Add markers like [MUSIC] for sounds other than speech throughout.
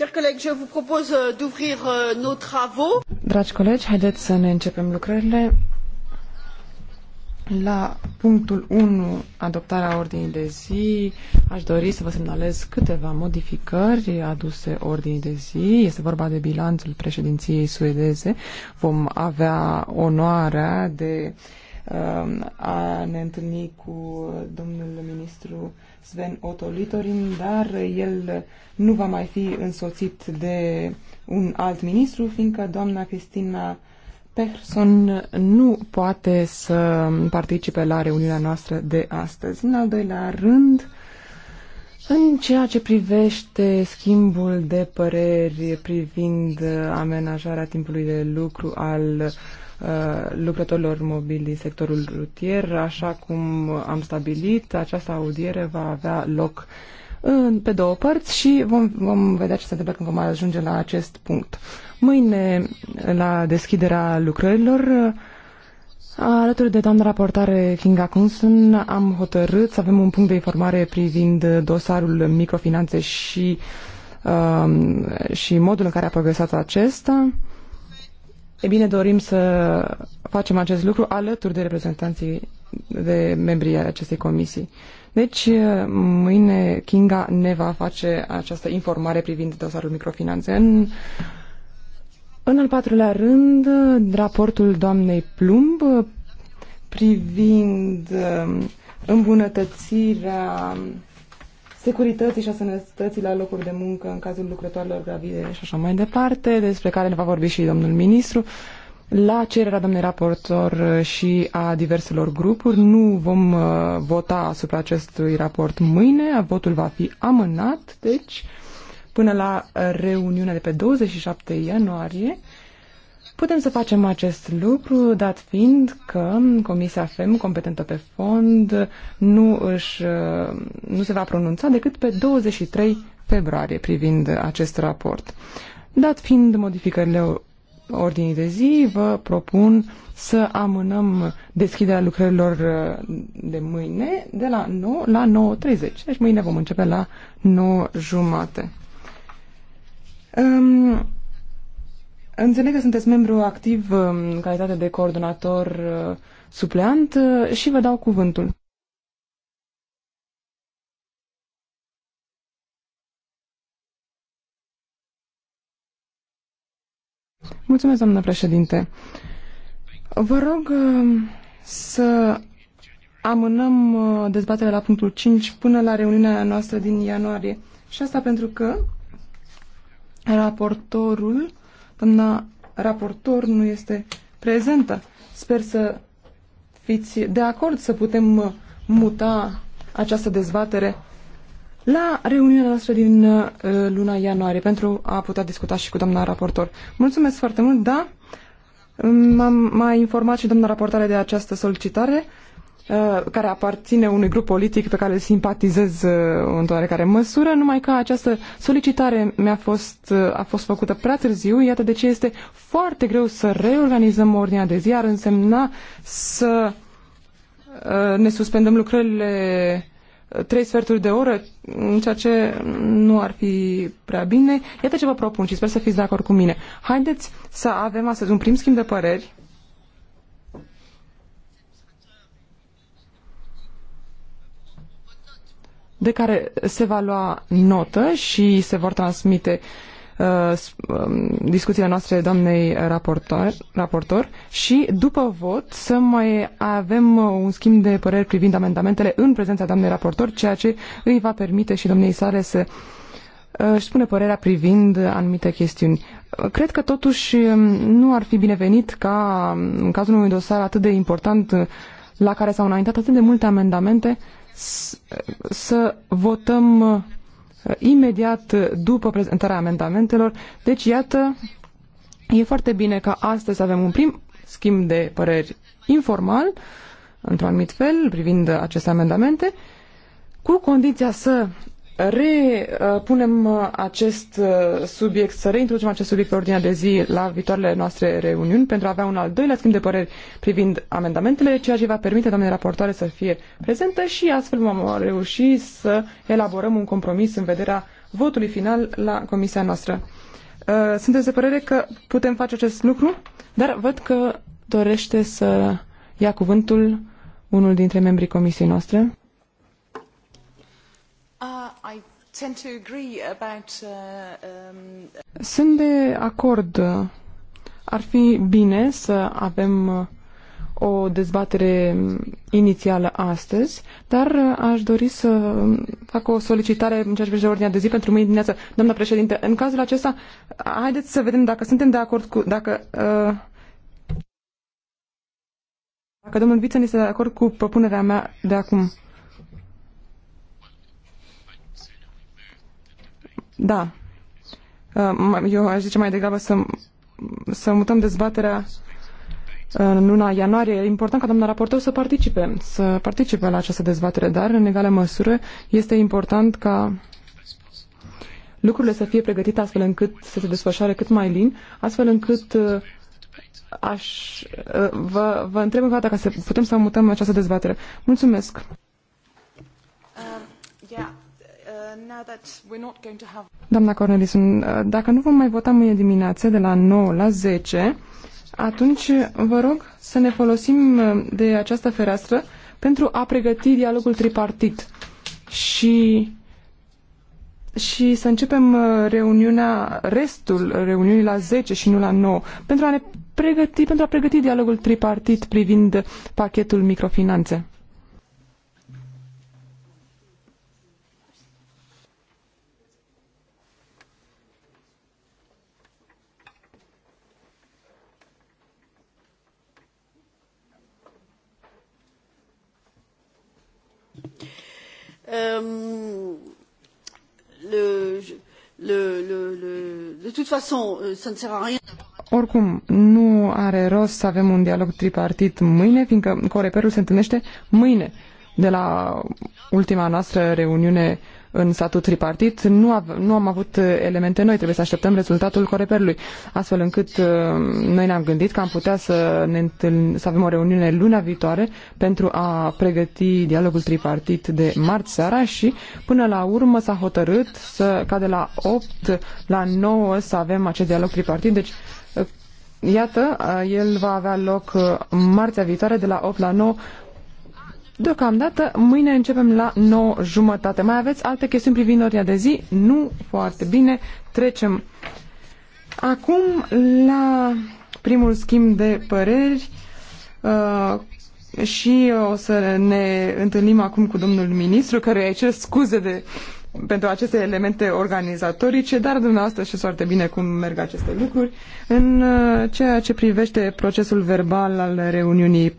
Euh, euh, Dragi colegi, haideți să ne începem lucrările. La punctul 1, adoptarea ordinii de zi, aș dori să vă semnalez câteva modificări aduse ordinii de zi. Este vorba de bilanțul președinției suedeze. Vom avea onoarea de uh, Um, a ne întâlni cu domnul ministru Sven Otto Litorin, dar el nu va mai fi însoțit de un alt ministru, fiindcă doamna Cristina Persson nu poate să participe la reuniunea noastră de astăzi. În al doilea rând, în ceea ce privește schimbul de păreri privind amenajarea timpului de lucru al Uh, lucrătorilor mobili din sectorul rutier. Așa cum am stabilit, această audiere va avea loc în, pe două părți și vom, vom vedea ce se întâmplă când vom ajunge la acest punct. Mâine, la deschiderea lucrărilor, uh, Alături de doamna raportare Kinga Kunsun am hotărât să avem un punct de informare privind dosarul microfinanțe și, uh, și modul în care a progresat acesta. E bine, dorim să facem acest lucru alături de reprezentanții de membrii acestei comisii. Deci, mâine Kinga ne va face această informare privind dosarul microfinanțe. În, în al patrulea rând, raportul doamnei Plumb privind um, îmbunătățirea securității și a sănătății la locuri de muncă în cazul lucrătoarelor gravide și așa mai departe, despre care ne va vorbi și domnul ministru. La cererea domnului raportor și a diverselor grupuri, nu vom uh, vota asupra acestui raport mâine, votul va fi amânat, deci, până la reuniunea de pe 27 ianuarie, Putem să facem acest lucru, dat fiind că Comisia FEM, competentă pe fond, nu, își, nu se va pronunța decât pe 23 februarie privind acest raport. Dat fiind modificările ordinii de zi, vă propun să amânăm deschiderea lucrărilor de mâine de la 9 la 9.30. Deci mâine vom începe la 9.30. jumate. Um, Înțeleg că sunteți membru activ um, în calitate de coordonator uh, supleant uh, și vă dau cuvântul. Mulțumesc, doamnă președinte. Vă rog um, să amânăm uh, dezbaterea la punctul 5 până la reuniunea noastră din ianuarie. Și asta pentru că raportorul Doamna raportor nu este prezentă. Sper să fiți de acord să putem uh, muta această dezbatere la reuniunea noastră din uh, luna ianuarie pentru a putea discuta și cu doamna raportor. Mulțumesc foarte mult, da? M-a informat și doamna raportare de această solicitare. Uh, care aparține unui grup politic pe care îl simpatizez uh, într-o oarecare măsură, numai că această solicitare mi-a fost, uh, a fost făcută prea târziu, iată de ce este foarte greu să reorganizăm ordinea de zi, ar însemna să ne suspendăm lucrările trei sferturi de oră, mm, ceea ce nu ar fi prea bine. Iată ce vă propun și sper să fiți de acord cu mine. Haideți să avem astăzi un prim schimb de păreri de care se va lua notă și se vor transmite uh, um, discuțiile noastre doamnei raportor, raportor și după vot să mai avem uh, un schimb de păreri privind amendamentele în prezența doamnei raportor, ceea ce îi va permite și domnei sale să uh, își spune părerea privind anumite chestiuni. Uh, cred că totuși um, nu ar fi binevenit ca um, în cazul unui dosar atât de important la care s-au înaintat atât de multe amendamente să votăm uh, imediat după prezentarea amendamentelor. Deci, iată, e foarte bine că astăzi avem un prim schimb de păreri informal, într-un anumit fel, privind aceste amendamente, cu condiția să repunem uh, acest uh, subiect, să reintroducem acest subiect pe ordinea de zi la viitoarele noastre reuniuni pentru a avea un al doilea schimb de păreri privind amendamentele, ceea ce va permite doamnei raportoare să fie prezentă și astfel vom reuși să elaborăm un compromis în vederea votului final la comisia noastră. Uh, sunteți de părere că putem face acest lucru, dar văd că dorește să ia cuvântul unul dintre membrii comisiei noastre. Uh, um, Sunt de acord. Ar fi bine să avem uh, o dezbatere inițială astăzi, dar uh, aș dori să um, fac o solicitare în ceea ce privește ordinea de zi pentru mâine dimineață. Doamna președinte, în cazul acesta, haideți să vedem dacă suntem de acord cu... dacă uh, dacă domnul Vițen este de acord cu propunerea mea de acum. Da. Uh, eu aș zice mai degrabă să, să mutăm dezbaterea uh, în luna ianuarie. E important ca doamna raportor să participe, să participe la această dezbatere, dar în egală măsură este important ca lucrurile să fie pregătite astfel încât să se desfășoare cât mai lin, astfel încât uh, aș, vă, vă întreb încă o dată putem să mutăm această dezbatere. Mulțumesc! Uh, Doamna Cornelison, uh, dacă nu vom mai vota mâine dimineață de la 9 la 10, atunci vă rog să ne folosim uh, de această fereastră pentru a pregăti dialogul tripartit și, și să începem reuniunea, restul reuniunii la 10 și nu la 9, pentru a ne pregăti, pentru a pregăti dialogul tripartit privind pachetul microfinanțe. Euh, euh, Oricum, nu are rost să avem un dialog tripartit mâine, fiindcă Coreperul se întâlnește mâine. De la ultima noastră reuniune în statut tripartit, nu, av- nu am avut uh, elemente noi, trebuie să așteptăm rezultatul coreperului, astfel încât uh, noi ne-am gândit că am putea să, ne întâln- să avem o reuniune luna viitoare pentru a pregăti dialogul tripartit de marți seara și până la urmă s-a hotărât să, ca de la 8 la 9 să avem acest dialog tripartit, deci uh, Iată, el va avea loc marțea viitoare de la 8 la 9 Deocamdată, mâine începem la 9 jumătate. Mai aveți alte chestiuni privind ordinea de zi? Nu foarte bine. Trecem acum la primul schimb de păreri uh, și o să ne întâlnim acum cu domnul ministru, care îi cer scuze de pentru aceste elemente organizatorice, dar dumneavoastră știți foarte bine cum merg aceste lucruri. În uh, ceea ce privește procesul verbal al reuniunii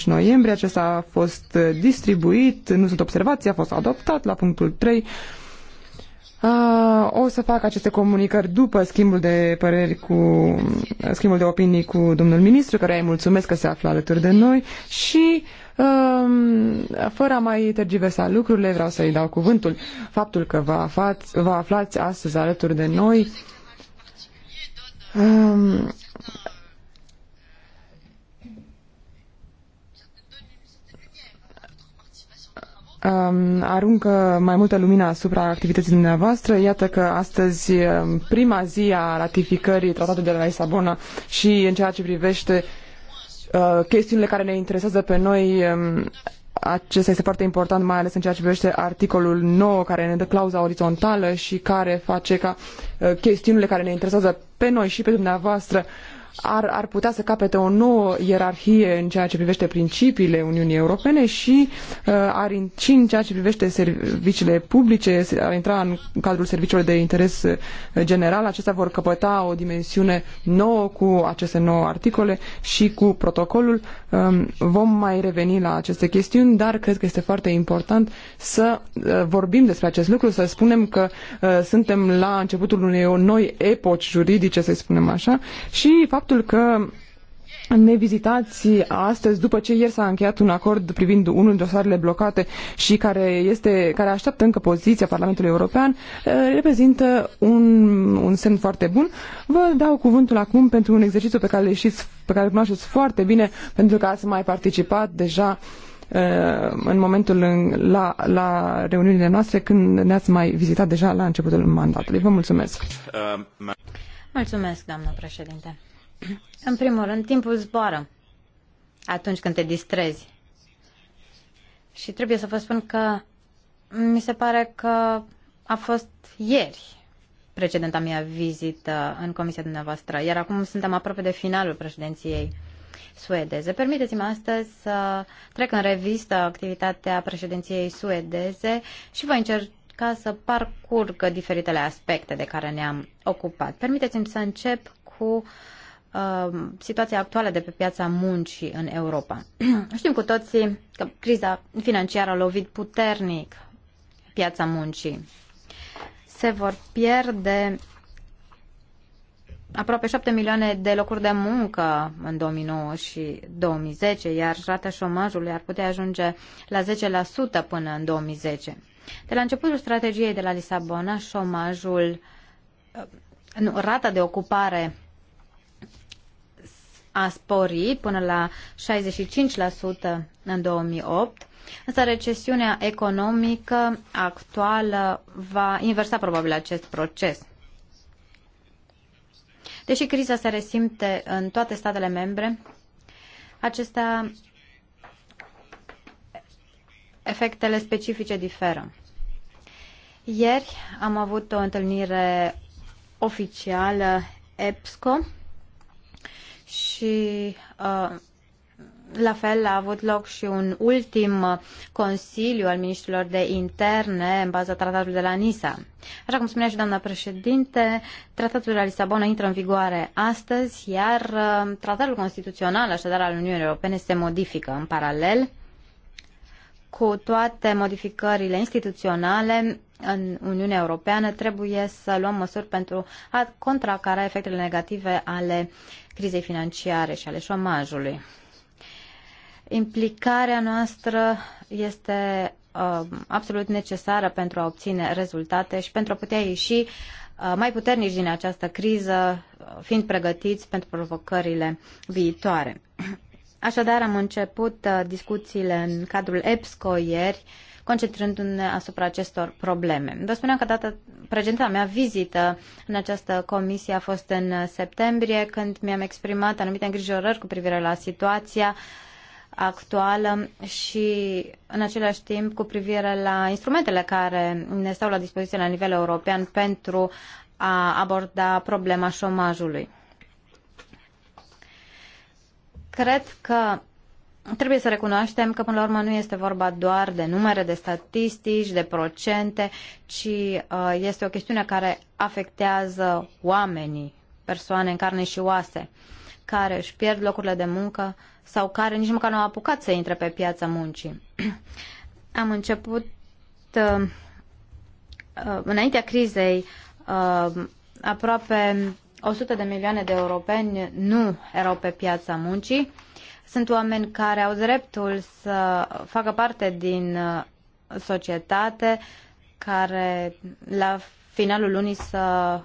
4-5 noiembrie, acesta a fost uh, distribuit, nu sunt observații, a fost adoptat la punctul 3. Uh, o să fac aceste comunicări după schimbul de păreri cu schimbul de opinii cu domnul ministru, care îi mulțumesc că se află alături de noi și Ehm, fără a mai tergiversa lucrurile, vreau să-i dau cuvântul. Faptul că vă aflați, vă aflați astăzi alături de noi ehm, ehm, aruncă mai multă lumină asupra activității dumneavoastră. Iată că astăzi, prima zi a ratificării Tratatului de la Lisabona și în ceea ce privește uh, Uh, chestiunile care ne interesează pe noi. Um, acesta este foarte important, mai ales în ceea ce privește articolul 9, care ne dă clauza orizontală și care face ca uh, chestiunile care ne interesează pe noi și pe dumneavoastră uh, ar, ar putea să capete o nouă ierarhie în ceea ce privește principiile Uniunii Europene și, uh, ar, și în ceea ce privește serviciile publice, ar intra în cadrul serviciilor de interes uh, general. Acestea vor căpăta o dimensiune nouă cu aceste nouă articole și cu protocolul. Um, vom mai reveni la aceste chestiuni, dar cred că este foarte important să uh, vorbim despre acest lucru, să spunem că uh, suntem la începutul unei noi epoci juridice, să spunem așa, și Faptul că ne vizitați astăzi, după ce ieri s-a încheiat un acord privind unul din dosarele blocate și care, este, care așteaptă încă poziția Parlamentului European, eh, reprezintă un, un semn foarte bun. Vă dau cuvântul acum pentru un exercițiu pe care, știți, pe care îl cunoașteți foarte bine, pentru că ați mai participat deja eh, în momentul în, la, la reuniunile noastre când ne-ați mai vizitat deja la începutul mandatului. Vă mulțumesc! Eh, mulțumesc, doamnă președinte! În primul rând, timpul zboară atunci când te distrezi. Și trebuie să vă spun că mi se pare că a fost ieri precedenta mea vizită în comisia dumneavoastră, iar acum suntem aproape de finalul președinției suedeze. Permiteți-mi astăzi să trec în revistă activitatea președinției suedeze și voi încerca să parcurg diferitele aspecte de care ne-am ocupat. Permiteți-mi să încep cu uh, uh, situația actuală de pe piața muncii în Europa. [CLEARS THROAT] Știm cu toții că criza financiară a lovit puternic piața muncii. Se vor pierde aproape 7 milioane de locuri de muncă în 2009 și 2010, iar rata șomajului ar putea ajunge la 10% până în 2010. De la începutul strategiei de la Lisabona, șomajul, uh, nu, rata de ocupare a sporit până la 65% în 2008, însă recesiunea economică actuală va inversa probabil acest proces. Deși criza se resimte în toate statele membre, acestea efectele specifice diferă. Ieri am avut o întâlnire oficială EPSCO, și uh, la fel a avut loc și un ultim uh, consiliu al ministrilor de interne în baza tratatului de la Nisa. Așa cum spunea și doamna președinte, tratatul de la Lisabona intră în vigoare astăzi, iar uh, tratatul constituțional, așadar al Uniunii Europene, se modifică în paralel cu toate modificările instituționale în Uniunea Europeană, trebuie să luăm măsuri pentru a contracara efectele negative ale crizei financiare și ale șomajului. Implicarea noastră este uh, absolut necesară pentru a obține rezultate și pentru a putea ieși uh, mai puternici din această criză, uh, fiind pregătiți pentru provocările viitoare. [CLEARS THROAT] Așadar, am început uh, discuțiile în cadrul EPSCO ieri uh, concentrându-ne asupra acestor probleme. Vă spuneam că data precedenta mea vizită în această comisie a fost în septembrie, când mi-am exprimat anumite îngrijorări cu privire la situația actuală și în același timp cu privire la instrumentele care ne stau la dispoziție la nivel european pentru a aborda problema șomajului. Cred că Trebuie să recunoaștem că, până la urmă, nu este vorba doar de numere, de statistici, de procente, ci uh, este o chestiune care afectează oamenii, persoane în carne și oase, care își pierd locurile de muncă sau care nici măcar nu au apucat să intre pe piața muncii. [CLEARS THROAT] Am început, uh, uh, înaintea crizei, uh, aproape 100 de milioane de europeni nu erau pe piața muncii sunt oameni care au dreptul să facă parte din uh, societate, care la finalul lunii să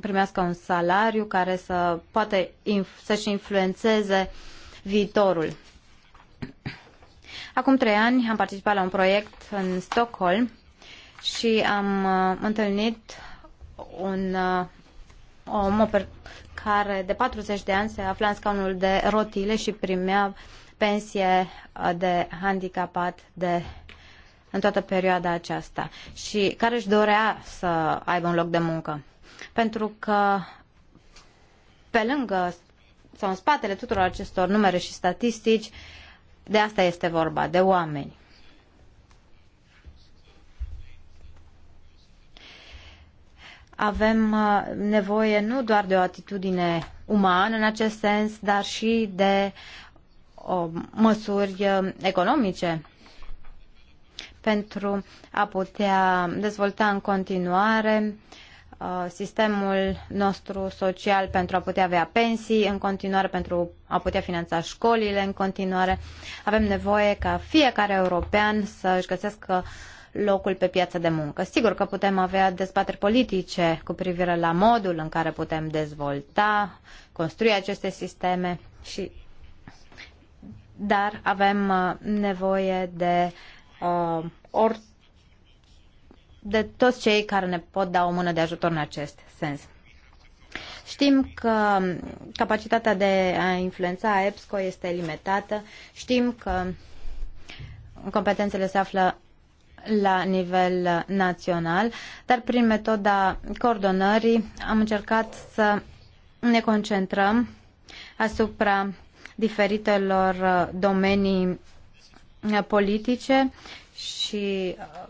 primească un salariu care să poate inf- să-și influențeze viitorul. Acum trei ani am participat la un proiect în Stockholm și am uh, întâlnit un uh, om, o per- care de 40 de ani se afla în scaunul de rotile și primea pensie uh, de handicapat de în toată perioada aceasta și care își dorea să aibă un loc de muncă. Pentru că pe lângă sau în spatele tuturor acestor numere și statistici, de asta este vorba, de oameni. avem uh, nevoie nu doar de o atitudine umană în acest sens, dar și de o, măsuri uh, economice pentru a putea dezvolta în continuare uh, sistemul nostru social pentru a putea avea pensii în continuare, pentru a putea finanța școlile în continuare. Avem nevoie ca fiecare european să își găsească uh, locul pe piața de muncă. Sigur că putem avea dezbateri politice cu privire la modul în care putem dezvolta, construi aceste sisteme și dar avem uh, nevoie de uh, or, de toți cei care ne pot da o mână de ajutor în acest sens. Știm că capacitatea de a influența a EPSCO este limitată, știm că competențele se află la nivel național, dar prin metoda coordonării am încercat să ne concentrăm asupra diferitelor uh, domenii uh, politice și uh,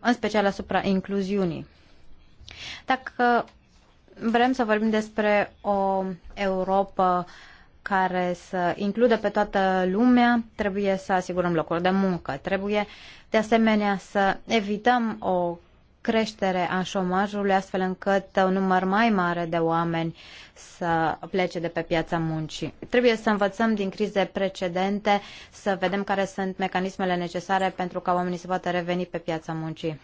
în special asupra incluziunii. Dacă vrem să vorbim despre o Europa uh, care să includă pe toată lumea, trebuie să asigurăm locuri de muncă, trebuie de asemenea să evităm o creștere a șomajului, astfel încât un număr mai mare de oameni să plece de pe piața muncii. Trebuie să învățăm din crize precedente, să vedem care sunt mecanismele necesare pentru ca oamenii să poată reveni pe piața muncii.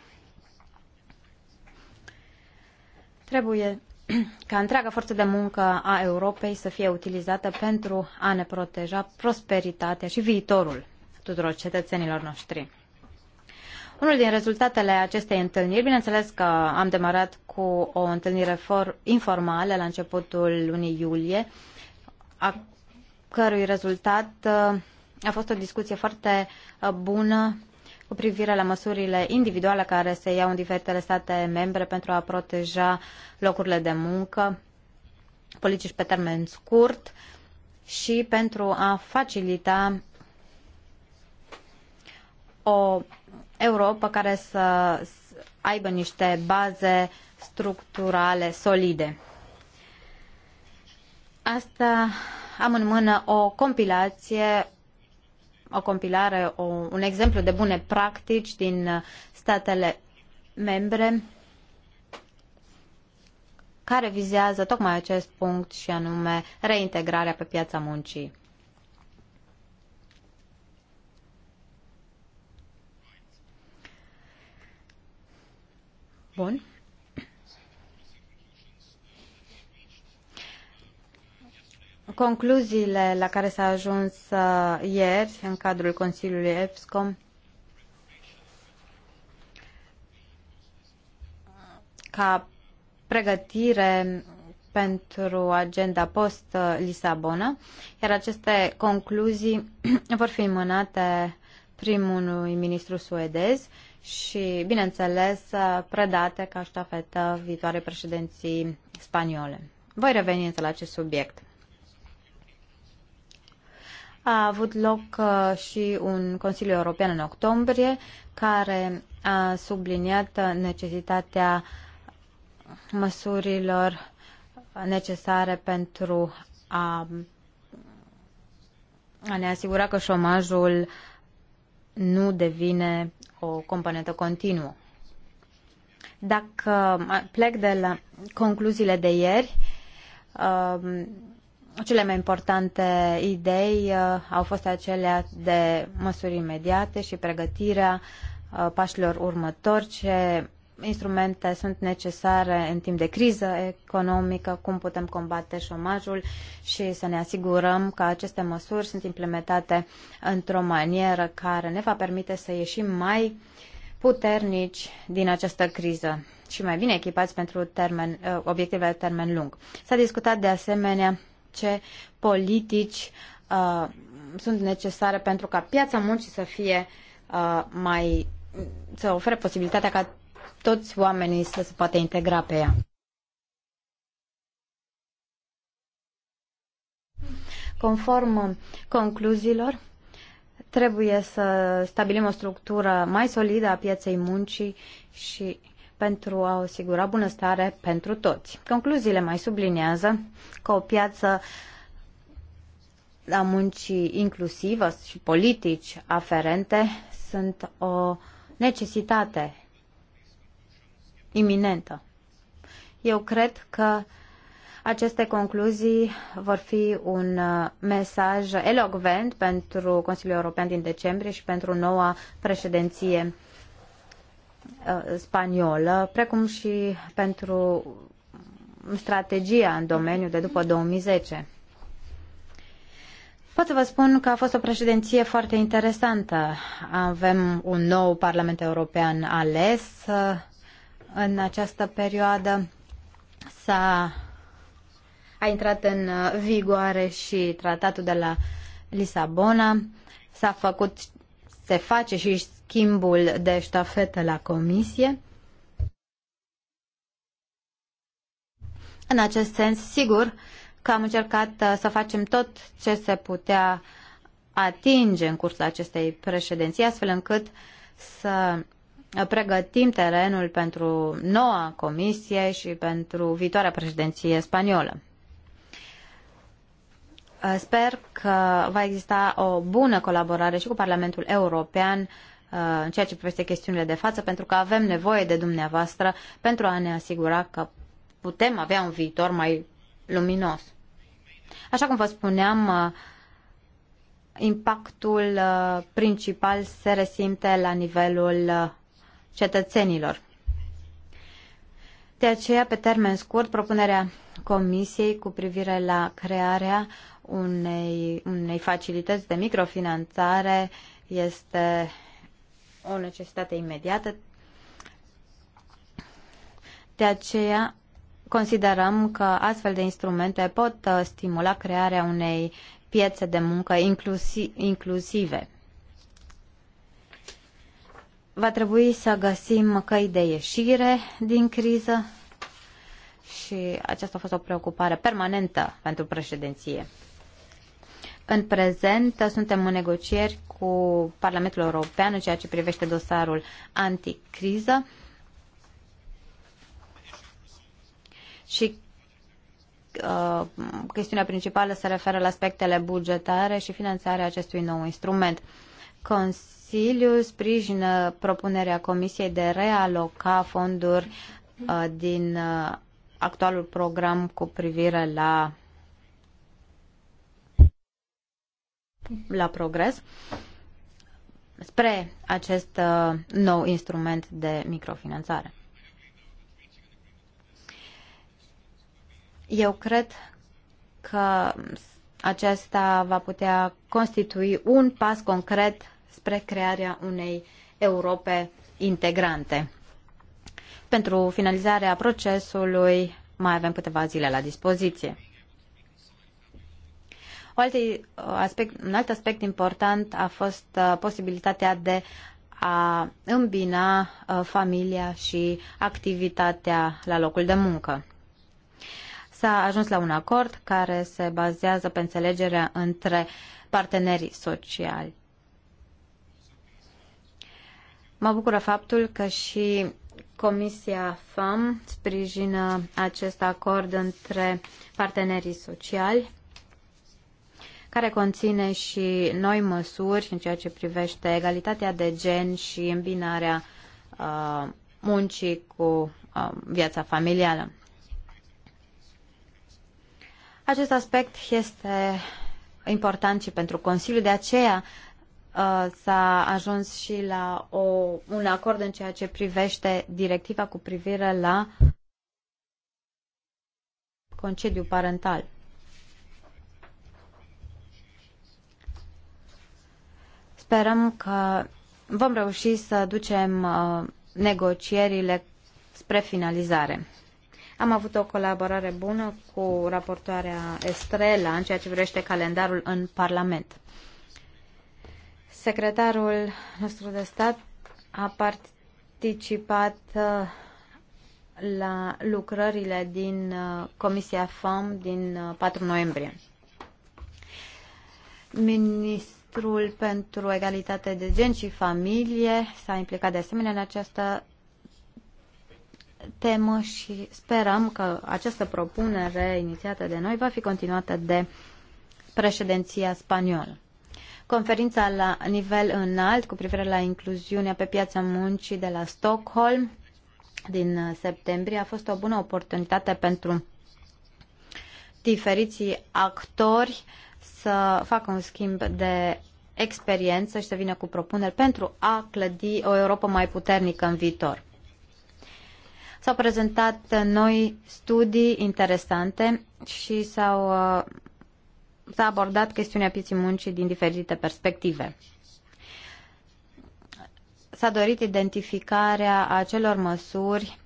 Trebuie [CLEARS THROAT] ca întreaga forță de muncă a Europei să fie utilizată pentru a ne proteja prosperitatea și viitorul tuturor cetățenilor noștri. Unul din rezultatele acestei întâlniri, bineînțeles că am demarat cu o întâlnire informală la începutul lunii iulie, a cărui rezultat uh, a fost o discuție foarte uh, bună cu privire la măsurile individuale care se iau în diferitele state membre pentru a proteja locurile de muncă, politici pe termen scurt și pentru a facilita o Europa care să aibă niște baze structurale solide. Asta am în mână o compilație o compilare, o, un exemplu de bune practici din uh, statele membre care vizează tocmai acest punct și anume reintegrarea pe piața muncii. Bun. Concluziile la care s-a ajuns uh, ieri în cadrul Consiliului EPSCOM ca pregătire pentru agenda post-Lisabona, iar aceste concluzii [CLEARS THROAT] vor fi mânate primului ministru suedez și, bineînțeles, uh, predate ca ștafetă viitoare președinții spaniole. Voi reveni însă la acest subiect. A avut loc uh, și un Consiliu European în octombrie care a subliniat uh, necesitatea măsurilor necesare pentru a, a ne asigura că șomajul nu devine o componentă continuă. Dacă uh, plec de la concluziile de ieri, cele mai importante idei uh, au fost acelea de măsuri imediate și pregătirea uh, pașilor următori, ce instrumente sunt necesare în timp de criză economică, cum putem combate șomajul și să ne asigurăm că aceste măsuri sunt implementate într-o manieră care ne va permite să ieșim mai puternici din această criză și mai bine echipați pentru termen, uh, obiectivele termen lung. S-a discutat de asemenea ce politici uh, sunt necesare pentru ca piața muncii să fie uh, mai să ofere posibilitatea ca toți oamenii să se poată integra pe ea. Conform concluziilor, trebuie să stabilim o structură mai solidă a pieței muncii și pentru a asigura bunăstare pentru toți. Concluziile mai subliniază că o piață la muncii inclusivă și politici aferente sunt o necesitate iminentă. Eu cred că aceste concluzii vor fi un uh, mesaj elogvent pentru Consiliul European din decembrie și pentru noua președinție Uh, spaniolă, precum și pentru strategia în domeniu de după 2010. Pot să vă spun că a fost o președinție foarte interesantă. Avem un nou Parlament European ales uh, în această perioadă. S-a a intrat în uh, vigoare și tratatul de la Lisabona. S-a făcut se face și schimbul de ștafetă la comisie. În acest sens, sigur că am încercat uh, să facem tot ce se putea atinge în cursul acestei președinții, astfel încât să pregătim terenul pentru noua comisie și pentru viitoarea președinție spaniolă. Uh, sper că va exista o bună colaborare și cu Parlamentul European uh, în ceea ce privește chestiunile de față, pentru că avem nevoie de dumneavoastră pentru a ne asigura că putem avea un viitor mai luminos. Așa cum vă spuneam, uh, impactul principal se resimte la nivelul cetățenilor. De aceea, pe termen scurt, propunerea Comisiei cu privire la crearea unei, unei facilități de microfinanțare este o necesitate imediată. De aceea considerăm că astfel de instrumente pot uh, stimula crearea unei piețe de muncă inclusive. Va trebui să găsim căi de ieșire din criză și aceasta a fost o preocupare permanentă pentru președinție. În prezent suntem în negocieri cu Parlamentul European în ceea ce privește dosarul anticriză și uh, chestiunea principală se referă la aspectele bugetare și finanțarea acestui nou instrument. Consiliul sprijină propunerea Comisiei de realoca fonduri uh, din uh, actualul program cu privire la la progres spre acest uh, nou instrument de microfinanțare. Eu cred că aceasta va putea constitui un pas concret spre crearea unei Europe integrante. Pentru finalizarea procesului mai avem câteva zile la dispoziție alt uh, aspect, un alt aspect important a fost uh, posibilitatea de a îmbina uh, familia și activitatea la locul de muncă. S-a ajuns la un acord care se bazează pe înțelegerea între partenerii sociali. Mă bucură faptul că și Comisia FAM sprijină acest acord între partenerii sociali care conține și noi măsuri în ceea ce privește egalitatea de gen și îmbinarea uh, muncii cu uh, viața familială. Acest aspect este important și pentru Consiliu, de aceea uh, s-a ajuns și la o, un acord în ceea ce privește directiva cu privire la concediu parental. Sperăm că vom reuși să ducem uh, negocierile spre finalizare. Am avut o colaborare bună cu raportoarea Estrela în ceea ce privește calendarul în Parlament. Secretarul nostru de stat a participat uh, la lucrările din uh, Comisia FAM din 4 noiembrie. Ministrul Ministrul pentru Egalitate de Gen și Familie s-a implicat de asemenea în această temă și sperăm că această propunere inițiată de noi va fi continuată de președinția spaniolă. Conferința la nivel înalt cu privire la incluziunea pe piața muncii de la Stockholm din septembrie a fost o bună oportunitate pentru diferiții actori uh, să facă un schimb de experiență și să vină cu propuneri pentru a clădi o Europa mai puternică în viitor. S-au prezentat noi studii interesante și s-au, uh, s-a abordat chestiunea pieții muncii din diferite perspective. S-a dorit identificarea acelor măsuri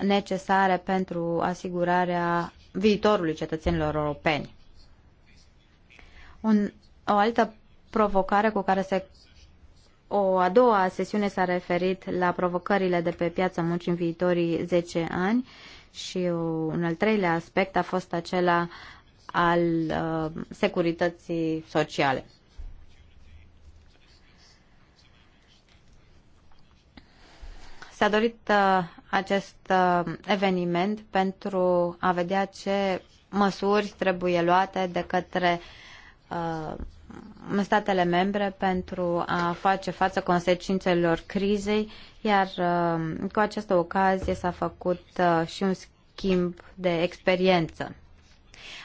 necesare pentru asigurarea viitorului cetățenilor europeni. Un, o altă provocare cu care se o a doua sesiune s-a referit la provocările de pe piața muncii în viitorii 10 ani și un al treilea aspect a fost acela al uh, securității sociale. S-a dorit uh, acest uh, eveniment pentru a vedea ce măsuri trebuie luate de către uh, Uh, în statele membre pentru a face față consecințelor crizei, iar uh, cu această ocazie s-a făcut uh, și un schimb de experiență.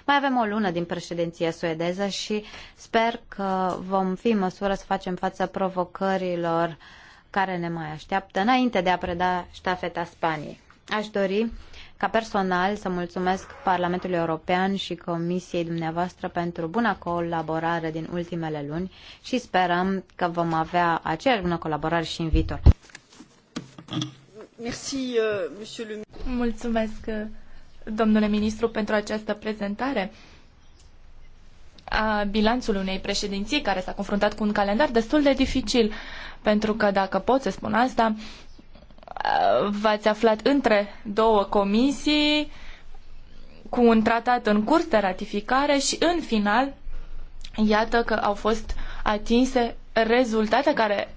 Mai avem o lună din președinția suedeză și sper că vom fi în măsură să facem față provocărilor care ne mai așteaptă înainte de a preda ștafeta Spaniei. Aș dori ca personal să mulțumesc Parlamentului European și Comisiei dumneavoastră pentru buna colaborare din ultimele luni și sperăm că vom avea aceeași bună colaborare și în viitor. Euh, mulțumesc, euh, domnule ministru, pentru această prezentare a bilanțul unei președinții care s-a confruntat cu un calendar destul de dificil, pentru că, dacă pot să spun asta, v-ați aflat între două comisii cu un tratat în curs de ratificare și în final iată că au fost atinse rezultate care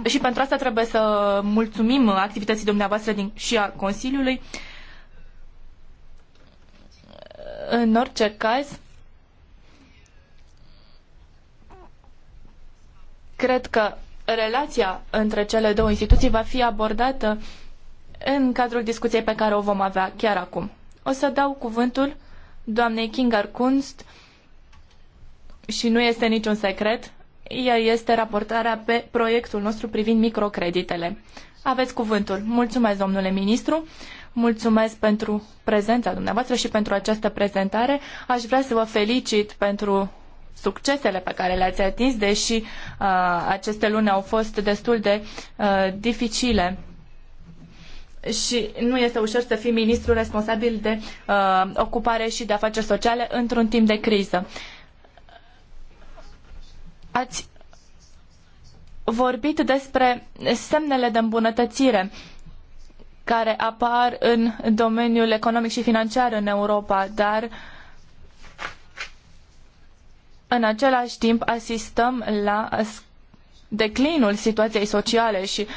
uh, și pentru asta trebuie să mulțumim activității dumneavoastră din, și a Consiliului. În orice caz, cred că relația între cele două instituții va fi abordată în cadrul discuției pe care o vom avea chiar acum. O să dau cuvântul doamnei Kingar Kunst și nu este niciun secret, ea este raportarea pe proiectul nostru privind microcreditele. Aveți cuvântul. Mulțumesc, domnule ministru. Mulțumesc pentru prezența dumneavoastră și pentru această prezentare. Aș vrea să vă felicit pentru succesele pe care le-ați atins, deși uh, aceste luni au fost destul de uh, dificile. Și nu este ușor să fii ministru responsabil de uh, ocupare și de afaceri sociale într-un timp de criză. Ați vorbit despre semnele de îmbunătățire care apar în domeniul economic și financiar în Europa, dar uh, în același timp asistăm la declinul situației sociale și uh,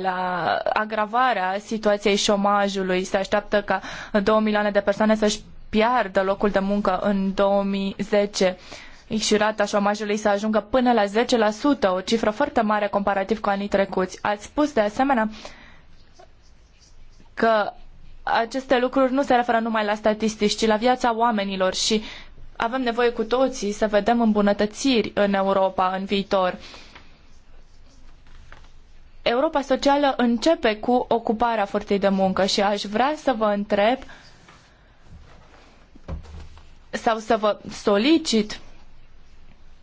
la agravarea situației șomajului. Se așteaptă ca 2 milioane de persoane să-și piardă locul de muncă în 2010 și rata șomajului să ajungă până la 10%, o cifră foarte mare comparativ cu anii trecuți. Ați spus de asemenea că aceste lucruri nu se referă numai la statistici, ci la viața oamenilor și avem nevoie cu toții să vedem îmbunătățiri în Europa în viitor. Europa socială începe cu ocuparea forței de muncă și aș vrea să vă întreb sau să vă solicit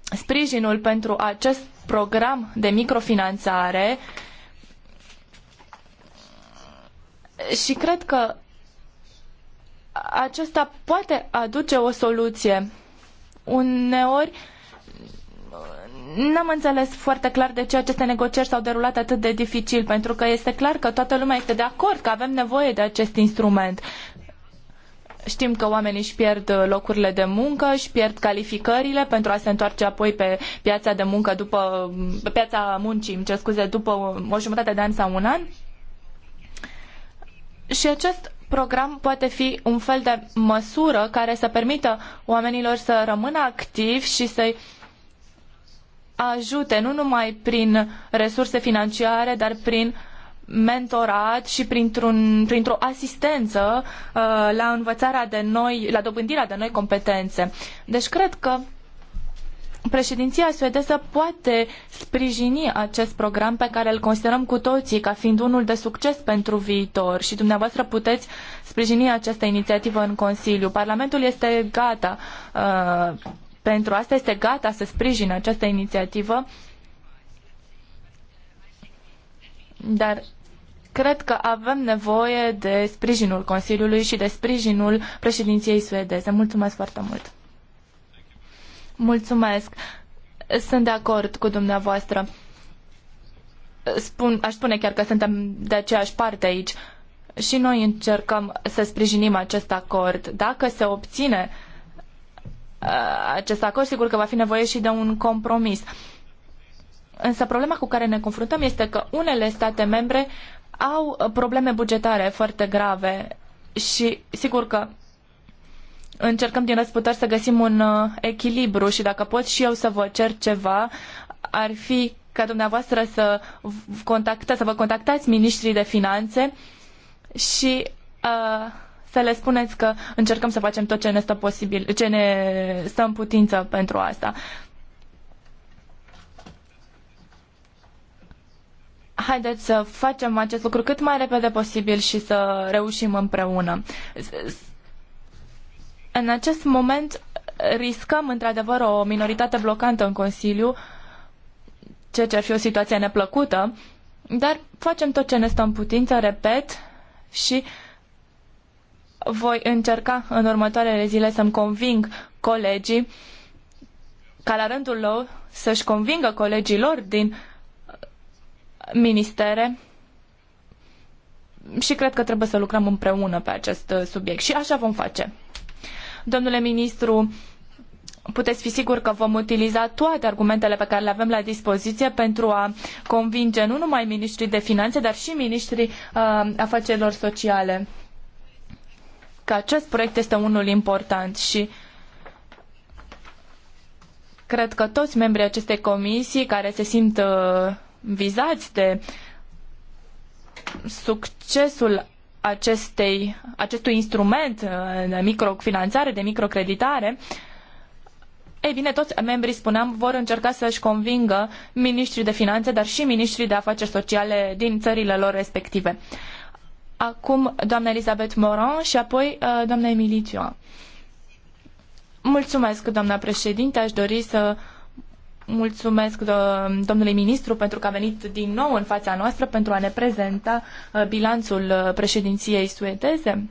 sprijinul pentru acest program de microfinanțare și cred că acesta poate aduce o soluție. Uneori n-am înțeles foarte clar de ce aceste negocieri s-au derulat atât de dificil, pentru că este clar că toată lumea este de acord că avem nevoie de acest instrument. Știm că oamenii își pierd locurile de muncă, își pierd calificările pentru a se întoarce apoi pe piața de muncă după pe piața muncii, îmi cer scuze, după o jumătate de an sau un an. Și acest program poate fi un fel de măsură care să permită oamenilor să rămână activi și să-i ajute nu numai prin resurse financiare, dar prin mentorat și printr-un, printr-o asistență uh, la învățarea de noi, la dobândirea de noi competențe. Deci cred că președinția suedeză poate sprijini acest program pe care îl considerăm cu toții ca fiind unul de succes pentru viitor și dumneavoastră puteți sprijini această inițiativă în Consiliu. Parlamentul este gata uh, pentru asta, este gata să sprijine această inițiativă, dar cred că avem nevoie de sprijinul Consiliului și de sprijinul președinției suedeze. Mulțumesc foarte mult! Mulțumesc. Sunt de acord cu dumneavoastră. Spun, aș spune chiar că suntem de aceeași parte aici. Și noi încercăm să sprijinim acest acord. Dacă se obține uh, acest acord, sigur că va fi nevoie și de un compromis. Însă problema cu care ne confruntăm este că unele state membre au probleme bugetare foarte grave și sigur că încercăm din răsputeri să găsim un uh, echilibru și dacă pot și eu să vă cer ceva, ar fi ca dumneavoastră să, contacta, să vă contactați ministrii de finanțe și uh, să le spuneți că încercăm să facem tot ce ne stă posibil, ce ne stă în putință pentru asta. Haideți să facem acest lucru cât mai repede posibil și să reușim împreună în acest moment riscăm într-adevăr o minoritate blocantă în Consiliu, ceea ce ar fi o situație neplăcută, dar facem tot ce ne stă în putință, repet, și voi încerca în următoarele zile să-mi conving colegii ca la rândul lor să-și convingă colegii lor din ministere și cred că trebuie să lucrăm împreună pe acest subiect și așa vom face. Domnule ministru, puteți fi sigur că vom utiliza toate argumentele pe care le avem la dispoziție pentru a convinge nu numai ministrii de finanțe, dar și ministrii uh, afacerilor sociale că acest proiect este unul important și cred că toți membrii acestei comisii care se simt uh, vizați de succesul acestei, acestui instrument uh, de microfinanțare, de microcreditare, ei bine, toți membrii, spuneam, vor încerca să-și convingă ministrii de finanțe, dar și ministrii de afaceri sociale din țările lor respective. Acum, doamna Elisabeth Moran și apoi uh, doamna Emilie Mulțumesc, doamna președinte. Aș dori să Mulțumesc domnului ministru pentru că a venit din nou în fața noastră pentru a ne prezenta uh, bilanțul uh, președinției suedeze.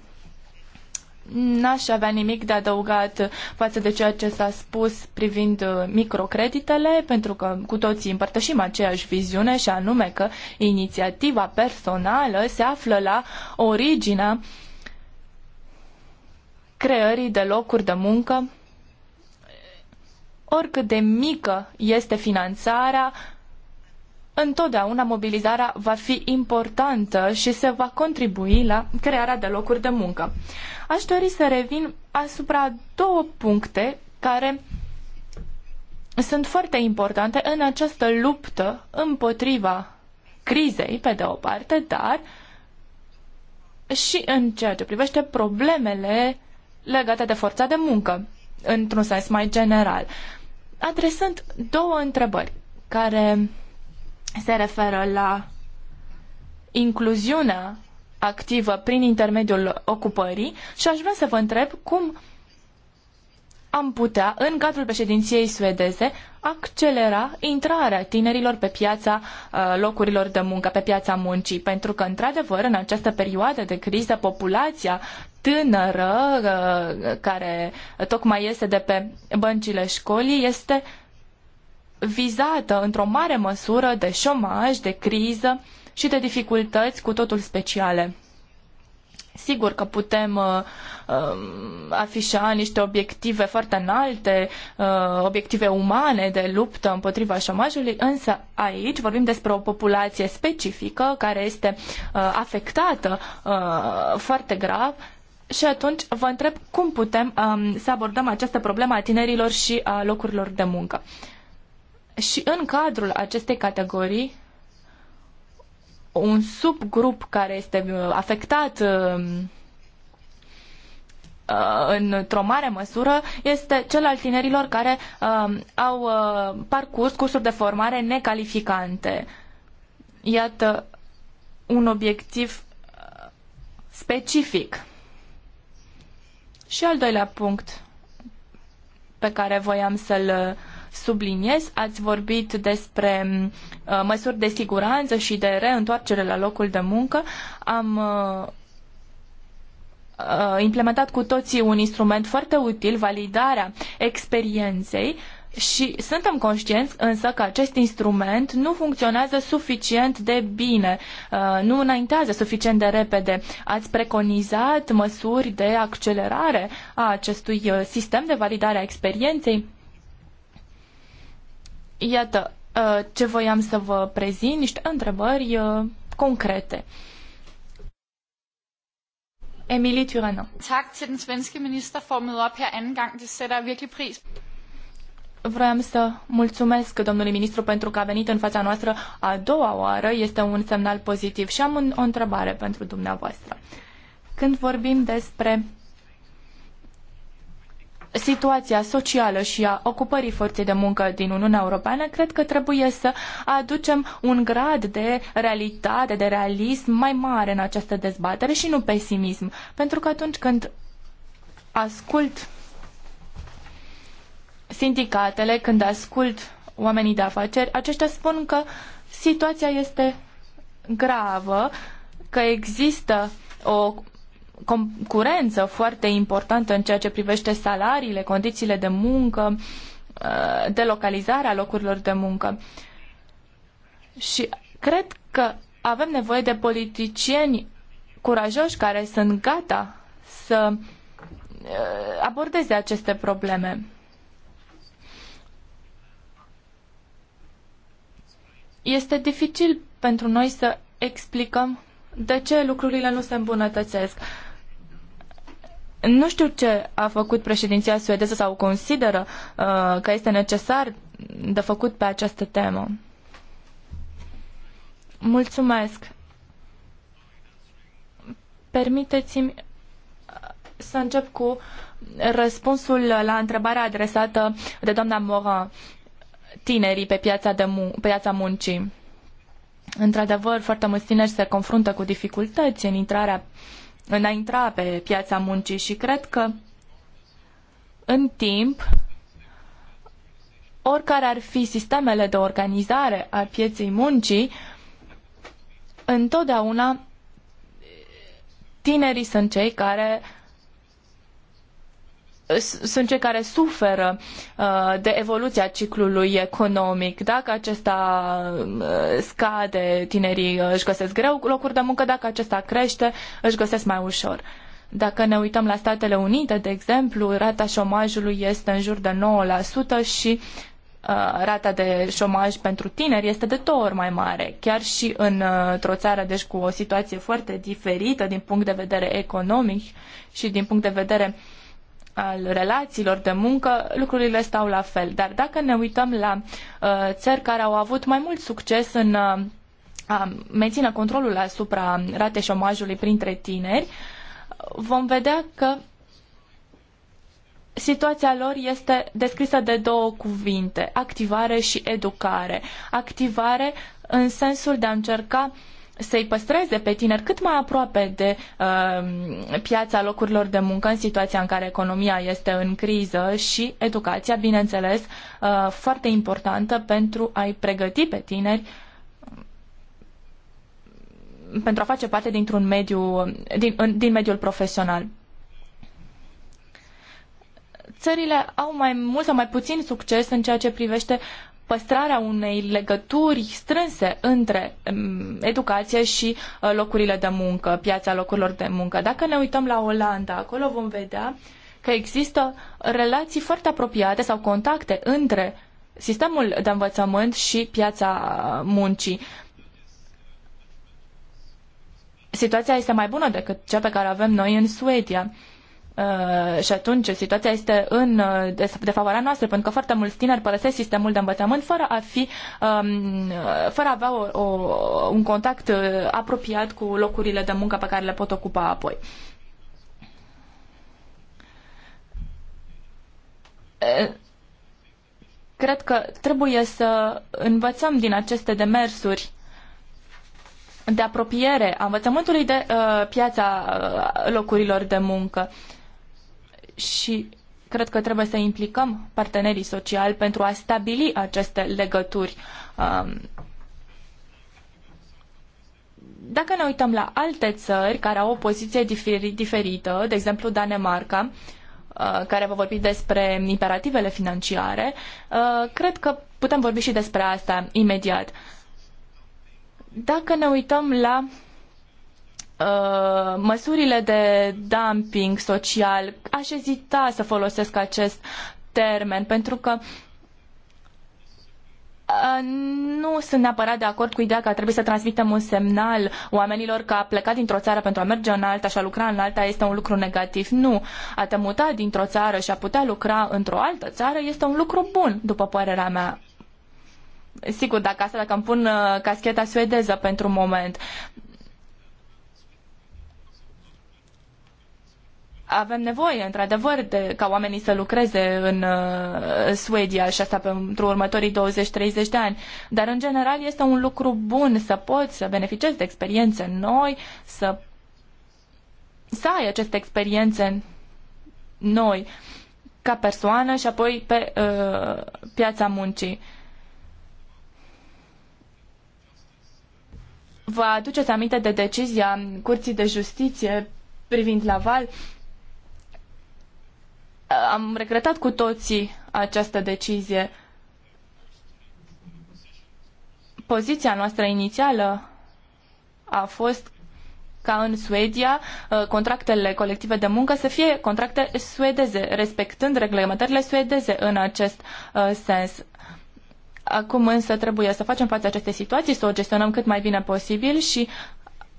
N-aș avea nimic de adăugat față de ceea ce s-a spus privind uh, microcreditele, pentru că cu toții împărtășim aceeași viziune și anume că inițiativa personală se află la originea creării de locuri de muncă oricât de mică este finanțarea, întotdeauna mobilizarea va fi importantă și se va contribui la crearea de locuri de muncă. Aș dori să revin asupra două puncte care sunt foarte importante în această luptă împotriva crizei, pe de o parte, dar și în ceea ce privește problemele legate de forța de muncă într-un sens mai general. Adresând două întrebări care se referă la incluziunea activă prin intermediul ocupării și aș vrea să vă întreb cum am putea, în cadrul președinției suedeze, accelera intrarea tinerilor pe piața uh, locurilor de muncă, pe piața muncii, pentru că, într-adevăr, în această perioadă de criză, populația tânără uh, care tocmai iese de pe băncile școlii este vizată într-o mare măsură de șomaj, de criză și de dificultăți cu totul speciale. Sigur că putem uh, uh, afișa niște obiective foarte înalte, uh, obiective umane de luptă împotriva șomajului, însă aici vorbim despre o populație specifică care este uh, afectată uh, foarte grav și atunci vă întreb cum putem um, să abordăm această problemă a tinerilor și a locurilor de muncă. Și în cadrul acestei categorii un subgrup care este uh, afectat um, uh, într-o mare măsură este cel al tinerilor care um, au uh, parcurs cursuri de formare necalificante. Iată un obiectiv specific. Și al doilea punct pe care voiam să-l subliniez. Ați vorbit despre uh, măsuri de siguranță și de reîntoarcere la locul de muncă. Am uh, uh, implementat cu toții un instrument foarte util, validarea experienței și suntem conștienți însă că acest instrument nu funcționează suficient de bine, uh, nu înaintează suficient de repede. Ați preconizat măsuri de accelerare a acestui uh, sistem de validare a experienței? Iată uh, ce voiam să vă prezint, niște întrebări uh, concrete. Emilie Tyrannau. Tak til den svenske minister for at møde op her anden gang. Det sætter virkelig pris Vreau să mulțumesc domnului ministru pentru că a venit în fața noastră a doua oară. Este un semnal pozitiv și am un, o întrebare pentru dumneavoastră. Când vorbim despre situația socială și a ocupării forței de muncă din Uniunea Europeană, cred că trebuie să aducem un grad de realitate, de realism mai mare în această dezbatere și nu pesimism. Pentru că atunci când ascult sindicatele, când ascult oamenii de afaceri, aceștia spun că situația este gravă, că există o concurență foarte importantă în ceea ce privește salariile, condițiile de muncă, uh, delocalizarea locurilor de muncă. Și cred că avem nevoie de politicieni curajoși care sunt gata să uh, abordeze aceste probleme. Este dificil pentru noi să explicăm de ce lucrurile nu se îmbunătățesc. Uh, nu știu ce a făcut președinția suedeză sau consideră uh, că este necesar de făcut pe această temă. Mulțumesc. Permiteți-mi uh, să încep cu răspunsul la întrebarea adresată de doamna Morin, tinerii pe piața, de mu- piața muncii. Într-adevăr, foarte mulți tineri se confruntă cu dificultăți în intrarea uh, în a intra pe piața muncii și cred că în timp, oricare ar fi sistemele de organizare a pieței muncii, întotdeauna tinerii sunt cei care sunt cei care suferă uh, de evoluția ciclului economic. Dacă acesta uh, scade, tinerii uh, își găsesc greu locuri de muncă, dacă acesta crește, își găsesc mai ușor. Dacă ne uităm la Statele Unite, de exemplu, rata șomajului este în jur de 9% și rata de șomaj pentru tineri este de două ori mai mare. Chiar și într-o țară, deci cu o situație foarte diferită din punct de vedere economic și din punct de vedere uh, al relațiilor de muncă, lucrurile stau la fel. Dar dacă ne uităm la uh, țări care au avut mai mult succes în uh, a menține controlul asupra ratei șomajului printre tineri, vom vedea că situația lor este descrisă de două cuvinte, activare și educare. Activare în sensul de a încerca uh, să-i păstreze pe tineri cât mai aproape de uh, piața locurilor de muncă în situația în care economia este în criză și educația, bineînțeles, uh, foarte importantă pentru a-i pregăti pe tineri um, pentru a face parte dintr-un mediu, din, în, din mediul profesional. Țările au mai mult sau mai puțin succes în ceea ce privește păstrarea unei legături strânse între mm, educație și uh, locurile de muncă, piața locurilor de muncă. Dacă ne uităm la Olanda, acolo vom vedea că există relații foarte apropiate sau contacte între sistemul de învățământ și piața muncii. Situația este mai bună decât cea pe care o avem noi în Suedia. Uh, și atunci situația este în uh, defavoarea noastră, pentru că foarte mulți tineri părăsesc sistemul de învățământ fără a fi, um, uh, fără a avea o, o, un contact uh, apropiat cu locurile de muncă pe care le pot ocupa apoi. cred că trebuie să învățăm din aceste demersuri de apropiere a învățământului de uh, piața uh, locurilor de muncă. Uh, și cred că trebuie să implicăm partenerii sociali pentru a stabili aceste legături. Um, dacă ne uităm la alte țări care au o poziție diferită, de exemplu Danemarca, uh, care va vorbi despre imperativele financiare, uh, cred că putem vorbi și despre asta imediat. Dacă ne uităm la Uh, măsurile de dumping social, aș ezita să folosesc acest termen, pentru că uh, nu sunt neapărat de acord cu ideea că trebuie să transmitem un semnal oamenilor că a pleca dintr-o țară pentru a merge în alta și a lucra în alta este un lucru negativ. Nu. A te muta dintr-o țară și a putea lucra într-o altă țară este un lucru bun, după părerea mea. Sigur, dacă asta, dacă îmi pun uh, cascheta suedeză pentru moment. avem nevoie, într-adevăr, de, ca oamenii să lucreze în uh, Suedia și asta pentru următorii 20-30 de ani. Dar, în general, este un lucru bun să poți să beneficiezi de experiențe noi, să, să ai aceste experiențe noi ca persoană și apoi pe uh, piața muncii. Vă aduceți aminte de decizia Curții de Justiție privind Laval? Uh, am regretat cu toții această decizie. Poziția noastră inițială a fost ca în Suedia uh, contractele colective de muncă să fie contracte suedeze, respectând reglementările suedeze în acest uh, sens. Acum însă trebuie să facem față acestei situații, să o gestionăm cât mai bine posibil și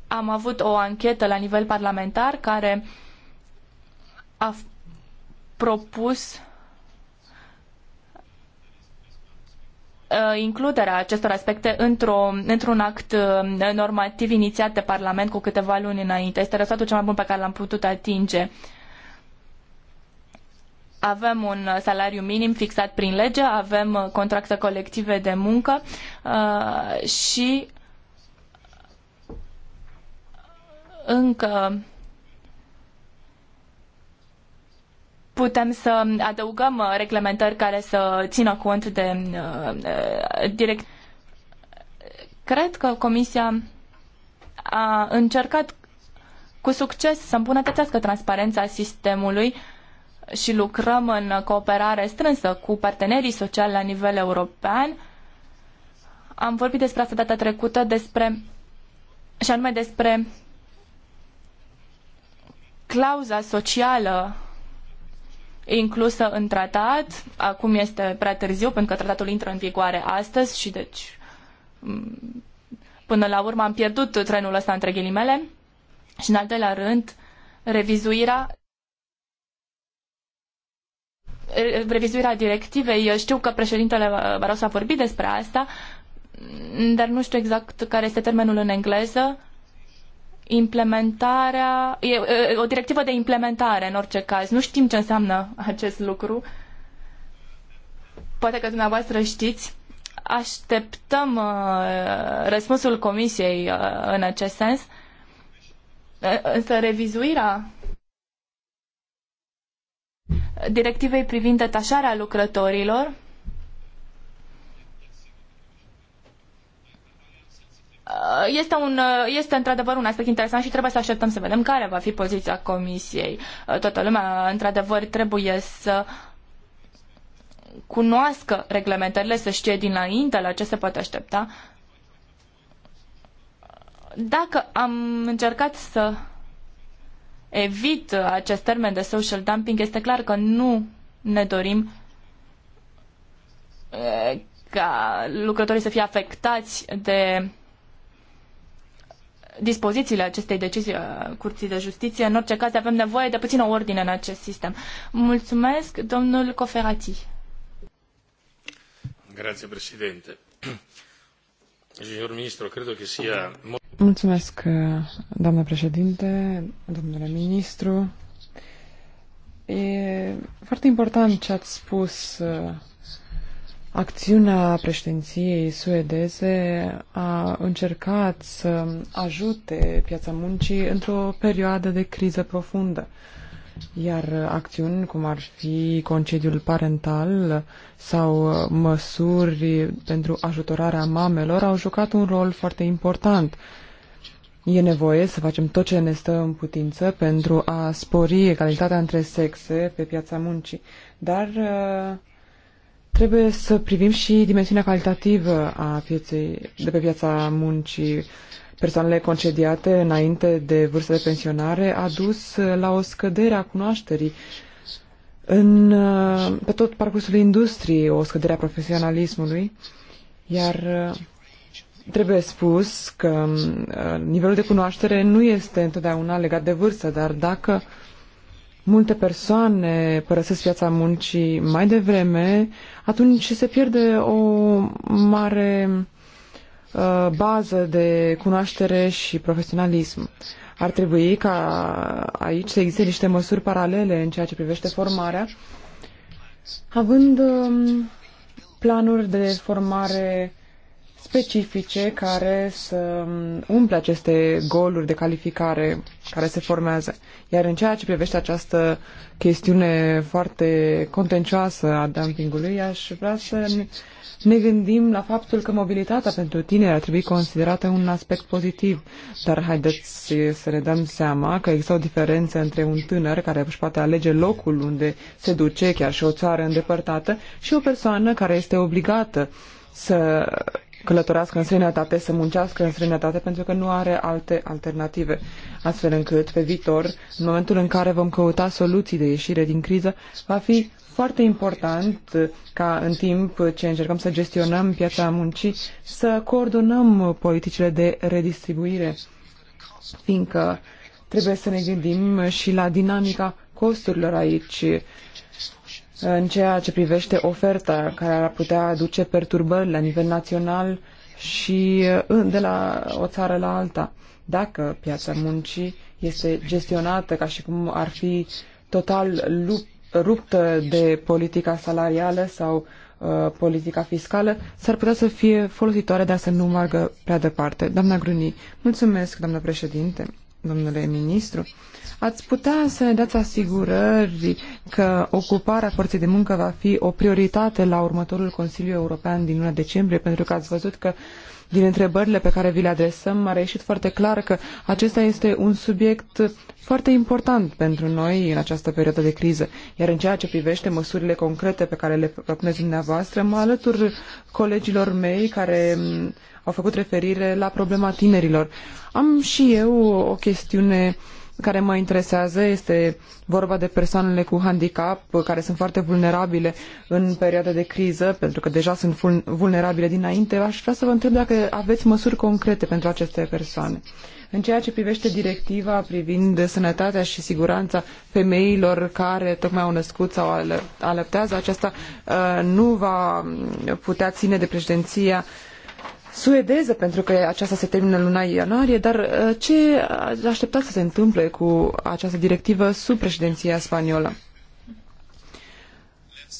am avut o anchetă la nivel parlamentar care a propus uh, includerea acestor aspecte într-o, într-un act uh, normativ inițiat de Parlament cu câteva luni înainte. Este răsatul cel mai bun pe care l-am putut atinge. Avem un salariu minim fixat prin lege, avem contracte colective de muncă uh, și încă putem să adăugăm uh, reglementări care să țină cont de uh, uh, direct. Cred că Comisia a încercat cu succes să îmbunătățească transparența sistemului și lucrăm în cooperare strânsă cu partenerii sociali la nivel european. Am vorbit despre asta data trecută, despre, și anume despre clauza socială inclusă în tratat. Acum este prea târziu pentru că tratatul intră în vigoare astăzi și deci până la urmă am pierdut trenul ăsta între ghilimele. Și în al doilea rând, revizuirea revizuirea directivei. Eu știu că președintele Barroso a vorbit despre asta, dar nu știu exact care este termenul în engleză implementarea, e, o directivă de implementare în orice caz. Nu știm ce înseamnă acest lucru. Poate că dumneavoastră știți. Așteptăm uh, răspunsul comisiei uh, în acest sens. Uh, însă revizuirea directivei privind detașarea lucrătorilor Uh, este, un, uh, este într-adevăr un aspect interesant și trebuie să așteptăm să vedem care va fi poziția Comisiei. Uh, toată lumea, într-adevăr, trebuie să cunoască reglementările, să știe dinainte la ce se poate aștepta. Dacă am încercat să evit acest termen de social dumping, este clar că nu ne dorim ca lucrătorii să fie afectați de dispozițiile acestei decizii a uh, Curții de Justiție. În orice caz, avem nevoie de puțină ordine în acest sistem. Mulțumesc, domnul Coferati. Grazie, președinte. [CLEARS THROAT] Signor ministru, cred că sia... Mulțumesc, uh, doamnă președinte, domnule ministru. E foarte important ce ați spus uh, Acțiunea președinției suedeze a încercat să ajute piața muncii într-o perioadă de criză profundă, iar acțiuni cum ar fi concediul parental sau măsuri pentru ajutorarea mamelor au jucat un rol foarte important. E nevoie să facem tot ce ne stă în putință pentru a spori egalitatea între sexe pe piața muncii, dar uh, Trebuie să privim și dimensiunea calitativă a pieței, de pe piața muncii. Persoanele concediate înainte de vârsta de pensionare a dus la o scădere a cunoașterii în, pe tot parcursul industriei, o scădere a profesionalismului, iar trebuie spus că nivelul de cunoaștere nu este întotdeauna legat de vârstă, dar dacă uh, multe persoane părăsesc viața muncii mai devreme, atunci se pierde o mare uh, bază de cunoaștere și profesionalism. Ar trebui ca aici să existe niște măsuri paralele în ceea ce privește formarea, având um, planuri de formare specifice care să umple aceste goluri de calificare care se formează. Iar în ceea ce privește această chestiune foarte contencioasă a dumpingului, aș vrea să ne gândim la faptul că mobilitatea pentru tineri ar trebui considerată un aspect pozitiv, dar haideți să ne dăm seama că există o diferență între un tânăr care își poate alege locul unde se duce, chiar și o țară îndepărtată, și o persoană care este obligată să călătorească în străinătate, să muncească în străinătate, pentru că nu are alte alternative. Astfel încât, pe viitor, în momentul în care vom căuta soluții de ieșire din criză, va fi foarte important ca în timp ce încercăm să gestionăm piața muncii, să coordonăm politicile de redistribuire, fiindcă trebuie să ne gândim și la dinamica costurilor aici în ceea ce privește oferta care ar putea aduce perturbări la nivel național și uh, de la o țară la alta. Dacă piața muncii este gestionată ca și cum ar fi total ruptă de politica salarială sau uh, politica fiscală, s-ar putea să fie folositoare, dar să nu margă prea departe. Doamna Gruni, mulțumesc, doamna președinte, domnule ministru. Ați putea să ne dați asigurări că ocuparea forței de muncă va fi o prioritate la următorul Consiliu European din luna decembrie, pentru că ați văzut că din întrebările pe care vi le adresăm a reieșit foarte clar că acesta este un subiect foarte important pentru noi în această perioadă de criză. Iar în ceea ce privește măsurile concrete pe care le propuneți dumneavoastră, mă alătur colegilor mei care mm, au făcut referire la problema tinerilor. Am și eu o chestiune uh, care mă interesează este vorba de persoanele cu handicap care sunt foarte vulnerabile în perioada de criză, pentru că deja sunt vulnerabile dinainte. Aș vrea să vă întreb dacă aveți măsuri concrete pentru aceste persoane. În ceea ce privește directiva privind sănătatea și siguranța femeilor care tocmai au născut sau alăptează, aceasta uh, nu va putea ține de președinția uh, suedeză, pentru că aceasta se termină luna ianuarie, dar uh, ce așteptați să se întâmple cu această directivă sub președinția spaniolă?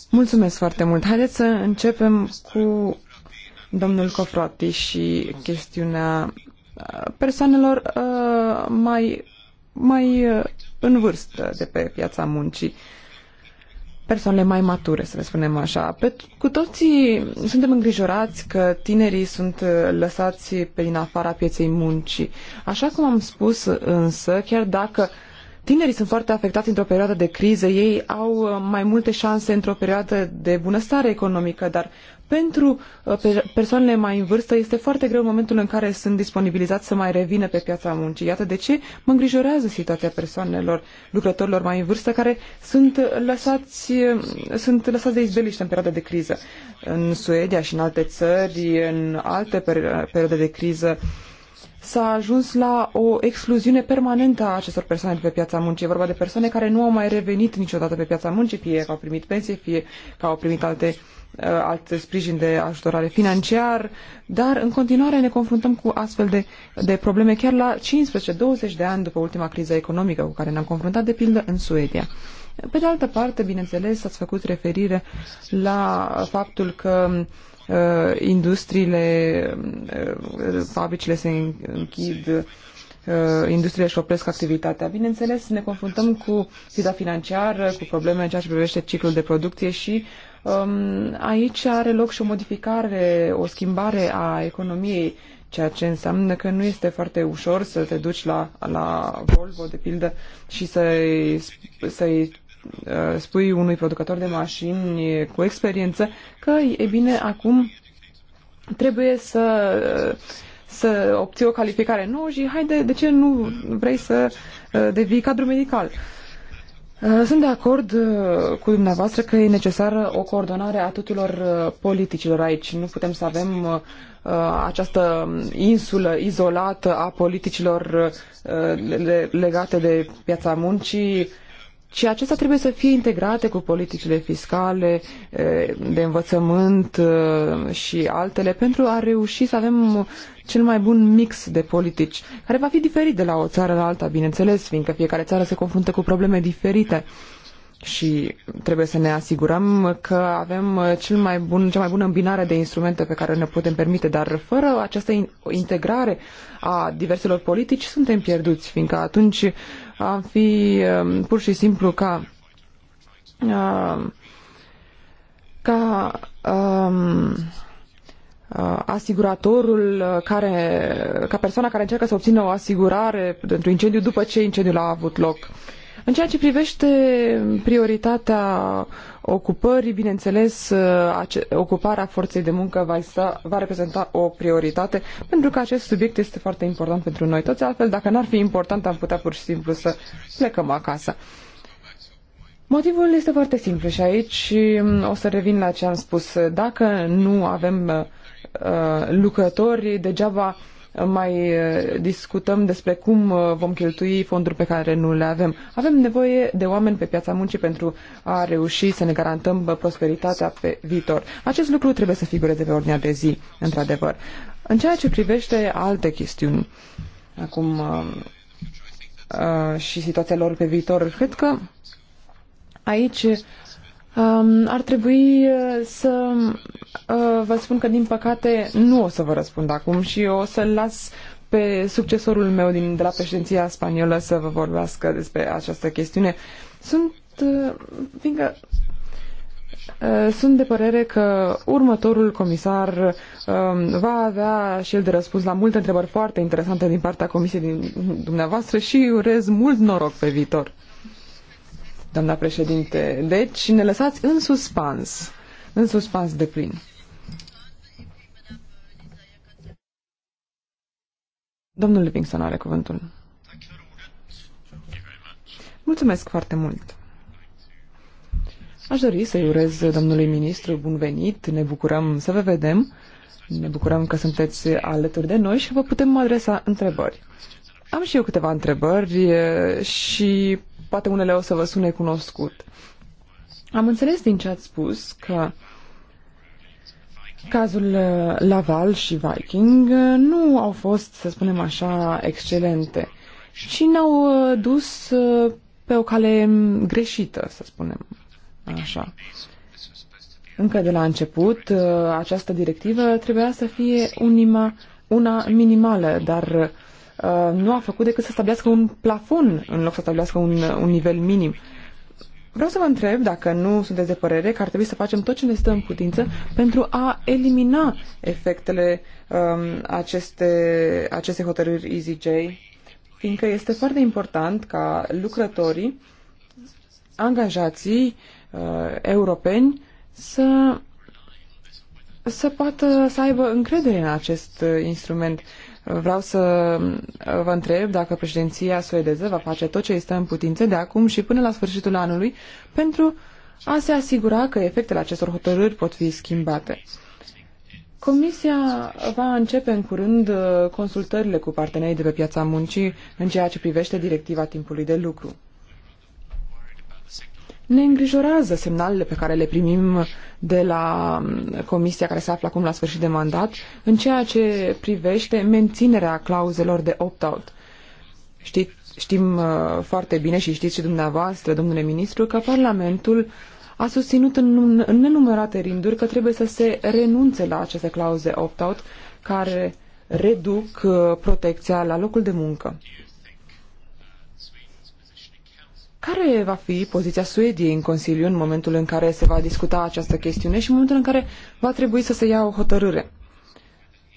Mulțumesc foarte mult. Haideți să începem cu domnul Cofrati și chestiunea uh, persoanelor uh, mai, mai în vârstă de pe piața muncii persoanele mai mature, să le spunem așa. Pe, cu toții suntem îngrijorați că tinerii sunt uh, lăsați pe din afara pieței muncii. Așa cum am spus uh, însă, chiar dacă tinerii sunt foarte afectați într-o perioadă de criză, ei au uh, mai multe șanse într-o perioadă de bunăstare economică, dar pentru uh, persoanele mai în vârstă este foarte greu momentul în care sunt disponibilizați să mai revină pe piața muncii. Iată de ce mă îngrijorează situația persoanelor, lucrătorilor mai în vârstă, care sunt lăsați, sunt lăsați de izbeliște în perioada de criză. În Suedia și în alte țări, în alte perioade de criză, s-a ajuns la o excluziune permanentă a acestor persoane de pe piața muncii. E vorba de persoane care nu au mai revenit niciodată pe piața muncii, fie că au primit pensie, fie că au primit alte uh, alt sprijin de ajutorare financiar, dar în continuare ne confruntăm cu astfel de, de probleme chiar la 15-20 de ani după ultima criză economică cu care ne-am confruntat, de pildă, în Suedia. Pe de altă parte, bineînțeles, ați făcut referire la faptul că uh, industriile, uh, fabricile se închid, uh, industriile își opresc activitatea. Bineînțeles, ne confruntăm cu criza financiară, cu probleme în ceea ce privește ciclul de producție și um, aici are loc și o modificare, o schimbare a economiei ceea ce înseamnă că nu este foarte ușor să te duci la, la Volvo, de pildă, și să-i, să-i Uh, spui unui producător de mașini cu experiență că, e bine, acum trebuie să, uh, să obții o calificare nouă și haide, de ce nu vrei să uh, devii cadru medical? Sunt de acord cu dumneavoastră că e necesară o coordonare a tuturor politicilor aici. Nu putem să avem această insulă izolată a politicilor legate de piața muncii, și acestea trebuie să fie integrate cu politicile fiscale, de învățământ și altele pentru a reuși să avem cel mai bun mix de politici, care va fi diferit de la o țară la alta, bineînțeles, fiindcă fiecare țară se confruntă cu probleme diferite și trebuie să ne asigurăm că avem cel mai bun, cea mai bună îmbinare de instrumente pe care ne putem permite, dar fără această integrare a diverselor politici suntem pierduți, fiindcă atunci a fi um, pur și simplu ca um, ca um, uh, asiguratorul uh, care, ca persoana care încearcă să obțină o asigurare pentru incendiu după ce incendiul a avut loc. În ceea ce privește prioritatea ocupării, bineînțeles, uh, ocuparea forței de muncă va, exista, va reprezenta o prioritate, pentru că acest subiect este foarte important pentru noi toți, altfel dacă n-ar fi important am putea pur și simplu să plecăm acasă. Motivul este foarte simplu și aici um, o să revin la ce am spus. Dacă nu avem uh, uh lucrători, degeaba uh, mai eh, discutăm despre cum eh, vom cheltui fonduri pe care nu le avem. Avem nevoie de oameni pe piața muncii pentru a reuși să ne garantăm eh, prosperitatea pe viitor. Acest lucru trebuie să figureze pe ordinea de zi, într-adevăr. În ceea ce privește alte chestiuni, acum și situația lor pe viitor, cred că aici Um, ar trebui uh, să uh, vă spun că, din păcate, nu o să vă răspund acum și o să-l las pe succesorul meu din, de la președinția spaniolă să vă vorbească despre această chestiune. Sunt, uh, fiindcă uh, sunt de părere că următorul comisar um, va avea și el de răspuns la multe întrebări foarte interesante din partea comisiei din dumneavoastră și urez mult noroc pe viitor doamna președinte. Deci ne lăsați în suspans, în suspans de plin. Domnul Livingston are cuvântul. Mulțumesc foarte mult. Aș dori să-i urez domnului ministru bun venit. Ne bucurăm să vă vedem. Ne bucurăm că sunteți alături de noi și vă putem adresa întrebări. Am și eu câteva întrebări eh, și poate unele o să vă sune cunoscut. Am înțeles din ce ați spus că Cazul uh, Laval și Viking uh, nu au fost, să spunem așa, excelente, și n au uh, dus pe o cale mm, greșită, să spunem așa. Încă de la început, această directivă trebuia să fie unima, una minimală, dar Uh, nu a făcut decât să stabilească un plafon în loc să stabilească un, un nivel minim. Vreau să vă întreb dacă nu sunteți de părere că ar trebui să facem tot ce ne stă în putință pentru a elimina efectele um, aceste, aceste hotărâri EasyJ, fiindcă este foarte important ca lucrătorii, angajații uh, europeni să, să poată să aibă încredere în acest uh, instrument. Vreau să uh, vă întreb dacă președinția suedeză va face tot ce este în putință de acum și până la sfârșitul anului pentru a se asigura că efectele acestor hotărâri pot fi schimbate. Comisia va începe în curând uh, consultările cu partenerii de pe piața muncii în ceea ce privește directiva timpului de lucru. Ne îngrijorează semnalele pe care le primim de la mm, comisia care se află acum la sfârșit de mandat în ceea ce privește menținerea clauzelor de opt-out. Știți, știm uh, foarte bine și știți și dumneavoastră, domnule ministru, că Parlamentul a susținut în, în nenumărate rânduri că trebuie să se renunțe la aceste clauze opt-out care reduc uh, protecția la locul de muncă. Care va fi poziția Suediei în Consiliu în momentul în care se va discuta această chestiune și în momentul în care va trebui să se ia o hotărâre?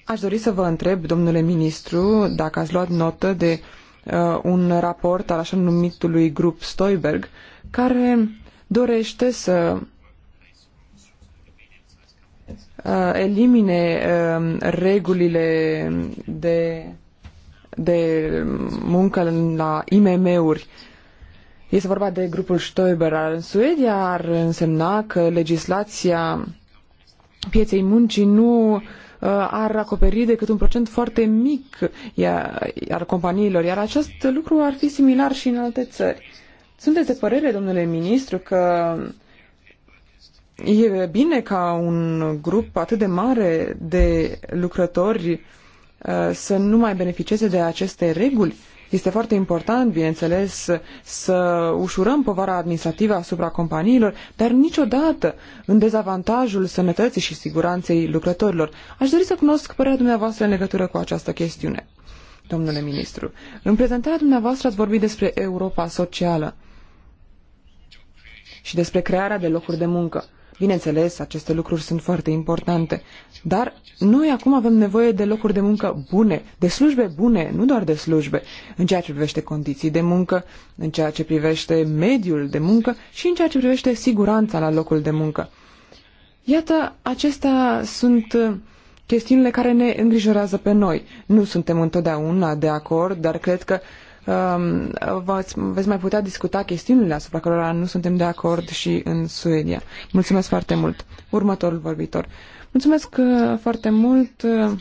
Aș dori să vă întreb, domnule ministru, dacă ați luat notă de uh, un raport al așa numitului grup Stoiberg, care dorește să uh, elimine uh, regulile de, de muncă la IMM-uri uh, este vorba de grupul Stoiber al Suedia, ar însemna că legislația pieței muncii nu uh, ar acoperi decât un procent foarte mic iar, companiilor, iar acest lucru ar fi similar și în alte țări. Sunteți de părere, domnule ministru, că e bine ca un grup atât de mare de lucrători uh, să nu mai beneficieze de aceste reguli? Este foarte important, bineînțeles, să ușurăm povara administrativă asupra companiilor, dar niciodată în dezavantajul sănătății și siguranței lucrătorilor. Aș dori să cunosc părerea dumneavoastră în legătură cu această chestiune, domnule ministru. În prezentarea dumneavoastră ați vorbit despre Europa socială și despre crearea de locuri de muncă. Bineînțeles, aceste lucruri sunt foarte importante, dar noi acum avem nevoie de locuri de muncă bune, de slujbe bune, nu doar de slujbe, în ceea ce privește condiții de muncă, în ceea ce privește mediul de muncă și în ceea ce privește siguranța la locul de muncă. Iată, acestea sunt uh, chestiunile care ne îngrijorează pe noi. Nu suntem întotdeauna de acord, dar cred că Um, veți mai putea discuta chestiunile asupra cărora nu suntem de acord și în Suedia. Mulțumesc foarte mult. Următorul vorbitor. Mulțumesc uh, foarte mult. Uh,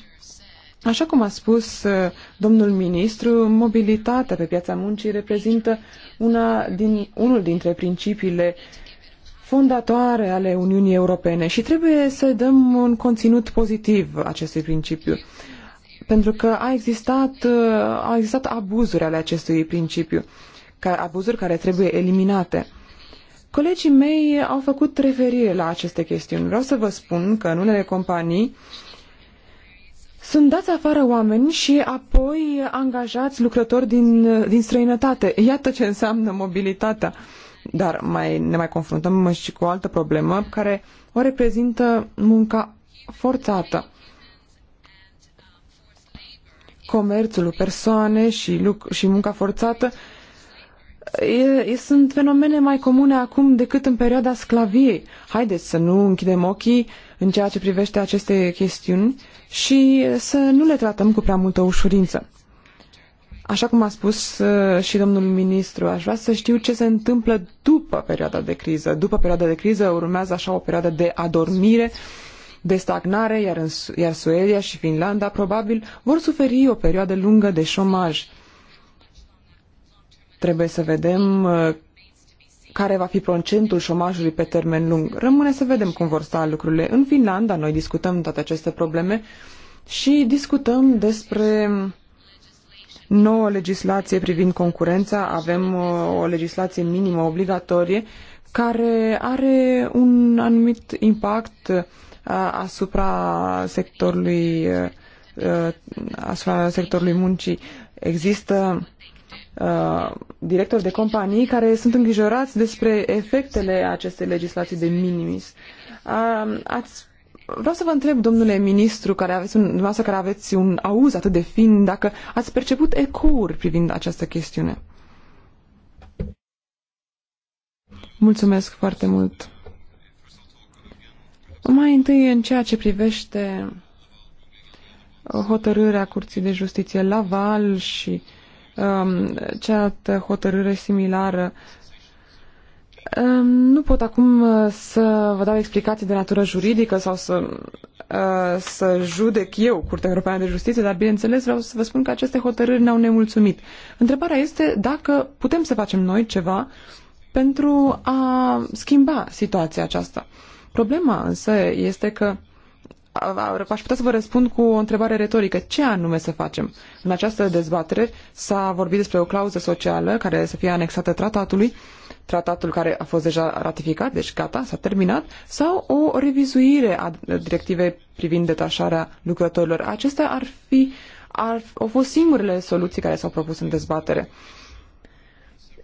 așa cum a spus uh, domnul ministru, mobilitatea pe piața muncii reprezintă una din, unul dintre principiile fondatoare ale Uniunii Europene și trebuie să dăm un conținut pozitiv acestui principiu pentru că a existat, uh, au existat abuzuri ale acestui principiu, abuzuri care trebuie eliminate. Colegii mei au făcut referire la aceste chestiuni. Vreau să vă spun că în unele companii sunt dați afară oameni și apoi angajați lucrători din, din străinătate. Iată ce înseamnă mobilitatea. Dar mai, ne mai confruntăm și cu o altă problemă care o reprezintă munca forțată comerțul cu persoane și, luc- și munca forțată e, e, sunt fenomene mai comune acum decât în perioada sclaviei. Haideți să nu închidem ochii în ceea ce privește aceste chestiuni și să nu le tratăm cu prea multă ușurință. Așa cum a spus uh, și domnul ministru, aș vrea să știu ce se întâmplă după perioada de criză. După perioada de criză urmează așa o perioadă de adormire de stagnare, iar, în, iar Suedia și Finlanda probabil vor suferi o perioadă lungă de șomaj. Trebuie să vedem uh, care va fi procentul șomajului pe termen lung. Rămâne să vedem cum vor sta lucrurile. În Finlanda noi discutăm toate aceste probleme și discutăm despre nouă legislație privind concurența. Avem uh, o legislație minimă obligatorie care are un anumit impact asupra sectorului asupra sectorului muncii. Există directori de companii care sunt îngrijorați despre efectele acestei legislații de minimis. ați, vreau să vă întreb, domnule ministru, care aveți un, dumneavoastră care aveți un auz atât de fin, dacă ați perceput ecouri privind această chestiune. Mulțumesc foarte mult. Mai întâi, în ceea ce privește uh, hotărârea Curții de Justiție Laval și um, cealaltă hotărâre similară, um, nu pot acum uh, să vă dau explicații de natură juridică sau să, uh, să judec eu Curtea Europeană de Justiție, dar bineînțeles vreau să vă spun că aceste hotărâri ne-au nemulțumit. Întrebarea este dacă putem să facem noi ceva pentru a schimba situația aceasta. Uh, Problema însă este că aș putea să vă răspund cu o întrebare retorică. Ce anume să facem? În această dezbatere s-a vorbit despre o clauză socială care să fie anexată tratatului, tratatul care a fost deja ratificat, deci gata, s-a terminat, sau o revizuire a directivei privind detașarea lucrătorilor. Acestea ar fi, ar, au fost singurele soluții care s-au propus în dezbatere.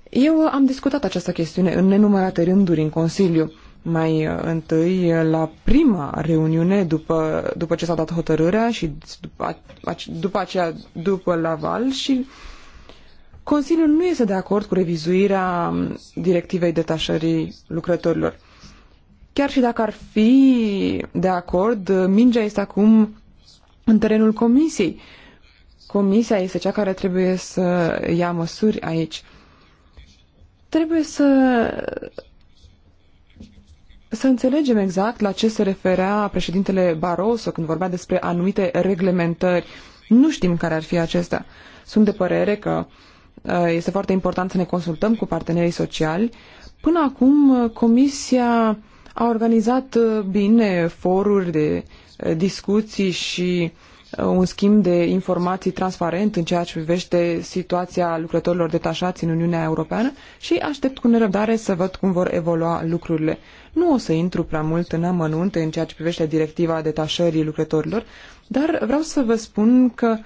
Eu am discutat această chestiune în nenumărate rânduri în Consiliu mai uh, întâi uh, la prima reuniune după, după ce s-a dat hotărârea și după, după aceea după Laval și Consiliul nu este de acord cu revizuirea um, directivei detașării lucrătorilor. Chiar și dacă ar fi de acord, uh, mingea este acum în terenul Comisiei. Comisia este cea care trebuie să ia măsuri aici. Trebuie să să înțelegem exact la ce se referea președintele Barroso când vorbea despre anumite reglementări. Nu știm care ar fi acestea. Sunt de părere că uh, este foarte important să ne consultăm cu partenerii sociali. Până acum, uh, Comisia a organizat uh, bine foruri de discuții și uh, Uh, un schimb de informații transparent în ceea ce privește situația lucrătorilor detașați în Uniunea Europeană și aștept cu nerăbdare să văd cum vor evolua lucrurile. Nu o să intru prea mult în amănunte în ceea ce privește directiva detașării lucrătorilor, dar vreau să vă spun că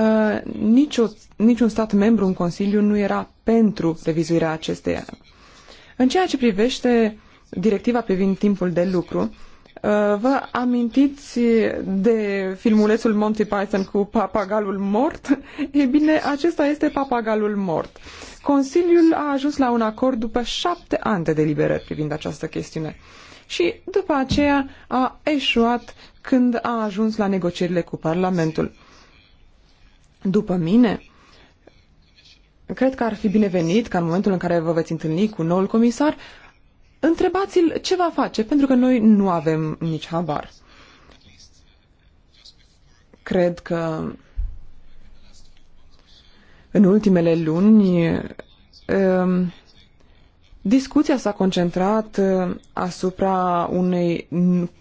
uh, nicio, niciun stat membru în Consiliu nu era pentru revizuirea acesteia. În ceea ce privește directiva privind timpul de lucru, Uh, vă amintiți de filmulețul Monty Python cu papagalul mort? [LAUGHS] E bine, acesta este papagalul mort. Consiliul a ajuns la un acord după șapte ani de deliberări privind această chestiune și după aceea a eșuat când a ajuns la negocierile cu Parlamentul. După mine, cred că ar fi binevenit ca în momentul în care vă veți întâlni cu noul comisar, întrebați-l ce va face, pentru că noi nu avem nici habar. Cred că în ultimele luni um, discuția s-a concentrat uh, asupra unei,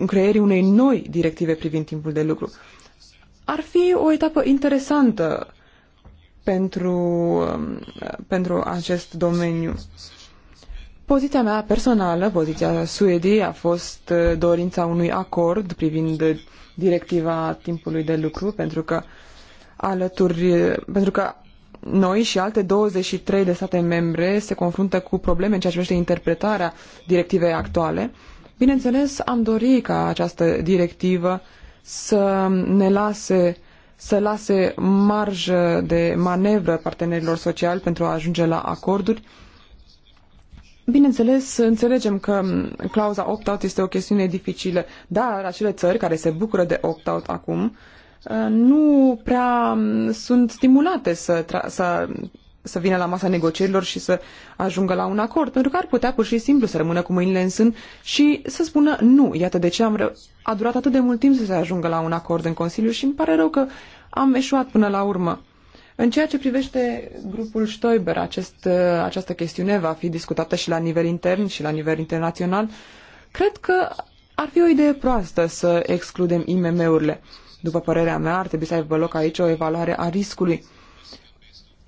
creierii unei noi directive privind timpul de lucru. Ar fi o etapă interesantă pentru, um, pentru acest domeniu. Poziția mea personală, poziția Suediei, a fost uh, dorința unui acord privind directiva timpului de lucru, pentru că alături, pentru că noi și alte 23 de state membre se confruntă cu probleme în ceea ce privește interpretarea directivei actuale. Bineînțeles, am dorit ca această directivă să ne lase să lase marjă de manevră partenerilor sociali pentru a ajunge la acorduri, Bineînțeles, înțelegem că clauza opt-out este o chestiune dificilă, dar acele țări care se bucură de opt-out acum uh, nu prea sunt stimulate să, să, să vină la masa negocierilor și să ajungă la un acord, pentru că ar putea pur și simplu să rămână cu mâinile în sân și să spună nu. Iată de ce am a durat atât de mult timp să se ajungă la un acord în Consiliu și îmi pare rău că am eșuat până la urmă. În ceea ce privește grupul Stoiber, acest, uh, această chestiune va fi discutată și la nivel intern și la nivel internațional. Cred că ar fi o idee proastă să excludem IMM-urile. După părerea mea, ar trebui să aibă loc aici o evaluare a riscului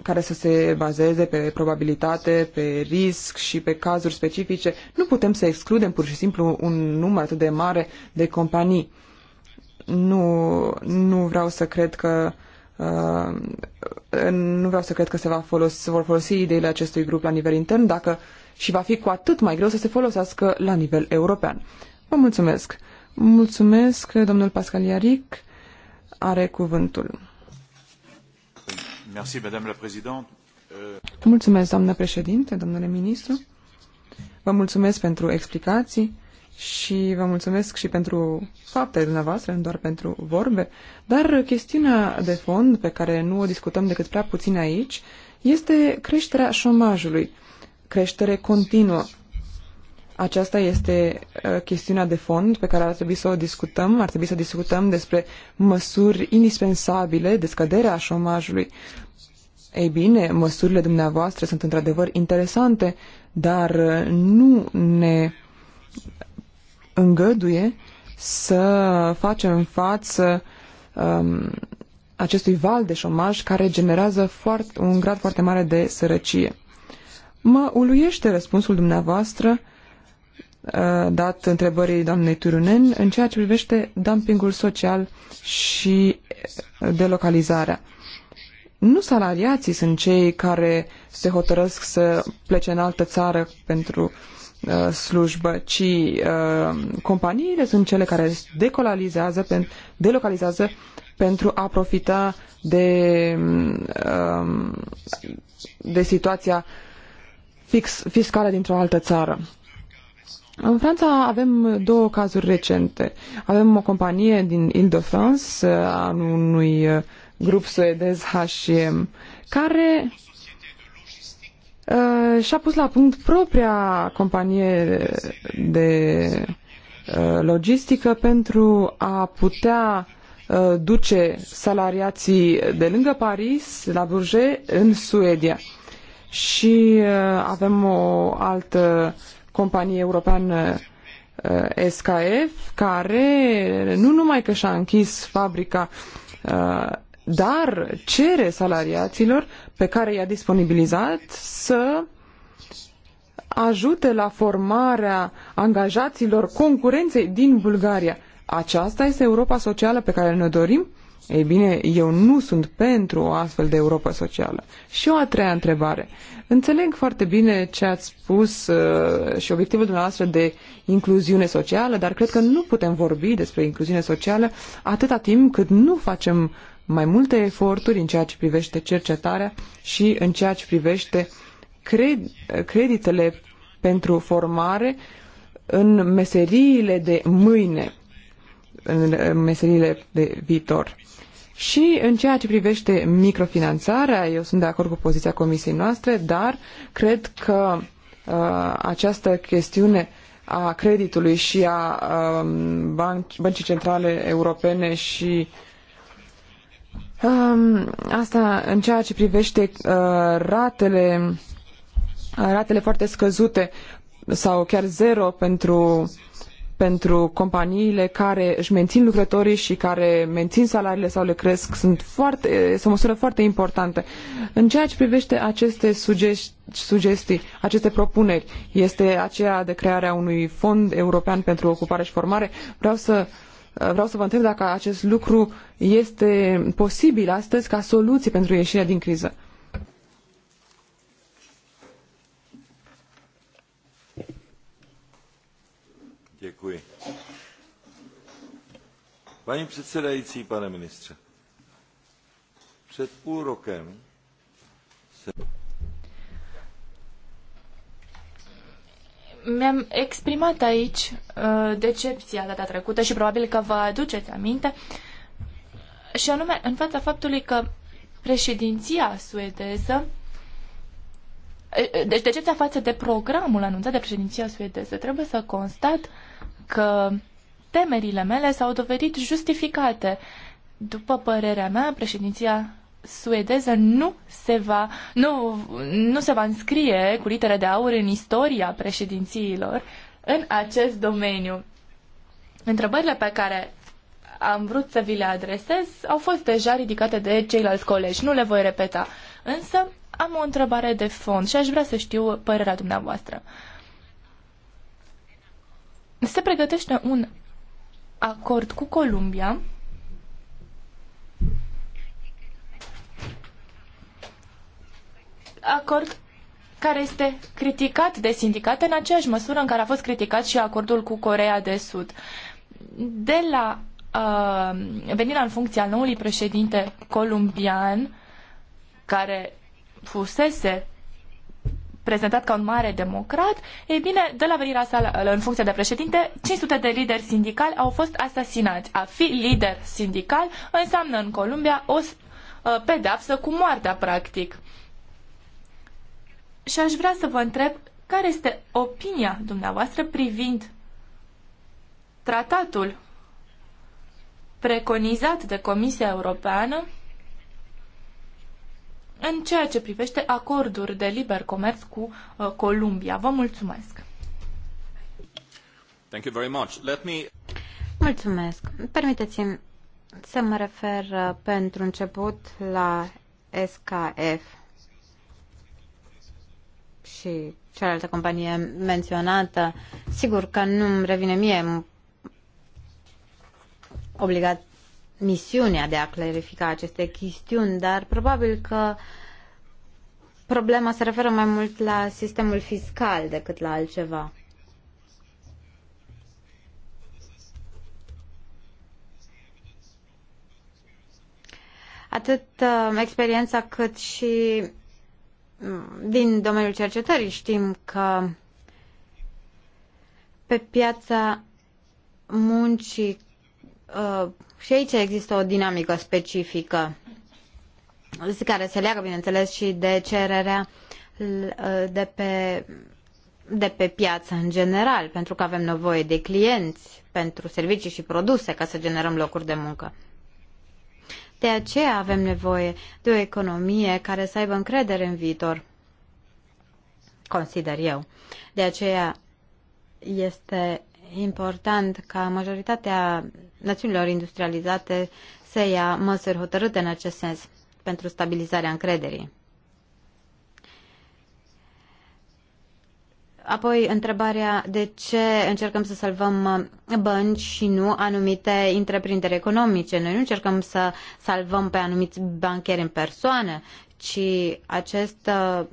care să se bazeze pe probabilitate, pe risc și pe cazuri specifice. Nu putem să excludem pur și simplu un număr atât de mare de companii. Nu, nu vreau să cred că Uh, nu vreau să cred că se, va folos, se vor folosi ideile acestui grup la nivel intern dacă și va fi cu atât mai greu să se folosească la nivel european. Vă mulțumesc! Mulțumesc, domnul Pascal Iaric. Are cuvântul. Merci, la uh... Mulțumesc, doamnă președinte, domnule ministru. Vă mulțumesc pentru explicații și vă mulțumesc și pentru faptele dumneavoastră, nu doar pentru vorbe, dar chestiunea de fond pe care nu o discutăm decât prea puțin aici este creșterea șomajului, creștere continuă. Aceasta este uh, chestiunea de fond pe care ar trebui să o discutăm. Ar trebui să discutăm despre măsuri indispensabile de scăderea șomajului. Ei bine, măsurile dumneavoastră sunt într-adevăr interesante, dar uh, nu ne îngăduie să facem față um, acestui val de șomaj care generează foarte, un grad foarte mare de sărăcie. Mă uluiește răspunsul dumneavoastră uh, dat întrebării doamnei Turunen în ceea ce privește dumpingul social și delocalizarea nu salariații sunt cei care se hotărăsc să plece în altă țară pentru uh, slujbă, ci uh, companiile sunt cele care decolalizează, pen, delocalizează pentru a profita de, uh, de situația fix, fiscală dintr-o altă țară. În Franța avem două cazuri recente. Avem o companie din Ile-de-France, uh, anului grup suedez H&M, care uh, și-a pus la punct propria companie de uh, logistică pentru a putea uh, duce salariații de lângă Paris, la Bourget, în Suedia. Și uh, avem o altă companie europeană SKF, care nu numai că și-a închis fabrica dar cere salariaților pe care i-a disponibilizat să ajute la formarea angajaților concurenței din Bulgaria. Aceasta este Europa socială pe care ne dorim? Ei bine, eu nu sunt pentru o astfel de Europa socială. Și o a treia întrebare. Înțeleg foarte bine ce ați spus uh, și obiectivul dumneavoastră de incluziune socială, dar cred că nu putem vorbi despre incluziune socială atâta timp cât nu facem mai multe eforturi în ceea ce privește cercetarea și în ceea ce privește cred, creditele pentru formare în meseriile de mâine, în meseriile de viitor. Și în ceea ce privește microfinanțarea, eu sunt de acord cu poziția comisiei noastre, dar cred că uh, această chestiune a creditului și a uh, băncii centrale europene și Um, asta în ceea ce privește uh, ratele, ratele foarte scăzute sau chiar zero pentru, pentru companiile care își mențin lucrătorii și care mențin salariile sau le cresc sunt foarte, sunt o măsură foarte importantă. În ceea ce privește aceste sugestii, sugestii, aceste propuneri, este aceea de crearea unui fond european pentru ocupare și formare. Vreau să uh, Eh, vreau să vă întreb dacă acest lucru este posibil astăzi ca soluție pentru ieșirea din criză. Děkuji. Paní předsedající, pane ministře, před půl rokem se... mi-am exprimat aici uh, decepția data trecută și probabil că vă aduceți aminte, și anume în fața faptului că președinția suedeză uh, uh, deci decepția față de programul anunțat de președinția suedeză trebuie să constat că temerile mele s-au dovedit justificate. După părerea mea, președinția suedeză nu se va, nu, nu se va înscrie cu litere de aur în istoria președințiilor în acest domeniu. Întrebările pe care am vrut să vi le adresez au fost deja ridicate de ceilalți colegi, nu le voi repeta. Însă am o întrebare de fond și aș vrea să știu părerea dumneavoastră. Se pregătește un acord cu Columbia acord care este criticat de sindicate în aceeași măsură în care a fost criticat și acordul cu Corea de Sud. De la uh, venirea în funcție al noului președinte columbian, care fusese prezentat ca un mare democrat, e bine, de la venirea sa în funcție de președinte, 500 de lideri sindicali au fost asasinați. A fi lider sindical înseamnă în Columbia o uh, pedapsă cu moartea, practic și aș vrea să vă întreb care este opinia dumneavoastră privind tratatul preconizat de Comisia Europeană în ceea ce privește acorduri de liber comerț cu uh, Columbia. Vă mulțumesc! Thank you very much. Let me... Mulțumesc! Permiteți-mi să mă refer uh, pentru început la SKF și cealaltă companie menționată, sigur că nu îmi revine mie obligat misiunea de a clarifica aceste chestiuni, dar probabil că problema se referă mai mult la sistemul fiscal decât la altceva. Atât uh, experiența cât și din domeniul cercetării știm că pe piața muncii uh, și aici există o dinamică specifică care se leagă, bineînțeles, și de cererea uh, de pe, de pe piață în general, pentru că avem nevoie de clienți pentru servicii și produse ca să generăm locuri de muncă. De aceea avem nevoie de o economie care să aibă încredere în viitor, consider eu. De aceea este important ca majoritatea națiunilor industrializate să ia măsuri hotărâte în acest sens pentru stabilizarea încrederii. Apoi, întrebarea de ce încercăm să salvăm uh, bănci și nu anumite întreprinderi economice. Noi nu încercăm să salvăm pe anumiți bancheri în persoană, ci acest uh,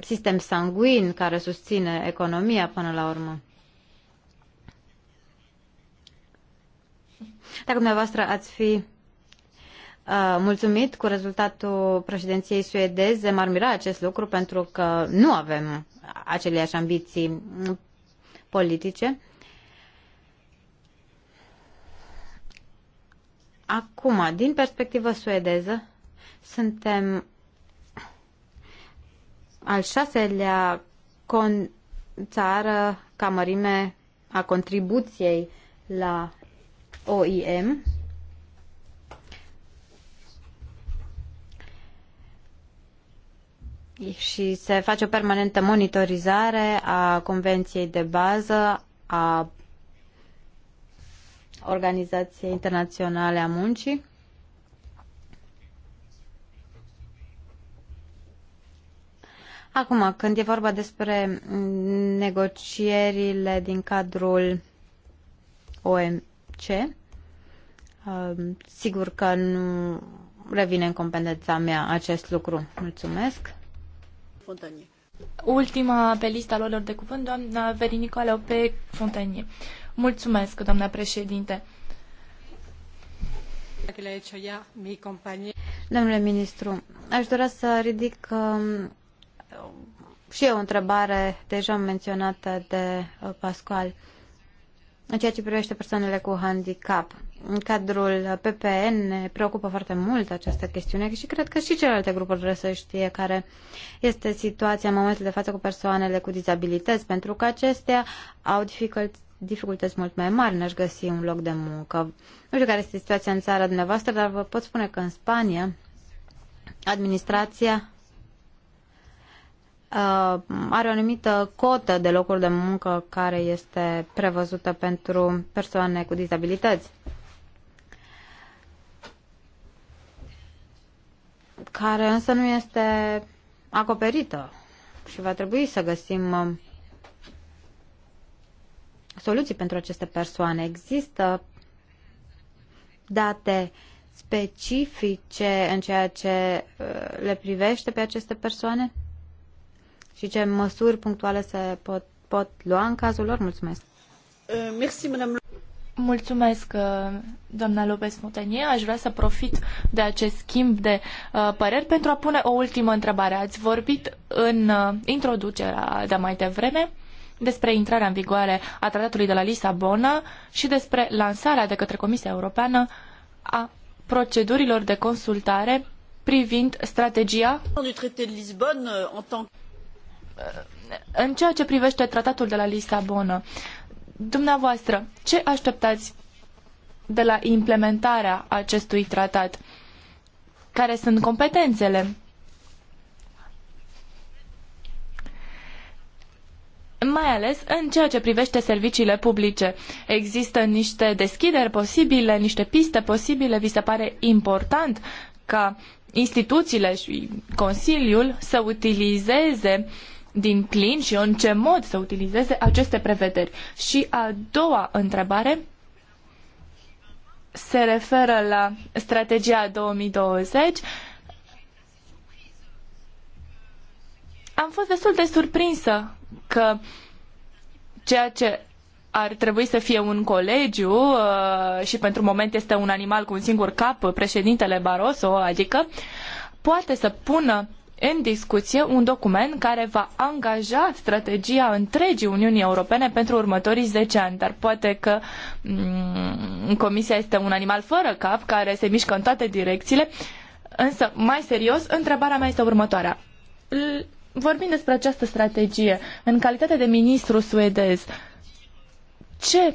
sistem sanguin care susține economia până la urmă. Dacă dumneavoastră ați fi Uh, mulțumit cu rezultatul președinției suedeze. M-ar mira acest lucru pentru că nu avem aceleași ambiții politice. Acum, din perspectivă suedeză, suntem al șaselea con- țară ca mărime a contribuției la OIM și se face o permanentă monitorizare a Convenției de bază a Organizației Internaționale a Muncii. Acum, când e vorba despre negocierile din cadrul OMC, uh, sigur că nu revine în competența mea acest lucru. Mulțumesc. Fontanie. Ultima pe lista lor de cuvânt, doamna Verinico Leope Fontanie. Mulțumesc, doamna președinte. Domnule ministru, aș dori să ridic um, și eu o întrebare deja menționată de uh, Pascual în ceea ce privește persoanele cu handicap în cadrul PPN ne preocupă foarte mult această chestiune și cred că și celelalte grupuri trebuie să știe care este situația în momentul de față cu persoanele cu dizabilități, pentru că acestea au dificultăți dificultăți mult mai mari în a găsi un loc de muncă. Nu știu care este situația în țara dumneavoastră, dar vă pot spune că în Spania administrația uh, are o anumită cotă de locuri de muncă care este prevăzută pentru persoane cu dizabilități. care însă nu este acoperită și va trebui să găsim um, soluții pentru aceste persoane. Există date specifice în ceea ce uh, le privește pe aceste persoane și ce măsuri punctuale se pot, pot lua în cazul lor? Mulțumesc! Uh, merci, Mulțumesc, uh, doamna Lopez Mutanie. Aș vrea să profit de acest schimb de uh, păreri pentru a pune o ultimă întrebare. Ați vorbit în uh, introducerea de mai devreme despre intrarea în vigoare a tratatului de la Lisabona și despre lansarea de către Comisia Europeană a procedurilor de consultare privind strategia euh, uh, în ceea ce privește tratatul de la Lisabona. Dumneavoastră, ce așteptați de la implementarea acestui tratat? Care sunt competențele? mai ales în ceea ce privește serviciile publice. Există niște deschideri posibile, niște piste posibile, vi se pare important ca instituțiile și Consiliul să utilizeze uh, din plin și în ce mod să utilizeze aceste prevederi. Și a doua întrebare se referă la strategia 2020. Am fost destul de surprinsă că ceea ce ar trebui să fie un colegiu uh, și pentru moment este un animal cu un singur cap, președintele Barroso, adică poate să pună în discuție un document care va angaja strategia întregii Uniunii Europene pentru următorii zece ani. Dar poate că mm, Comisia este un animal fără cap care se mișcă în toate direcțiile. Însă, mai serios, întrebarea mea este următoarea. Vorbind despre această strategie, în calitate de ministru suedez, ce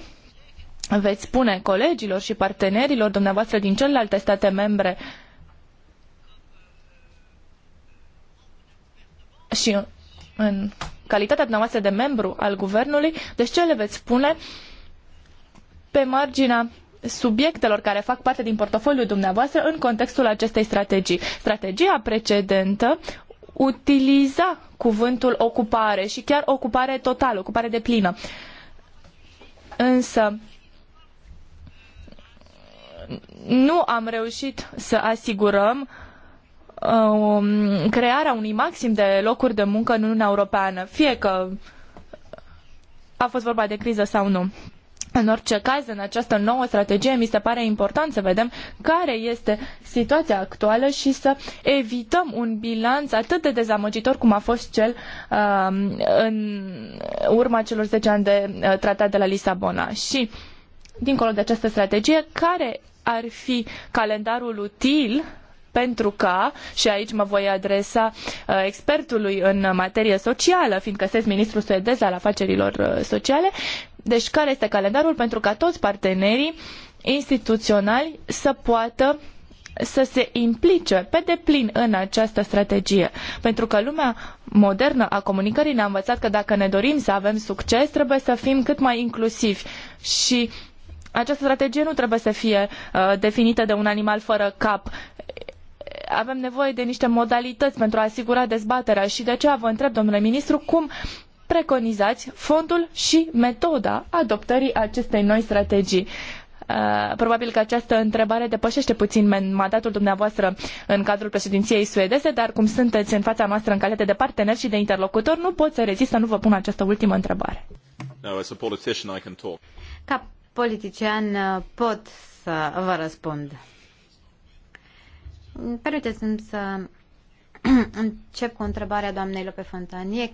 veți spune colegilor și partenerilor dumneavoastră din celelalte state membre uh, și în calitatea dumneavoastră de membru al guvernului, deci ce le veți spune pe marginea subiectelor care fac parte din portofoliul dumneavoastră în contextul acestei strategii. Strategia precedentă utiliza cuvântul ocupare și chiar ocupare totală, ocupare de plină. Însă nu am reușit să asigurăm Um, crearea unui maxim de locuri de muncă în Uniunea Europeană, fie că a fost vorba de criză sau nu. În orice caz, în această nouă strategie, mi se pare important să vedem care este situația actuală și să evităm un bilanț atât de dezamăgitor cum a fost cel uh, în urma celor zece ani de uh, tratat de la Lisabona. Și, dincolo de această strategie, care ar fi calendarul util uh, pentru că și aici mă voi adresa uh, expertului în materie socială, fiindcă sunt ministru suedez al afacerilor uh, sociale, deci care este calendarul pentru ca toți partenerii instituționali să poată să se implice pe deplin în această strategie. Pentru că lumea modernă a comunicării ne-a învățat că dacă ne dorim să avem succes, trebuie să fim cât mai inclusivi și această strategie nu trebuie să fie uh, definită de un animal fără cap avem nevoie de niște modalități pentru a asigura dezbaterea și de aceea vă întreb, domnule ministru, cum preconizați fondul și metoda adoptării acestei noi strategii. Uh, probabil că această întrebare depășește puțin mandatul dumneavoastră în cadrul președinției suedeze, dar cum sunteți în fața noastră în calitate de partener și de interlocutor, nu pot să rezist să nu vă pun această ultimă întrebare. No, as a politician, I can talk. Ca politician uh, pot să vă răspund. Permiteți-mi să [CLEARS THROAT] încep cu întrebarea doamnei Lope Fântanie,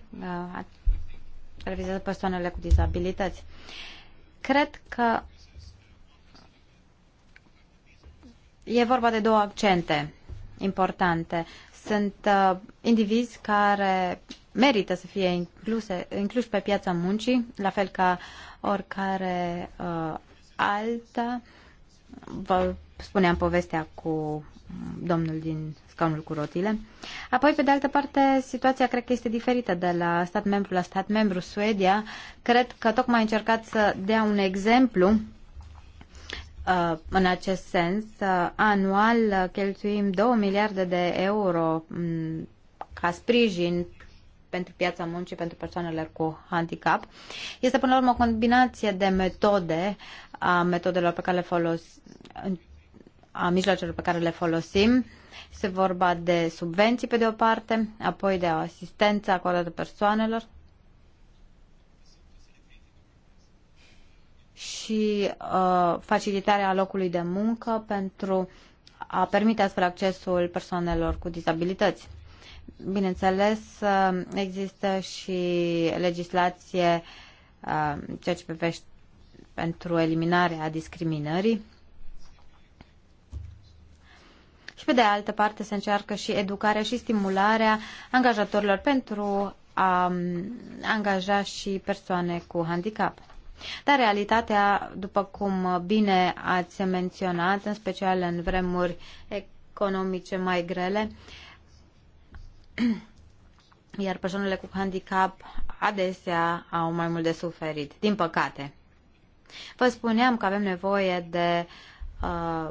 care uh, vizează persoanele cu dizabilități. Cred că e vorba de două accente importante. Sunt uh, indivizi care merită să fie incluse, incluși pe piața muncii, la fel ca oricare uh, alta. Vă spuneam povestea cu domnul din scaunul cu rotile. Apoi, pe de altă parte, situația cred că este diferită de la stat membru la stat membru. Suedia, cred că tocmai a încercat să dea un exemplu uh, în acest sens. Uh, anual uh, cheltuim 2 miliarde de euro mm, ca sprijin pentru piața muncii, pentru persoanele cu handicap. Este până la urmă o combinație de metode a metodelor pe care le folosim a mijloacelor pe care le folosim. se vorba de subvenții pe de o parte, apoi de asistență acordată persoanelor și uh, facilitarea locului de muncă pentru a permite astfel accesul persoanelor cu dizabilități. Bineînțeles, uh, există și legislație uh, ceea ce privește pentru eliminarea discriminării și pe de altă parte se încearcă și educarea și stimularea angajatorilor pentru a angaja și persoane cu handicap. Dar realitatea, după cum bine ați menționat, în special în vremuri economice mai grele, [CLEARS THROAT] iar persoanele cu handicap adesea au mai mult de suferit, din păcate. Vă spuneam că avem nevoie de uh,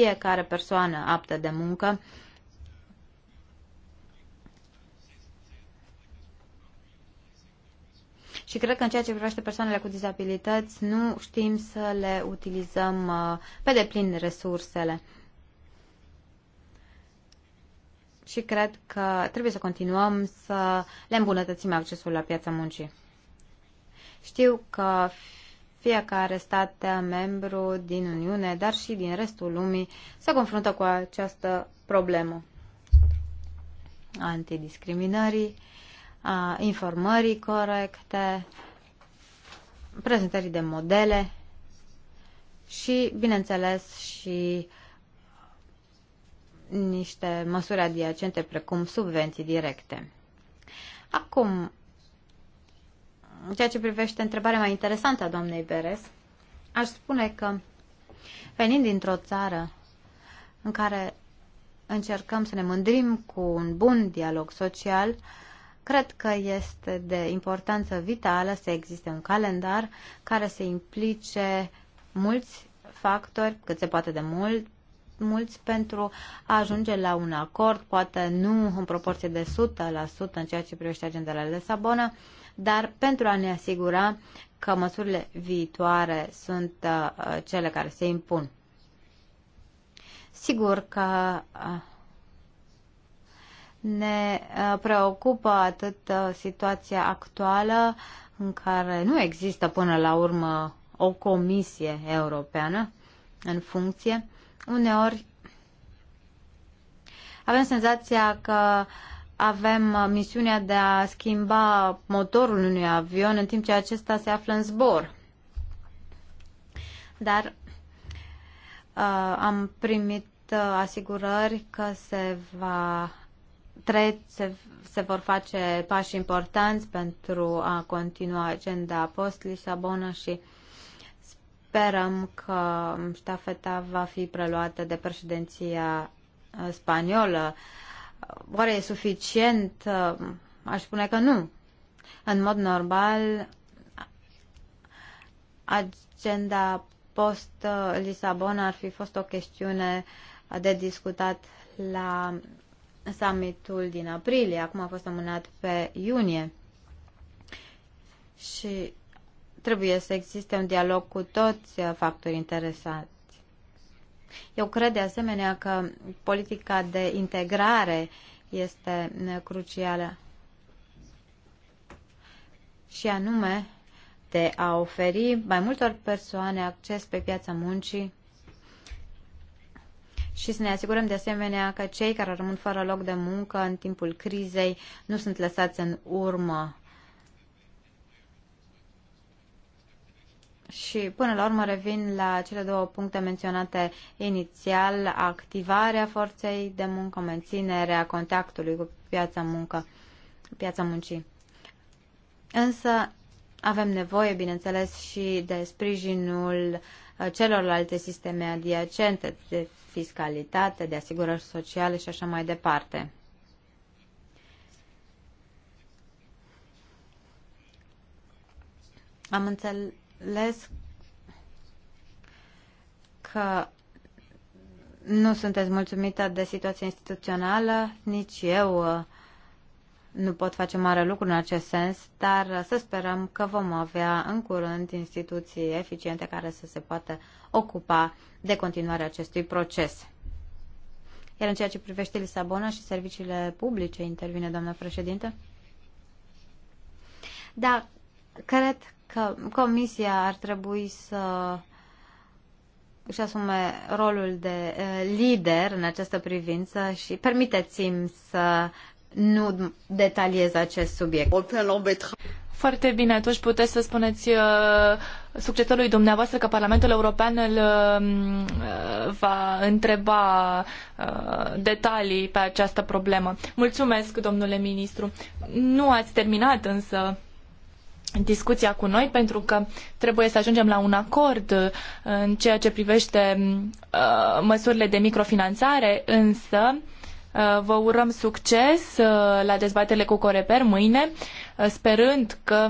fiecare persoană aptă de muncă Și cred că în ceea ce privește persoanele cu dizabilități, nu știm să le utilizăm uh, pe deplin resursele. Și cred că trebuie să continuăm să le îmbunătățim accesul la piața muncii. Știu că fiecare stat membru din Uniune, dar și din restul lumii, se confruntă cu această problemă antidiscriminării, a informării corecte, prezentării de modele și, bineînțeles, și niște măsuri adiacente precum subvenții directe. Acum, în ceea ce privește întrebarea mai interesantă a doamnei Beres, aș spune că venind dintr-o țară în care încercăm să ne mândrim cu un bun dialog social, cred că este de importanță vitală să existe un calendar care să implice mulți factori, cât se poate de mult, mulți pentru a ajunge la un acord, poate nu în proporție de 100% în ceea ce privește agenda la Lisabona, dar pentru a ne asigura că măsurile viitoare sunt uh, cele care se impun. Sigur că uh, ne uh, preocupă atât uh, situația actuală în care nu există până la urmă o comisie europeană în funcție. Uneori avem senzația că uh, avem uh, misiunea de a schimba motorul unui avion în timp ce acesta se află în zbor. Dar uh, am primit uh, asigurări că se va trece, se, se vor face pași importanți pentru a continua agenda post-Lisabona și sperăm că ștafeta va fi preluată de președinția spaniolă. Uh, Oare e suficient? Uh, aș spune că nu. În mod normal, agenda post-Lisabona ar fi fost o chestiune de discutat la summitul din aprilie. Acum a fost amânat pe iunie. Și trebuie să existe un dialog cu toți uh, factorii interesați. Eu cred de asemenea că politica de integrare este uh, crucială și anume de a oferi mai multor persoane acces pe piața muncii și să ne asigurăm de asemenea că cei care rămân fără loc de muncă în timpul crizei nu sunt lăsați în urmă Și până la urmă revin la cele două puncte menționate inițial, activarea forței de muncă, menținerea contactului cu piața, muncă, piața muncii. Însă avem nevoie, bineînțeles, și de sprijinul uh, celorlalte sisteme adiacente, de fiscalitate, de asigurări sociale și așa mai departe. Am înțeles înțeles că nu sunteți mulțumită de situația instituțională, nici eu uh, nu pot face mare lucru în acest sens, dar uh, să sperăm că vom avea în curând instituții eficiente care să se poată ocupa de continuarea acestui proces. Iar în ceea ce privește Lisabona și serviciile publice, intervine doamna președinte? Da, cred că Comisia ar trebui să își asume rolul de lider în această privință și permiteți-mi să nu detaliez acest subiect. Foarte bine, atunci puteți să spuneți uh, succesorului dumneavoastră că Parlamentul European îl uh, va întreba uh, detalii pe această problemă. Mulțumesc, domnule ministru. Nu ați terminat însă discuția cu noi pentru că trebuie să ajungem la un acord uh, în ceea ce privește uh, măsurile de microfinanțare, însă uh, vă urăm succes la dezbaterile cu Coreper mâine, sperând că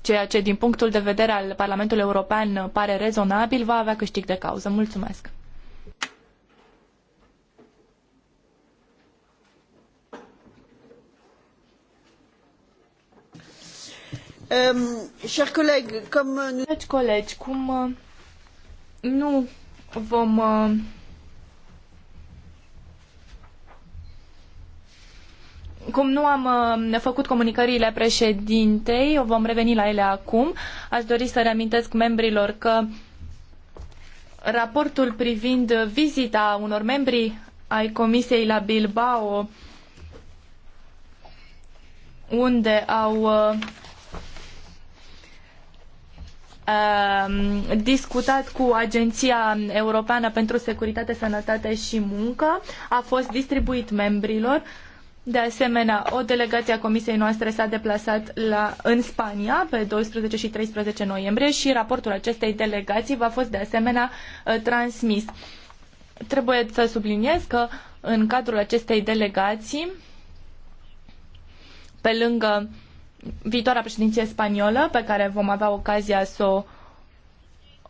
ceea ce din punctul de vedere al Parlamentului European pare rezonabil va avea câștig de cauză. Mulțumesc! Ehm, chers collègues, comme nous... Dragi colegi, cum uh, nu vom uh, cum nu am uh, făcut comunicările președintei, vom reveni la ele acum. Aș dori să reamintesc membrilor că raportul privind vizita unor membri ai Comisiei la Bilbao unde au discutat cu Agenția Europeană pentru Securitate, Sănătate și Muncă, a fost distribuit membrilor. De asemenea, o delegație a comisiei noastre s-a deplasat la, în Spania pe 12 și 13 noiembrie și raportul acestei delegații va fost de asemenea ă, transmis. Trebuie să subliniez că în cadrul acestei delegații, pe lângă uh, viitoarea președinție spaniolă, pe care vom avea ocazia să o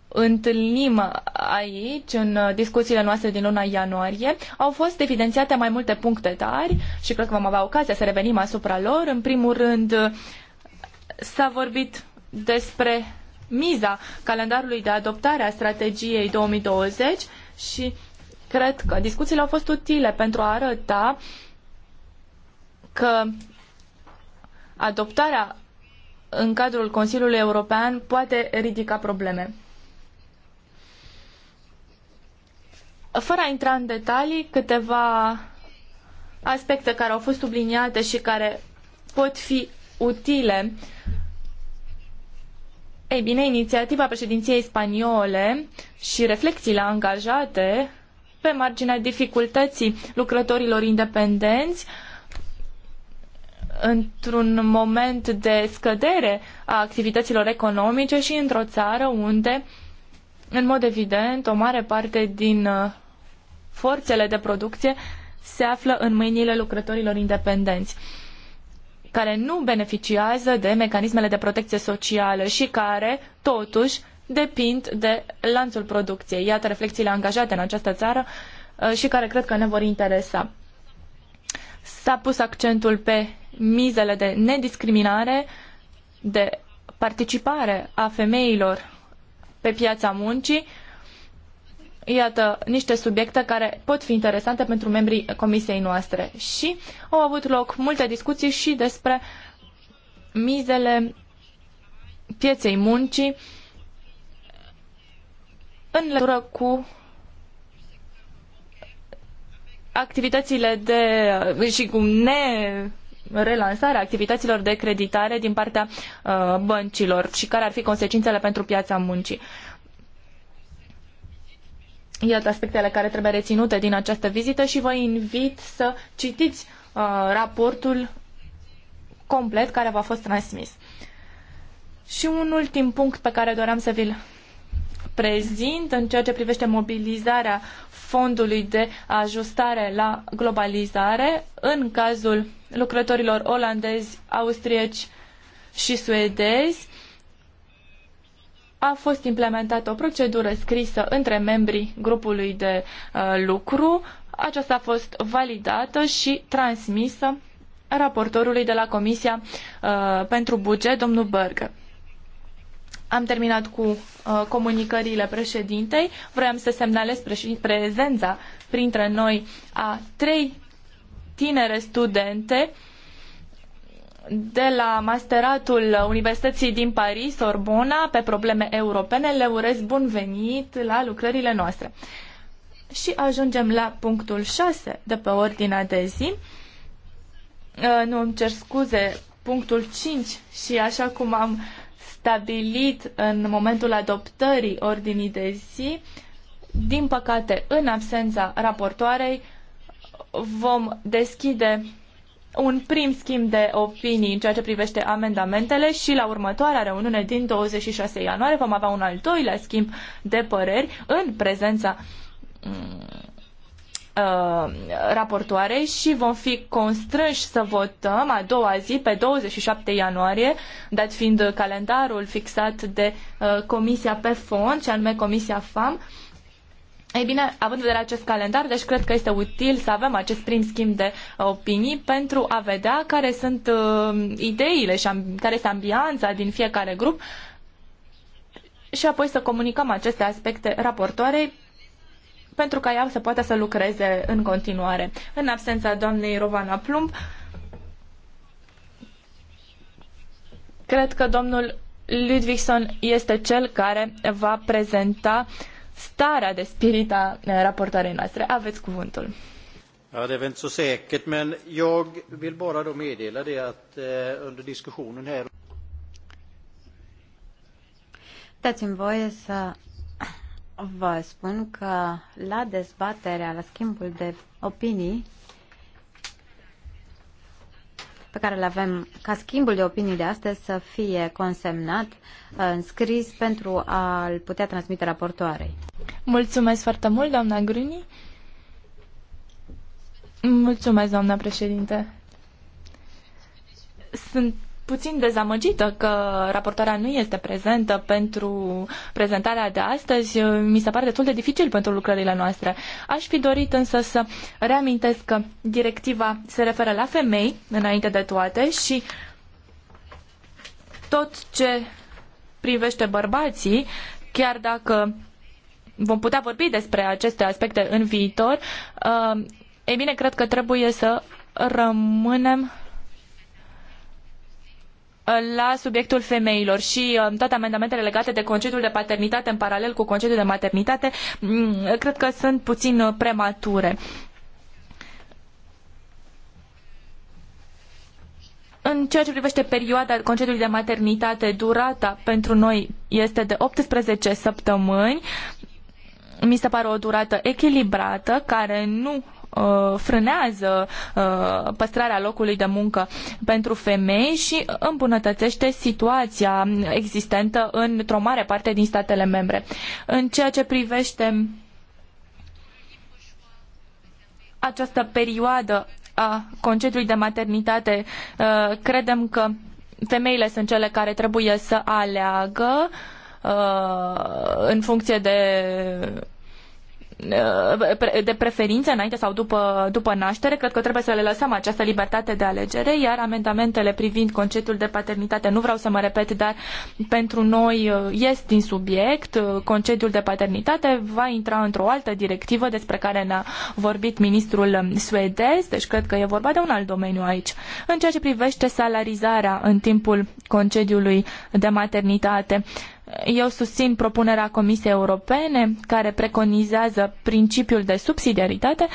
întâlnim aici, în discuțiile noastre din luna ianuarie, au fost evidențiate mai multe puncte tari și cred că vom avea ocazia să revenim asupra lor. În primul rând, s-a vorbit despre miza calendarului de adoptare a strategiei 2020 și cred că discuțiile au fost utile pentru a arăta că adoptarea în cadrul Consiliului European poate ridica probleme. Fără a intra în detalii, câteva aspecte care au fost subliniate și care pot fi utile. Ei bine, inițiativa președinției spaniole și reflexiile angajate pe marginea dificultății lucrătorilor independenți uh, într-un moment de scădere a activităților economice și într-o țară unde, în mod evident, o mare parte din uh, forțele de producție se află în mâinile lucrătorilor independenți care nu beneficiază de mecanismele de protecție socială și care, totuși, depind de lanțul producției. Iată reflexiile angajate în această țară uh, și care cred că ne vor interesa. S-a pus accentul pe mizele de nediscriminare, de participare a femeilor pe piața muncii. Iată niște subiecte care pot fi interesante pentru membrii comisiei noastre. Și au avut loc multe discuții și despre mizele pieței muncii în legătură cu activitățile de și cu ne relansarea activităților de creditare din partea uh, băncilor și care ar fi consecințele pentru piața muncii. Iată aspectele care trebuie reținute din această vizită și vă invit să citiți uh, raportul complet care v-a fost transmis. Și un ultim punct pe care doream să vi-l prezint în ceea ce privește mobilizarea fondului de ajustare la globalizare în cazul lucrătorilor olandezi, austrieci și suedezi, a fost implementată o procedură scrisă între membrii grupului de uh, lucru. Aceasta a fost validată și transmisă raportorului de la Comisia uh, pentru Buget, domnul Berger. Am terminat cu uh, comunicările președintei. Vreau să semnalez prezența printre noi a trei tinere studente de la masteratul Universității din Paris, Sorbona, pe probleme europene. Le urez bun venit la lucrările noastre. Și ajungem la punctul 6 de pe ordinea de zi. Uh, nu îmi cer scuze, punctul 5 și așa cum am stabilit în momentul adoptării ordinii de zi, din păcate, în absența raportoarei, vom deschide un prim schimb de opinii în ceea ce privește amendamentele și la următoarea reuniune din 26 ianuarie vom avea un al doilea schimb de păreri în prezența mm, uh, raportoare și vom fi constrânși să votăm a doua zi pe 27 ianuarie, dat fiind calendarul fixat de uh, Comisia pe fond, și anume Comisia FAM, ei bine, având în vedere acest calendar, deci cred că este util să avem acest prim schimb de uh, opinii pentru a vedea care sunt uh, ideile și care este ambianța din fiecare grup și apoi să comunicăm aceste aspecte raportoarei pentru ca ea să poată să lucreze în continuare. În absența doamnei Rovana Plumb, cred că domnul Ludvigson este cel care va prezenta uh, starea de spirit a eh, raportoarei noastre. Aveți cuvântul. Ja, det är väl inte så säkert, men jag vill bara då meddela det att eh, under diskussionen här... Dați-mi voie să vă spun că la dezbaterea, la schimbul de opinii, pe care le avem ca schimbul de opinii de astăzi să fie consemnat uh, în scris pentru a-l putea transmite raportoarei. Mulțumesc foarte mult, doamna Gruni. Mulțumesc, doamna președinte. Sunt puțin dezamăgită că raportarea nu este prezentă pentru prezentarea de astăzi. Mi se pare destul de dificil pentru lucrările noastre. Aș fi dorit însă să reamintesc că directiva se referă la femei, înainte de toate, și tot ce privește bărbații, chiar dacă vom putea vorbi despre aceste aspecte în viitor, uh, e bine, cred că trebuie să rămânem la subiectul femeilor și um, toate amendamentele legate de concediul de paternitate în paralel cu concediul de maternitate mm, cred că sunt puțin uh, premature. În ceea ce privește perioada concediului de maternitate, durata pentru noi este de 18 săptămâni. Mi se pare o durată echilibrată care nu Uh, frânează uh, păstrarea locului de muncă pentru femei și îmbunătățește situația existentă într-o mare parte din statele membre. În ceea ce privește această perioadă a concediului de maternitate, uh, credem că femeile sunt cele care trebuie să aleagă în funcție de Uh, de preferință înainte sau după, după naștere, cred că trebuie să le lăsăm această libertate de alegere, iar amendamentele privind concediul de paternitate, nu vreau să mă repet, dar pentru noi uh, ies din subiect, uh, concediul de paternitate va intra într-o altă directivă despre care ne-a vorbit ministrul um, suedez, deci cred că e vorba de un alt domeniu aici. În ceea ce privește salarizarea în timpul concediului de maternitate, eu susțin propunerea Comisiei Europene care preconizează principiul de subsidiaritate.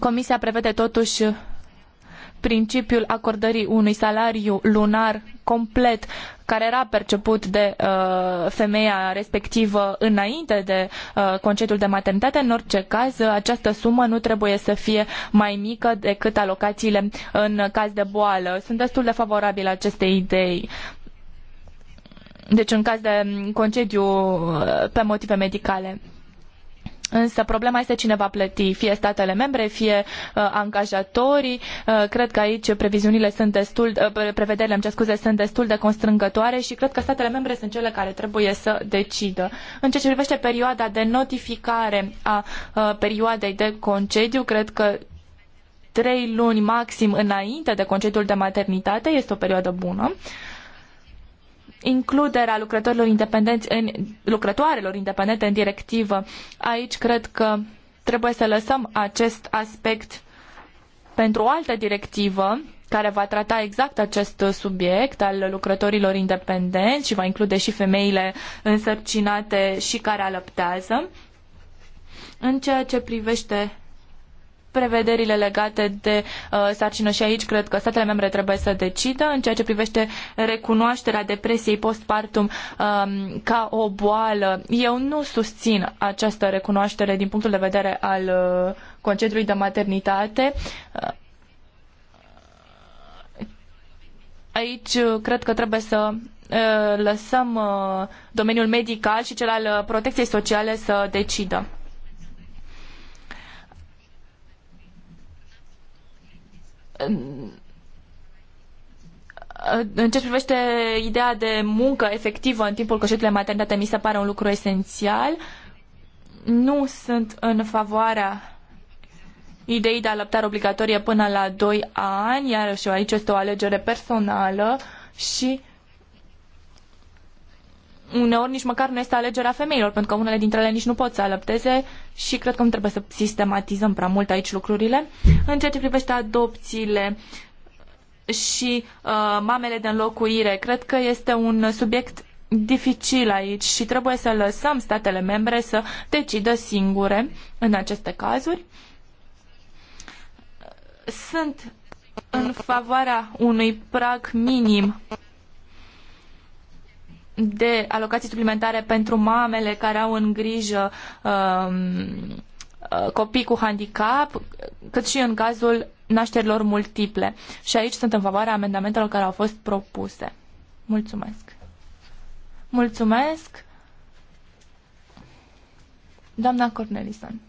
Comisia prevede totuși principiul acordării unui salariu lunar complet care era perceput de uh, femeia respectivă înainte de uh, concediul de maternitate, în orice caz, această sumă nu trebuie să fie mai mică decât alocațiile în caz de boală. Sunt destul de favorabilă acestei idei deci în caz de mm, concediu pe motive medicale. Însă problema este cine va plăti, fie statele membre, fie uh, angajatorii. Uh, cred că aici previziunile sunt destul, uh, prevederile, îmi scuze, sunt destul de constrângătoare și cred că statele membre sunt cele care trebuie să decidă. În ce privește perioada de notificare a uh, perioadei de concediu, cred că trei luni maxim înainte de concediul de maternitate este o perioadă bună. Uh, includerea lucrătorilor independenți în, lucrătoarelor independente în directivă. Aici cred că trebuie să lăsăm acest aspect pentru o altă directivă care va trata exact acest subiect al lucrătorilor independenți și va include și femeile însărcinate și care alăptează. În ceea ce privește prevederile legate de uh, sarcină și aici cred că statele membre trebuie să decidă în ceea ce privește recunoașterea depresiei postpartum um, ca o boală. Eu nu susțin această recunoaștere din punctul de vedere al uh, concediului de maternitate. Uh, aici uh, cred că trebuie să uh, lăsăm uh, domeniul medical și cel al protecției sociale să decidă. în ce privește ideea de muncă efectivă în timpul de maternitate, mi se pare un lucru esențial. Nu sunt în favoarea ideii de alăptare obligatorie până la 2 ani, iar și aici este o alegere personală și uneori nici măcar nu este alegerea femeilor, pentru că unele dintre ele nici nu pot să alăpteze și cred că nu trebuie să sistematizăm prea mult aici lucrurile. În ceea ce privește adopțiile și uh, mamele de înlocuire, cred că este un subiect dificil aici și trebuie să lăsăm statele membre să decidă singure în aceste cazuri. Sunt în favoarea unui prag minim de alocații suplimentare pentru mamele care au în grijă um, uh, copii cu handicap, cât și în cazul nașterilor multiple. Și aici sunt în favoarea amendamentelor care au fost propuse. Mulțumesc. Mulțumesc. Doamna Cornelison.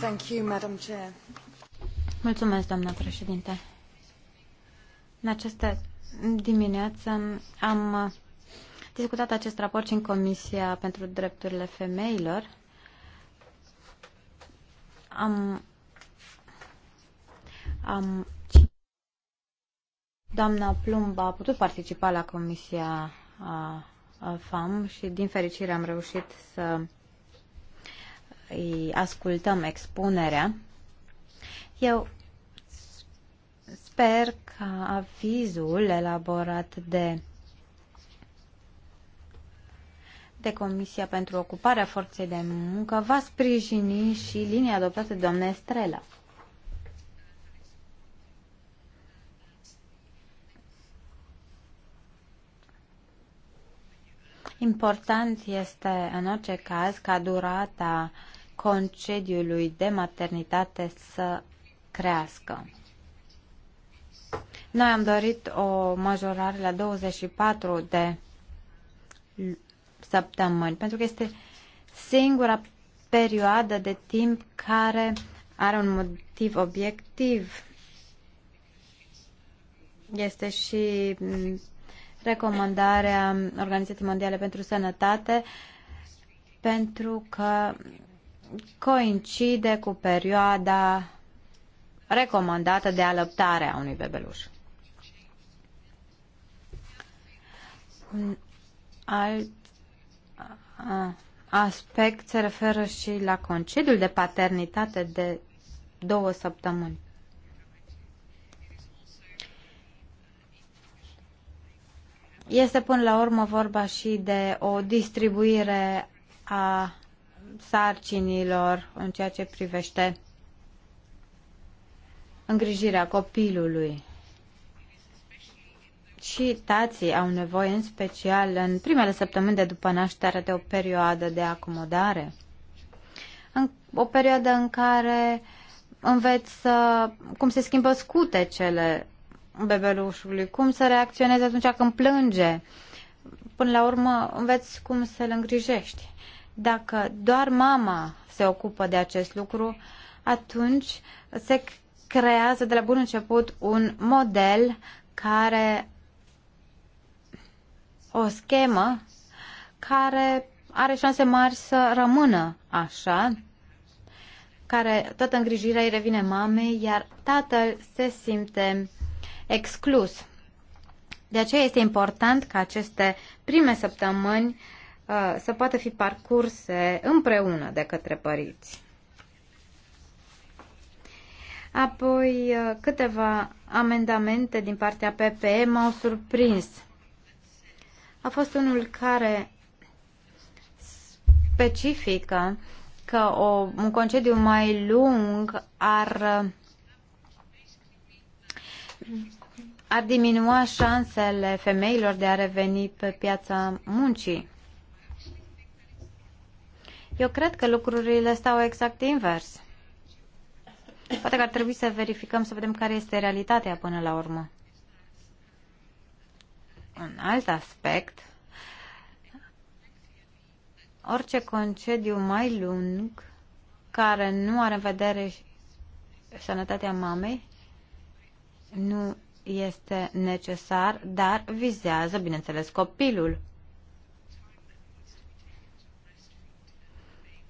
Thank you, Madam Chair. Mulțumesc, doamna președinte. În aceste dimineață am discutat acest raport și în Comisia pentru Drepturile Femeilor. Am, am Doamna Plumb a putut participa la Comisia a, a FAM și din fericire am reușit să îi ascultăm expunerea. Eu Sper că avizul elaborat de de Comisia pentru Ocuparea Forței de Muncă va sprijini și linia adoptată de doamne Estrela. Important este, în orice caz, ca durata concediului de maternitate să crească. Noi am dorit o majorare la 24 de săptămâni, pentru că este singura perioadă de timp care are un motiv obiectiv. Este și mm, recomandarea Organizației Mondiale pentru Sănătate pentru că coincide cu perioada recomandată de alăptare a unui bebeluș. Un alt aspect se referă și la concediul de paternitate de două săptămâni. Este până la urmă vorba și de o distribuire a sarcinilor în ceea ce privește îngrijirea copilului și tații au nevoie în special în primele săptămâni de după naștere de o perioadă de acomodare. În, o perioadă în care înveți să, cum se schimbă scutecele bebelușului, cum să reacționeze atunci când plânge. Până la urmă înveți cum să-l îngrijești. Dacă doar mama se ocupă de acest lucru, atunci se creează de la bun început un model care o schemă care are șanse mari să rămână așa, care toată îngrijirea îi revine mamei, iar tatăl se simte exclus. De aceea este important ca aceste prime săptămâni uh, să poată fi parcurse împreună de către părinți. Apoi, uh, câteva amendamente din partea PPE m-au surprins a fost unul care specifică că o, un concediu mai lung ar ar diminua șansele femeilor de a reveni pe piața muncii. Eu cred că lucrurile stau exact invers. Poate că ar trebui să verificăm, să vedem care este realitatea până la urmă un alt aspect, orice concediu mai lung care nu are în vedere sănătatea mamei nu este necesar, dar vizează, bineînțeles, copilul.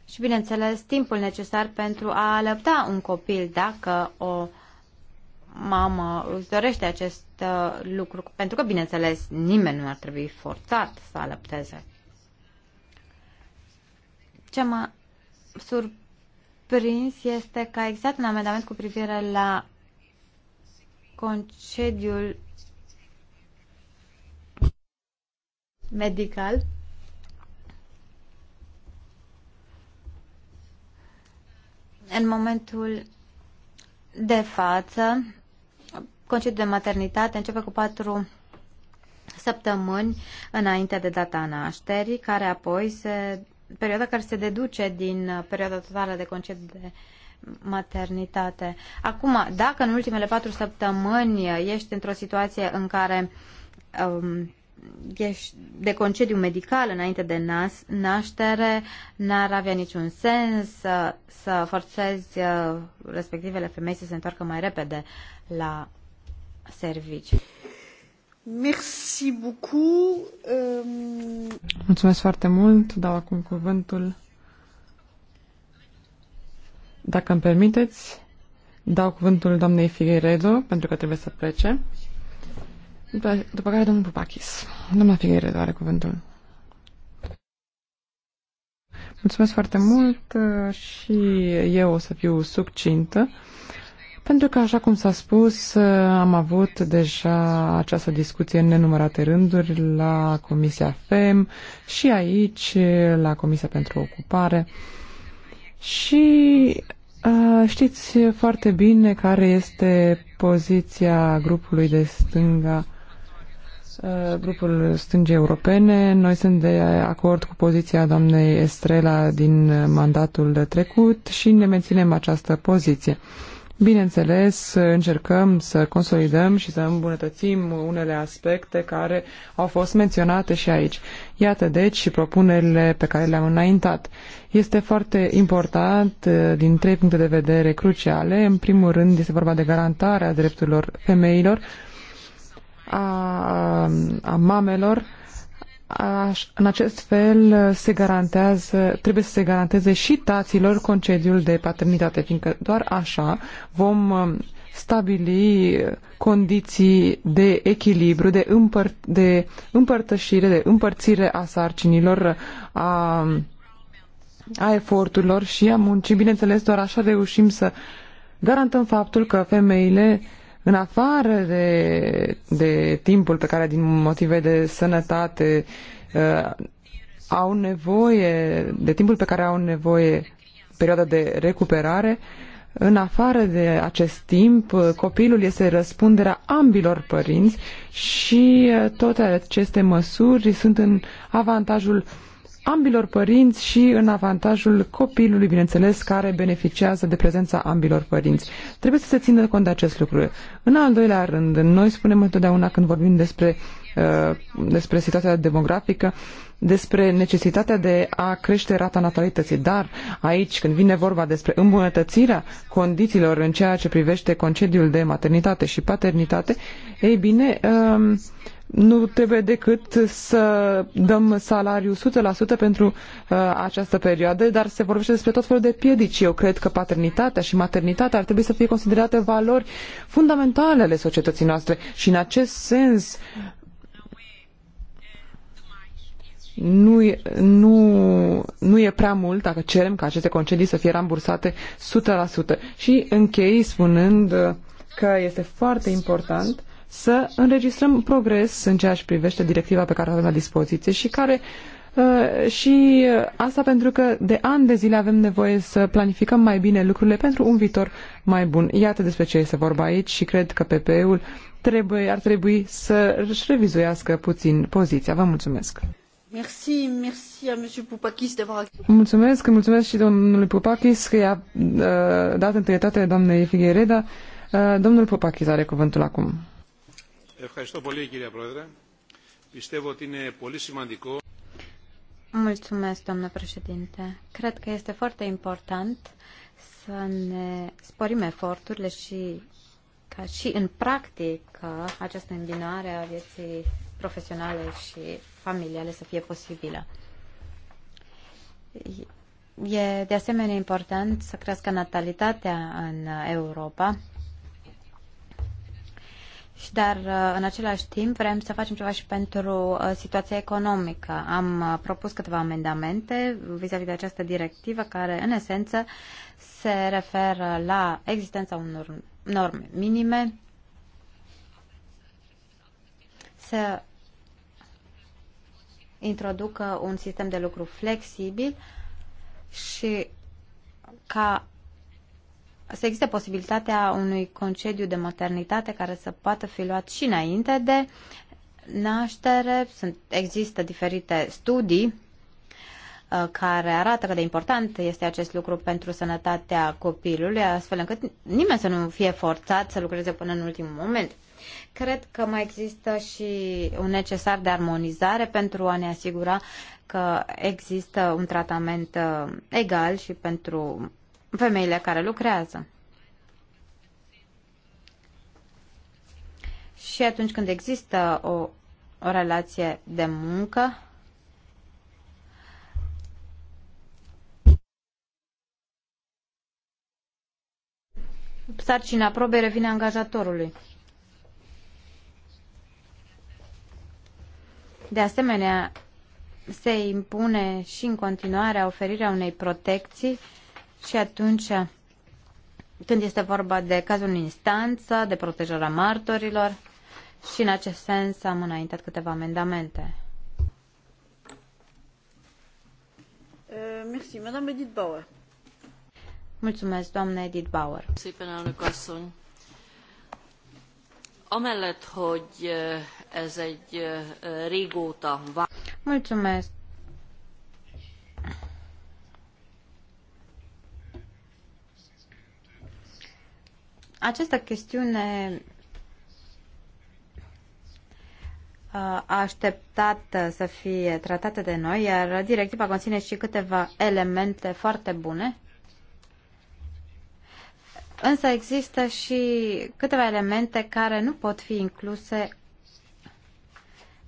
Și, bineînțeles, timpul necesar pentru a alăpta un copil dacă o mamă își dorește acest uh, lucru, pentru că, bineînțeles, nimeni nu ar trebui forțat să alăpteze. Ce m-a surprins este că exact în amendament cu privire la concediul medical, în momentul de față concediu de maternitate începe cu patru săptămâni înainte de data nașterii, care apoi se, perioada care se deduce din uh, perioada totală de concediu de maternitate. Acum, dacă în ultimele patru săptămâni uh, ești într-o situație în care um, ești de concediu medical înainte de nas, naștere, n-ar avea niciun sens să, uh, să forțezi respectivele femei să se întoarcă mai repede la Serviciu. Merci beaucoup. Um... Mulțumesc foarte mult. Dau acum cuvântul. Dacă îmi permiteți, dau cuvântul doamnei Figueiredo, pentru că trebuie să plece. După, după care domnul Pupachis. Doamna Figueiredo are cuvântul. Mulțumesc foarte mult și eu o să fiu succintă. Pentru că, așa cum s-a spus, uh, am avut deja această discuție în nenumărate rânduri la Comisia FEM și aici, la Comisia pentru Ocupare. Și uh, știți foarte bine care este poziția grupului de stânga uh, grupul stângii europene. Noi sunt de acord cu poziția doamnei Estrela din mandatul trecut și ne menținem această poziție. Bineînțeles, încercăm să consolidăm și să îmbunătățim unele aspecte care au fost menționate și aici. Iată deci și propunerile pe care le-am înaintat. Este foarte important din trei puncte de vedere cruciale. În primul rând este vorba de garantarea drepturilor femeilor, a, a mamelor, Aș, în acest fel uh, se garantează, trebuie să se garanteze și taților concediul de paternitate, fiindcă doar așa vom uh, stabili uh, condiții de echilibru, de, împăr- de împărtășire, de împărțire a sarcinilor, a, a eforturilor și a muncii. Bineînțeles, doar așa reușim să garantăm faptul că femeile uh, în afară de, de timpul pe care din motive de sănătate uh, au nevoie, de timpul pe care au nevoie perioada de recuperare, în afară de acest timp, uh, copilul este răspunderea ambilor părinți și uh, toate aceste măsuri sunt în avantajul uh, ambilor părinți și în avantajul copilului, bineînțeles, care beneficiază de prezența ambilor părinți. Trebuie să se țină cont de acest lucru. În al doilea rând, noi spunem întotdeauna când vorbim despre, uh, despre situația demografică, despre necesitatea de a crește rata natalității. Dar aici, când vine vorba despre îmbunătățirea condițiilor în ceea ce privește concediul de maternitate și paternitate, ei bine, um, nu trebuie decât să dăm salariu 100% pentru uh, această perioadă, dar se vorbește despre tot felul de piedici. Eu cred că paternitatea și maternitatea ar trebui să fie considerate valori fundamentale ale societății noastre și în acest sens nu, nu, nu e prea mult dacă cerem ca aceste concedii să fie rambursate 100%. Și închei spunând uh, că este foarte important să înregistrăm progres în ceea ce privește directiva pe care o avem la dispoziție și care Uh, și uh, asta pentru că de ani de zile avem nevoie să planificăm mai bine lucrurile pentru un viitor mai bun. Iată despre ce este vorba aici și cred că PPE-ul trebuie, ar trebui să își revizuiască puțin poziția. Vă mulțumesc! Mulțumesc, mulțumesc și domnului Poupakis că i-a uh, dat întâietate doamnei Figuereda. Uh, domnul Poupakis are cuvântul acum. Mulțumesc, doamnă președinte. Cred că este foarte important să ne sporim eforturile și ca și în practică această îmbinare a vieții profesionale și familiale să fie posibilă. E de asemenea important să crească natalitatea în Europa, și dar uh, în același timp vrem să facem ceva și pentru uh, situația economică. Am uh, propus câteva amendamente vis-a-vis -vis de această directivă care în esență se referă la existența unor norme minime să introducă un sistem de lucru flexibil și ca să existe posibilitatea unui concediu de maternitate care să poată fi luat și înainte de naștere. Sunt, există diferite studii uh, care arată cât de important este acest lucru pentru sănătatea copilului, astfel încât nimeni să nu fie forțat să lucreze până în ultimul moment. Cred că mai există și un necesar de armonizare pentru a ne asigura că există un tratament uh, egal și pentru femeile care lucrează. Și atunci când există o, o relație de muncă, sarcina probei revine angajatorului. De asemenea, se impune și în continuare oferirea unei protecții și atunci când este vorba de cazul în instanță, de protejarea martorilor și în acest sens am înaintat câteva amendamente. Eh, Mulțumesc, doamna Edith Bauer. Szépen elnök asszony amellett, hogy ez egy régóta... Mulțumesc! Această chestiune a așteptat să fie tratată de noi, iar directiva conține și câteva elemente foarte bune Însă există și câteva elemente care nu pot fi incluse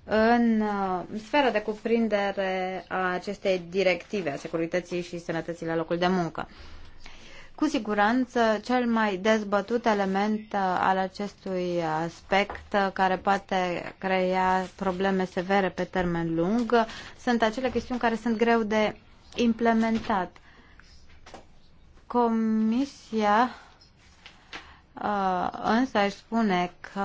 în uh, sfera de cuprindere a acestei directive a securității și sănătății la locul de muncă. Cu siguranță, cel mai dezbătut element uh, al acestui aspect, uh, care poate crea probleme severe pe termen lung, sunt acele chestiuni care sunt greu de implementat. Comisia Uh, însă aș spune că,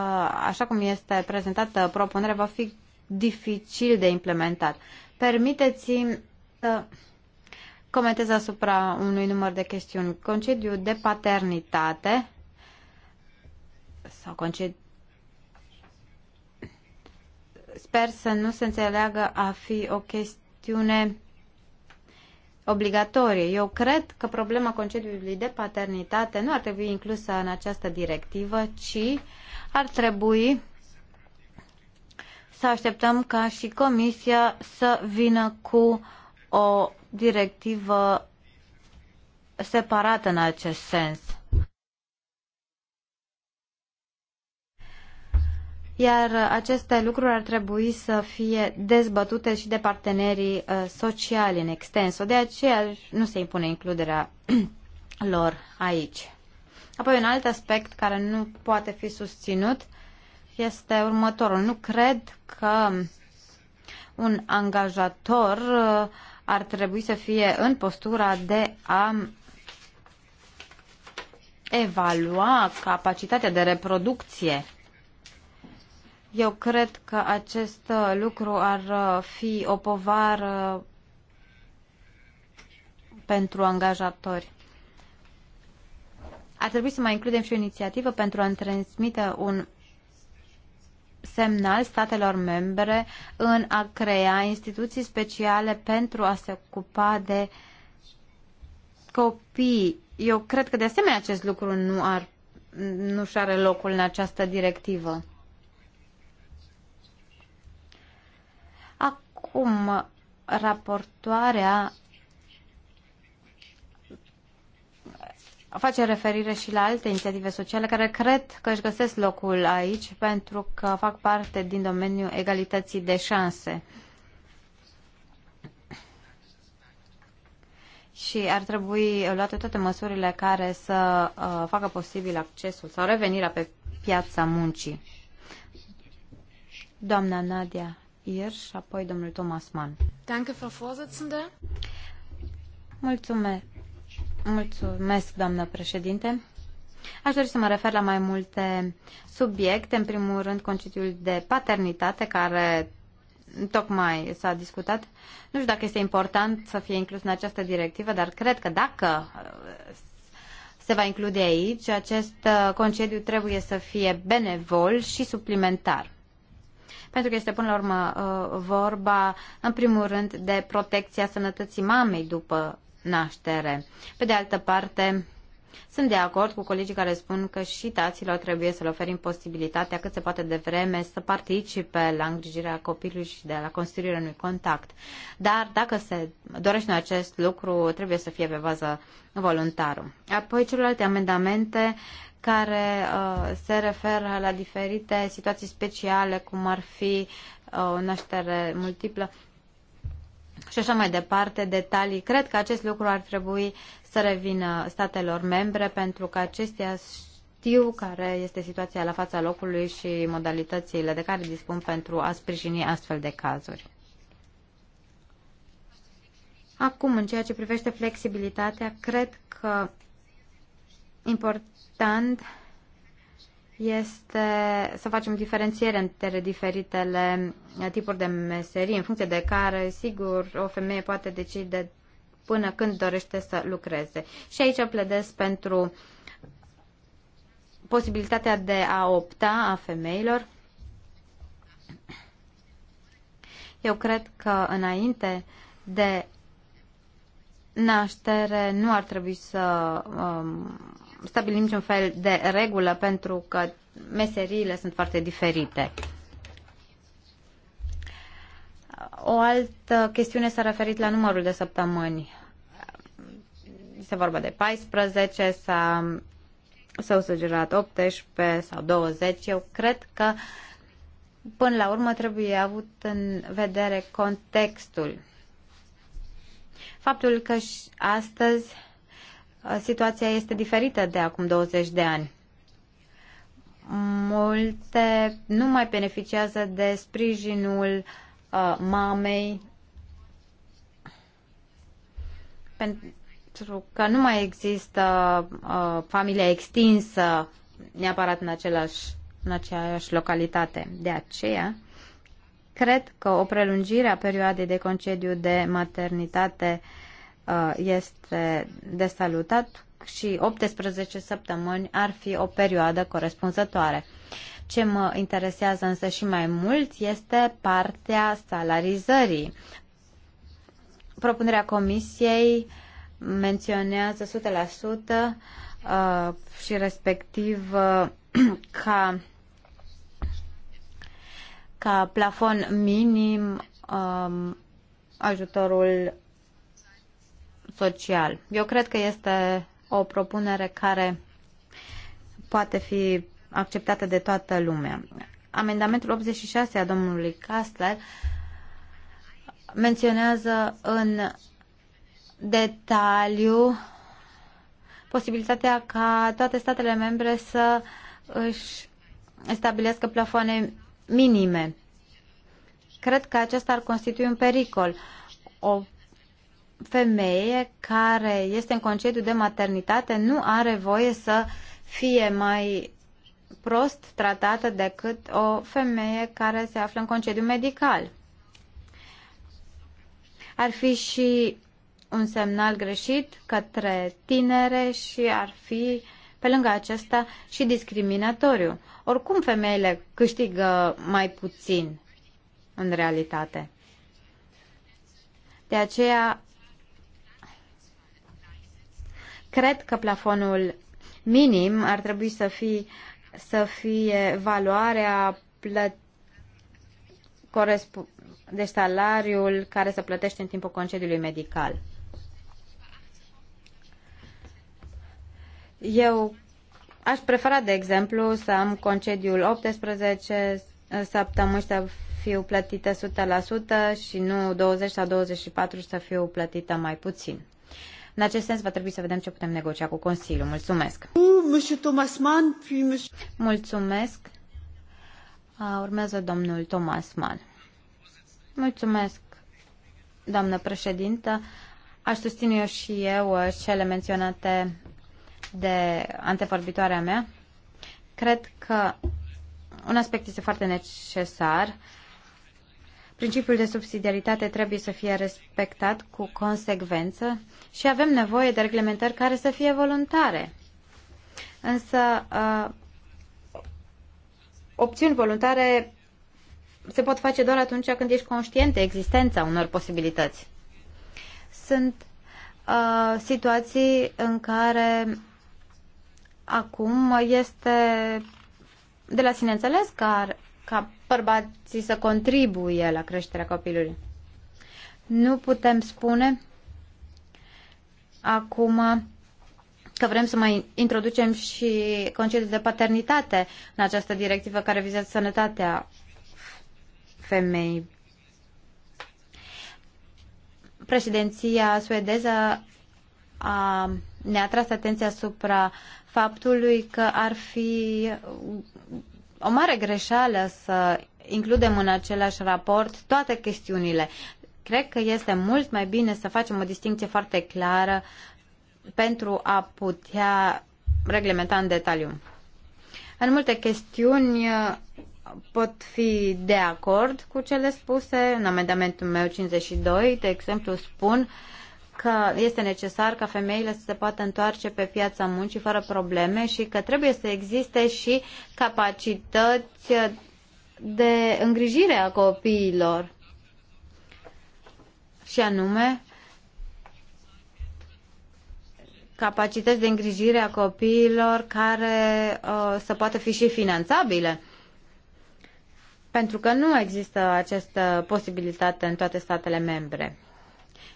așa cum este prezentată propunerea, va fi dificil de implementat. Permiteți-mi să comentez asupra unui număr de chestiuni. Concediu de paternitate sau concediu Sper să nu se înțeleagă a fi o chestiune obligatorie. Eu cred că problema concediului de paternitate nu ar trebui inclusă în această directivă, ci ar trebui să așteptăm ca și Comisia să vină cu o directivă separată în acest sens. iar aceste lucruri ar trebui să fie dezbătute și de partenerii uh, sociali în extenso. De aceea nu se impune includerea [CLEARS THROAT] lor aici. Apoi un alt aspect care nu poate fi susținut este următorul. Nu cred că un angajator uh, ar trebui să fie în postura de a evalua capacitatea de reproducție eu cred că acest uh, lucru ar uh, fi o povară pentru angajatori. Ar trebui să mai includem și o inițiativă pentru a transmite un semnal statelor membre în a crea instituții speciale pentru a se ocupa de copii. Eu cred că de asemenea acest lucru nu ar nu și are locul în această directivă. Acum, raportoarea face referire și la alte inițiative sociale care cred că își găsesc locul aici pentru că fac parte din domeniul egalității de șanse. Și ar trebui luate toate măsurile care să uh, facă posibil accesul sau revenirea pe piața muncii. Doamna Nadia Ir și apoi domnul Thomas Mann. Danke, Frau Vorsitzende. Mulțumesc, mulțumesc doamnă președinte. Aș dori să mă refer la mai multe subiecte. În primul rând, concediul de paternitate, care tocmai s-a discutat. Nu știu dacă este important să fie inclus în această directivă, dar cred că dacă uh, se va include aici, acest uh, concediu trebuie să fie benevol și suplimentar pentru că este până la urmă uh, vorba, în primul rând, de protecția sănătății mamei după naștere. Pe de altă parte, sunt de acord cu colegii care spun că și taților trebuie să le oferim posibilitatea cât se poate de vreme să participe la îngrijirea copilului și de la construirea unui contact. Dar dacă se dorește acest lucru, trebuie să fie pe bază voluntarul. Apoi celelalte amendamente care uh, se referă la diferite situații speciale, cum ar fi uh, naștere multiplă și așa mai departe, detalii. Cred că acest lucru ar trebui să revină statelor membre, pentru că acestea știu care este situația la fața locului și modalitățile de care dispun pentru a sprijini astfel de cazuri. Acum, în ceea ce privește flexibilitatea, cred că important este să facem diferențiere între diferitele uh, tipuri de meserii, în funcție de care, sigur, o femeie poate decide până când dorește să lucreze. Și aici pledez pentru posibilitatea de a opta a femeilor. Eu cred că înainte de naștere nu ar trebui să um, stabili niciun fel de regulă pentru că meseriile sunt foarte diferite. O altă chestiune s-a referit la numărul de săptămâni. Se vorba de 14, s-a, s-au sugerat 18 sau 20. Eu cred că până la urmă trebuie avut în vedere contextul. Faptul că astăzi situația este diferită de acum 20 de ani. Multe nu mai beneficiază de sprijinul uh, mamei pentru că nu mai există uh, familia extinsă neapărat în, același, în aceeași localitate. De aceea, cred că o prelungire a perioadei de concediu de maternitate uh, Uh, este de salutat și 18 săptămâni ar fi o perioadă corespunzătoare. Ce mă interesează însă și mai mult este partea salarizării. Propunerea comisiei menționează 100% uh, și respectiv uh, [CLEARS THROAT] ca, ca plafon minim um, ajutorul social. Eu cred că este o propunere care poate fi acceptată de toată lumea. Amendamentul 86 a domnului Castler menționează în detaliu posibilitatea ca toate statele membre să își stabilească plafoane minime. Cred că acesta ar constitui un pericol. O femeie care este în concediu de maternitate nu are voie să fie mai prost tratată decât o femeie care se află în concediu medical. Ar fi și un semnal greșit către tinere și ar fi, pe lângă acesta, și discriminatoriu. Oricum, femeile câștigă mai puțin în realitate. De aceea Cred că plafonul minim ar trebui să fie, să fie valoarea plătită de salariul care se plătește în timpul concediului medical. Eu aș prefera, de exemplu, să am concediul 18 săptămâni să fiu plătită 100% și nu 20 sau 24 să fiu plătită mai puțin. În acest sens va trebui să vedem ce putem negocia cu Consiliul. Mulțumesc! Mulțumesc! Urmează domnul Thomas Mann. Mulțumesc, doamnă președintă. Aș susține eu și eu uh, cele menționate de antevorbitoarea mea. Cred că un aspect este foarte necesar Principiul de subsidiaritate trebuie să fie respectat cu consecvență și avem nevoie de reglementări care să fie voluntare. Însă, uh, opțiuni voluntare se pot face doar atunci când ești conștient de existența unor posibilități. Sunt uh, situații în care acum este de la sine înțeles ar, ca bărbații să contribuie la creșterea copilului. Nu putem spune acum că vrem să mai introducem și concediul de paternitate în această directivă care vizează sănătatea femei. Președinția suedeză a, ne-a tras atenția asupra faptului că ar fi o mare greșeală să includem în același raport toate chestiunile. Cred că este mult mai bine să facem o distinție foarte clară pentru a putea reglementa în detaliu. În multe chestiuni uh, pot fi de acord cu cele spuse. În amendamentul meu 52, de exemplu, spun uh, că este necesar ca femeile să se poată întoarce pe piața muncii fără probleme și că trebuie să existe și capacități de îngrijire a copiilor. Și anume, capacități de îngrijire a copiilor care uh, să poată fi și finanțabile. Pentru că nu există această posibilitate în toate statele membre.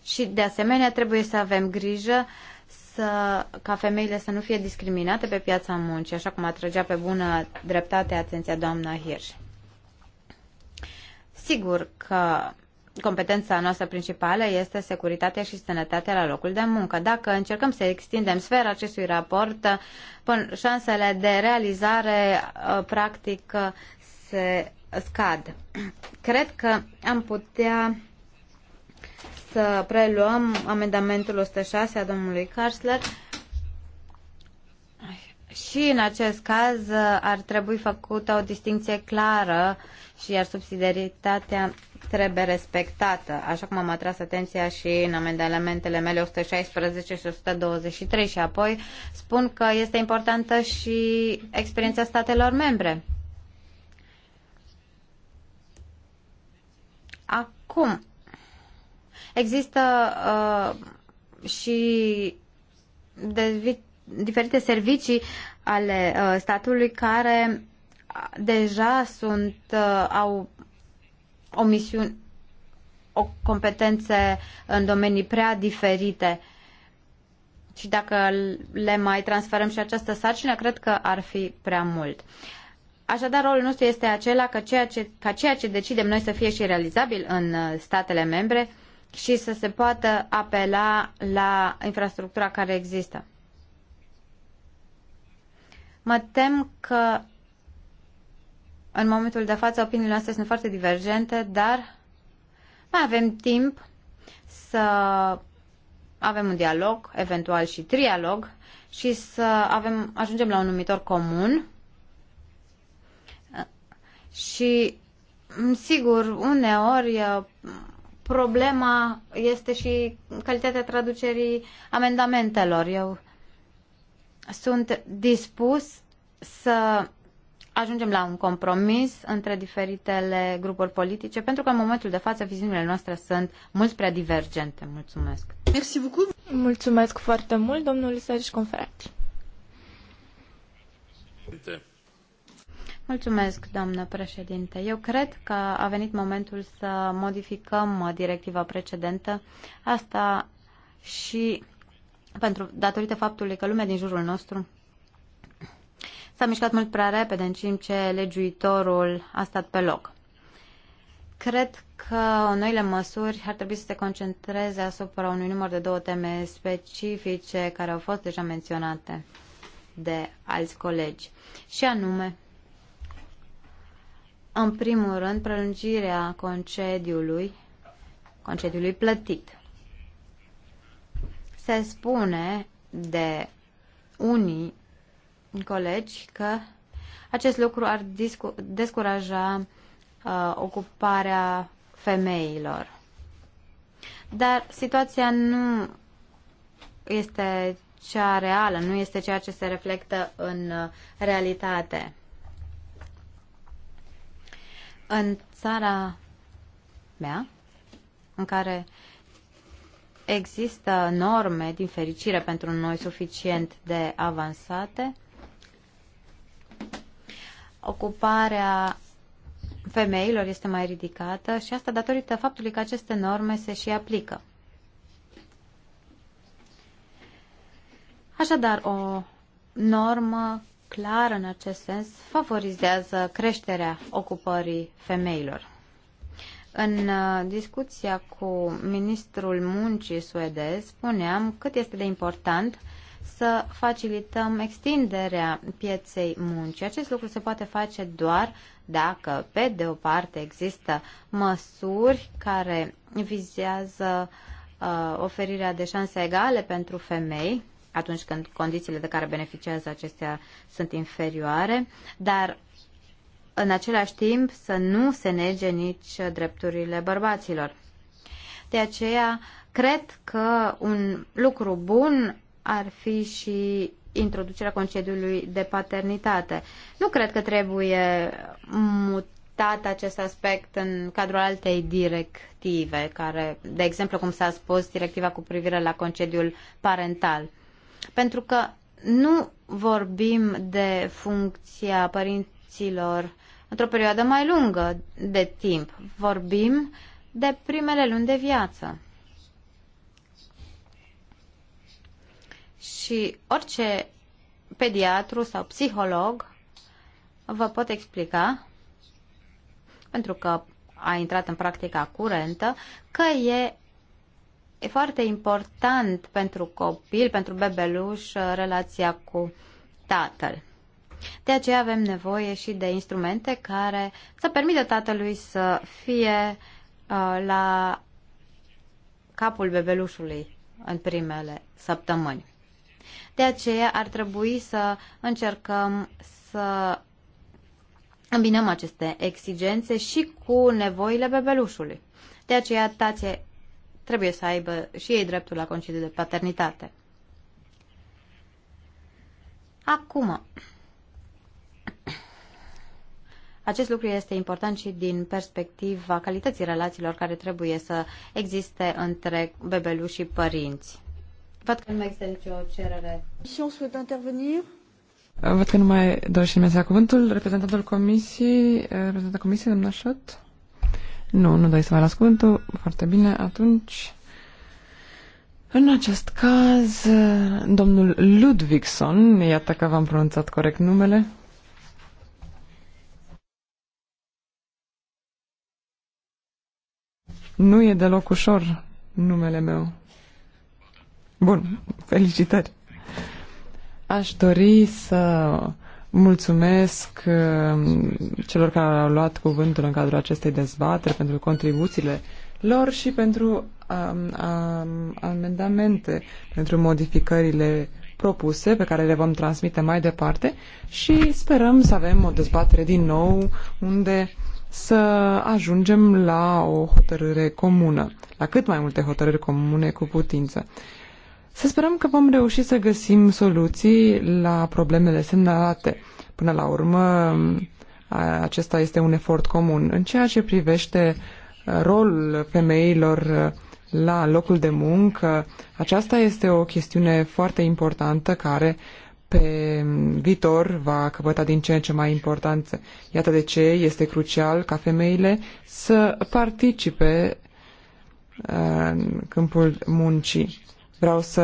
Și de asemenea trebuie să avem grijă să, ca femeile să nu fie discriminate pe piața muncii, așa cum atragea pe bună dreptate atenția doamna Hirsch. Sigur că competența noastră principală este securitatea și sănătatea la locul de muncă. Dacă încercăm să extindem sfera acestui raport, păi, șansele de realizare uh, practic uh, se scad. Cred că am putea să preluăm amendamentul 106 a domnului Karsler și în acest caz uh, ar trebui făcută o distinție clară și iar subsidiaritatea trebuie respectată, așa cum am atras atenția și în amendamentele mele 116 și 123 și apoi spun că este importantă și experiența statelor membre. Acum, Există uh, și de, diferite servicii ale uh, statului care deja sunt uh, au o misiune o competențe în domenii prea diferite și dacă le mai transferăm și această sarcină, cred că ar fi prea mult. Așadar, rolul nostru este acela că ceea ce, ca ceea ce decidem noi să fie și realizabil în uh, statele membre, și să se poată apela la infrastructura care există. Mă tem că în momentul de față opiniile noastre sunt foarte divergente, dar mai avem timp să avem un dialog, eventual și trialog, și să avem, ajungem la un numitor comun. Și, sigur, uneori problema este și calitatea traducerii amendamentelor. Eu sunt dispus să ajungem la un compromis între diferitele grupuri politice, pentru că în momentul de față viziunile noastre sunt mult prea divergente. Mulțumesc! Merci beaucoup. Mulțumesc foarte mult, domnul Sergi Conferati. Mulțumesc, doamnă președinte. Eu cred că a venit momentul să modificăm uh, directiva precedentă. Asta și pentru, datorită faptului că lumea din jurul nostru s-a mișcat mult prea repede în timp ce legiuitorul a stat pe loc. Cred că noile măsuri ar trebui să se concentreze asupra unui număr de două teme specifice care au fost deja menționate de alți colegi, și anume în primul rând, prelungirea concediului, concediului plătit. Se spune de unii colegi că acest lucru ar descuraja uh, ocuparea femeilor. Dar situația nu este cea reală, nu este ceea ce se reflectă în uh, realitate. În țara mea, în care există norme, din fericire pentru noi, suficient de avansate, ocuparea femeilor este mai ridicată și asta datorită faptului că aceste norme se și aplică. Așadar, o normă clar în acest sens favorizează creșterea ocupării femeilor. În uh, discuția cu ministrul muncii suedez spuneam cât este de important să facilităm extinderea pieței muncii. Acest lucru se poate face doar dacă, pe de o parte, există măsuri care vizează uh, oferirea de șanse egale pentru femei, atunci când condițiile de care beneficiază acestea sunt inferioare, dar în același timp să nu se nege nici drepturile bărbaților. De aceea, cred că un lucru bun ar fi și introducerea concediului de paternitate. Nu cred că trebuie mutat acest aspect în cadrul altei directive, care, de exemplu, cum s-a spus, directiva cu privire la concediul parental. Pentru că nu vorbim de funcția părinților într-o perioadă mai lungă de timp. Vorbim de primele luni de viață. Și orice pediatru sau psiholog vă pot explica, pentru că a intrat în practica curentă, că e e foarte important pentru copil, pentru bebeluș, uh, relația cu tatăl. De aceea avem nevoie și de instrumente care să permită tatălui să fie uh, la capul bebelușului în primele săptămâni. De aceea ar trebui să încercăm să îmbinăm aceste exigențe și cu nevoile bebelușului. De aceea tații trebuie să aibă și ei dreptul la concediu de paternitate. Acum, acest lucru este important și din perspectiva calității relațiilor care trebuie să existe între bebeluși și părinți. Văd că nu mai există nicio cerere. Și on souhaite intervenir? Văd că nu mai dorește nimeni să ia cuvântul. Reprezentantul comisiei, reprezentantul comisiei, domnul Șot. Nu, nu dai să mai las Foarte bine, atunci... În acest caz, domnul Ludvigson, iată că v-am pronunțat corect numele, Nu e deloc ușor numele meu. Bun, felicitări. Aș dori să Mulțumesc uh, celor care au luat cuvântul în cadrul acestei dezbateri pentru contribuțiile lor și pentru um, um, amendamente, pentru modificările propuse pe care le vom transmite mai departe și sperăm să avem o dezbatere din nou unde să ajungem la o hotărâre comună, la cât mai multe hotărâri comune cu putință. Să sperăm că vom reuși să găsim soluții la problemele semnalate. Până la urmă, acesta este un efort comun. În ceea ce privește rolul femeilor la locul de muncă, aceasta este o chestiune foarte importantă care pe viitor va căpăta din ce în ce mai importanță. Iată de ce este crucial ca femeile să participe în câmpul muncii. Vreau să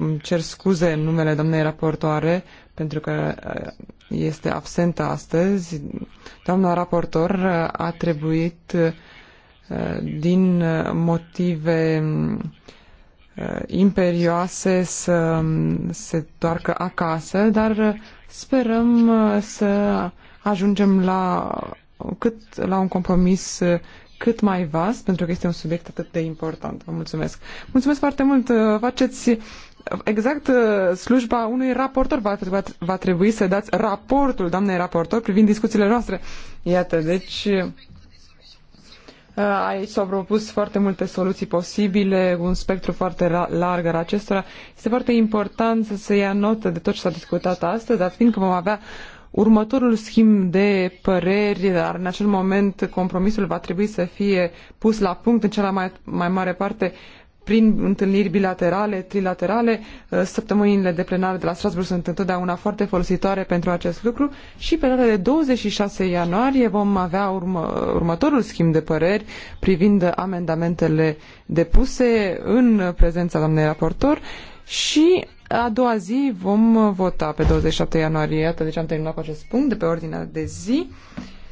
îmi cer scuze în numele doamnei raportoare pentru că uh, este absentă astăzi. Doamna raportor uh, a trebuit uh, din motive imperioase să se toarcă acasă, dar sperăm să ajungem la cât la un compromis cât mai vast, pentru că este un subiect atât de important. Vă mulțumesc. Mulțumesc foarte mult. Faceți exact uh, slujba unui raportor. Va, va, va trebui să dați raportul, doamnei raportor, privind discuțiile noastre. Iată, deci... Uh, aici s-au propus foarte multe soluții posibile, un spectru foarte larg al acestora. Este foarte important să se ia notă de tot ce s-a discutat astăzi, dar fiindcă vom avea următorul schimb de păreri, dar în acel moment compromisul va trebui să fie pus la punct în cea mai, mai mare parte prin întâlniri bilaterale, trilaterale. Uh, săptămânile de plenare de la Strasbourg sunt întotdeauna foarte folositoare pentru acest lucru și pe data de 26 ianuarie vom avea urmă, următorul schimb de păreri privind amendamentele depuse în prezența doamnei raportor și a doua zi vom vota pe 27 ianuarie. Iată, deci am terminat cu acest punct de pe ordinea de zi.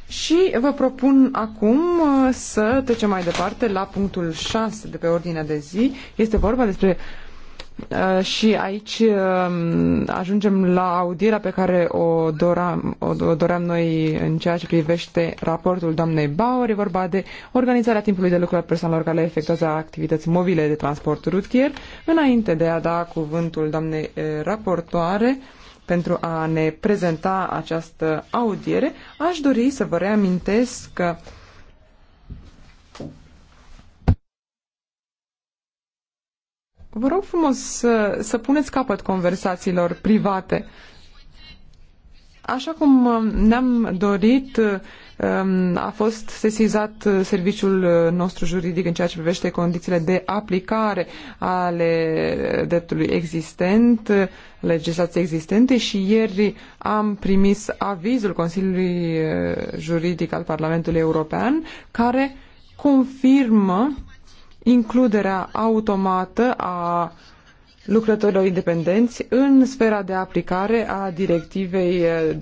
Și vă propun acum uh, să trecem mai departe la punctul 6 de pe ordinea de zi. Este vorba despre uh, Uh, și aici um, ajungem la audierea pe care o doream, o doream noi în ceea ce privește raportul doamnei Bauer. E vorba de organizarea timpului de lucru al persoanelor care efectuează activități mobile de transport rutier. Înainte de a da cuvântul doamnei uh, raportoare, pentru a ne prezenta această audiere, aș dori să vă reamintesc că uh, Vă rog frumos să, să puneți capăt conversațiilor private. Așa cum um, ne-am dorit, um, a fost sesizat uh, serviciul uh, nostru juridic în ceea ce privește condițiile de aplicare ale dreptului existent, legislației existente și ieri am primis avizul Consiliului uh, Juridic al Parlamentului European care confirmă includerea automată a lucrătorilor independenți în sfera de aplicare a directivei 2002-15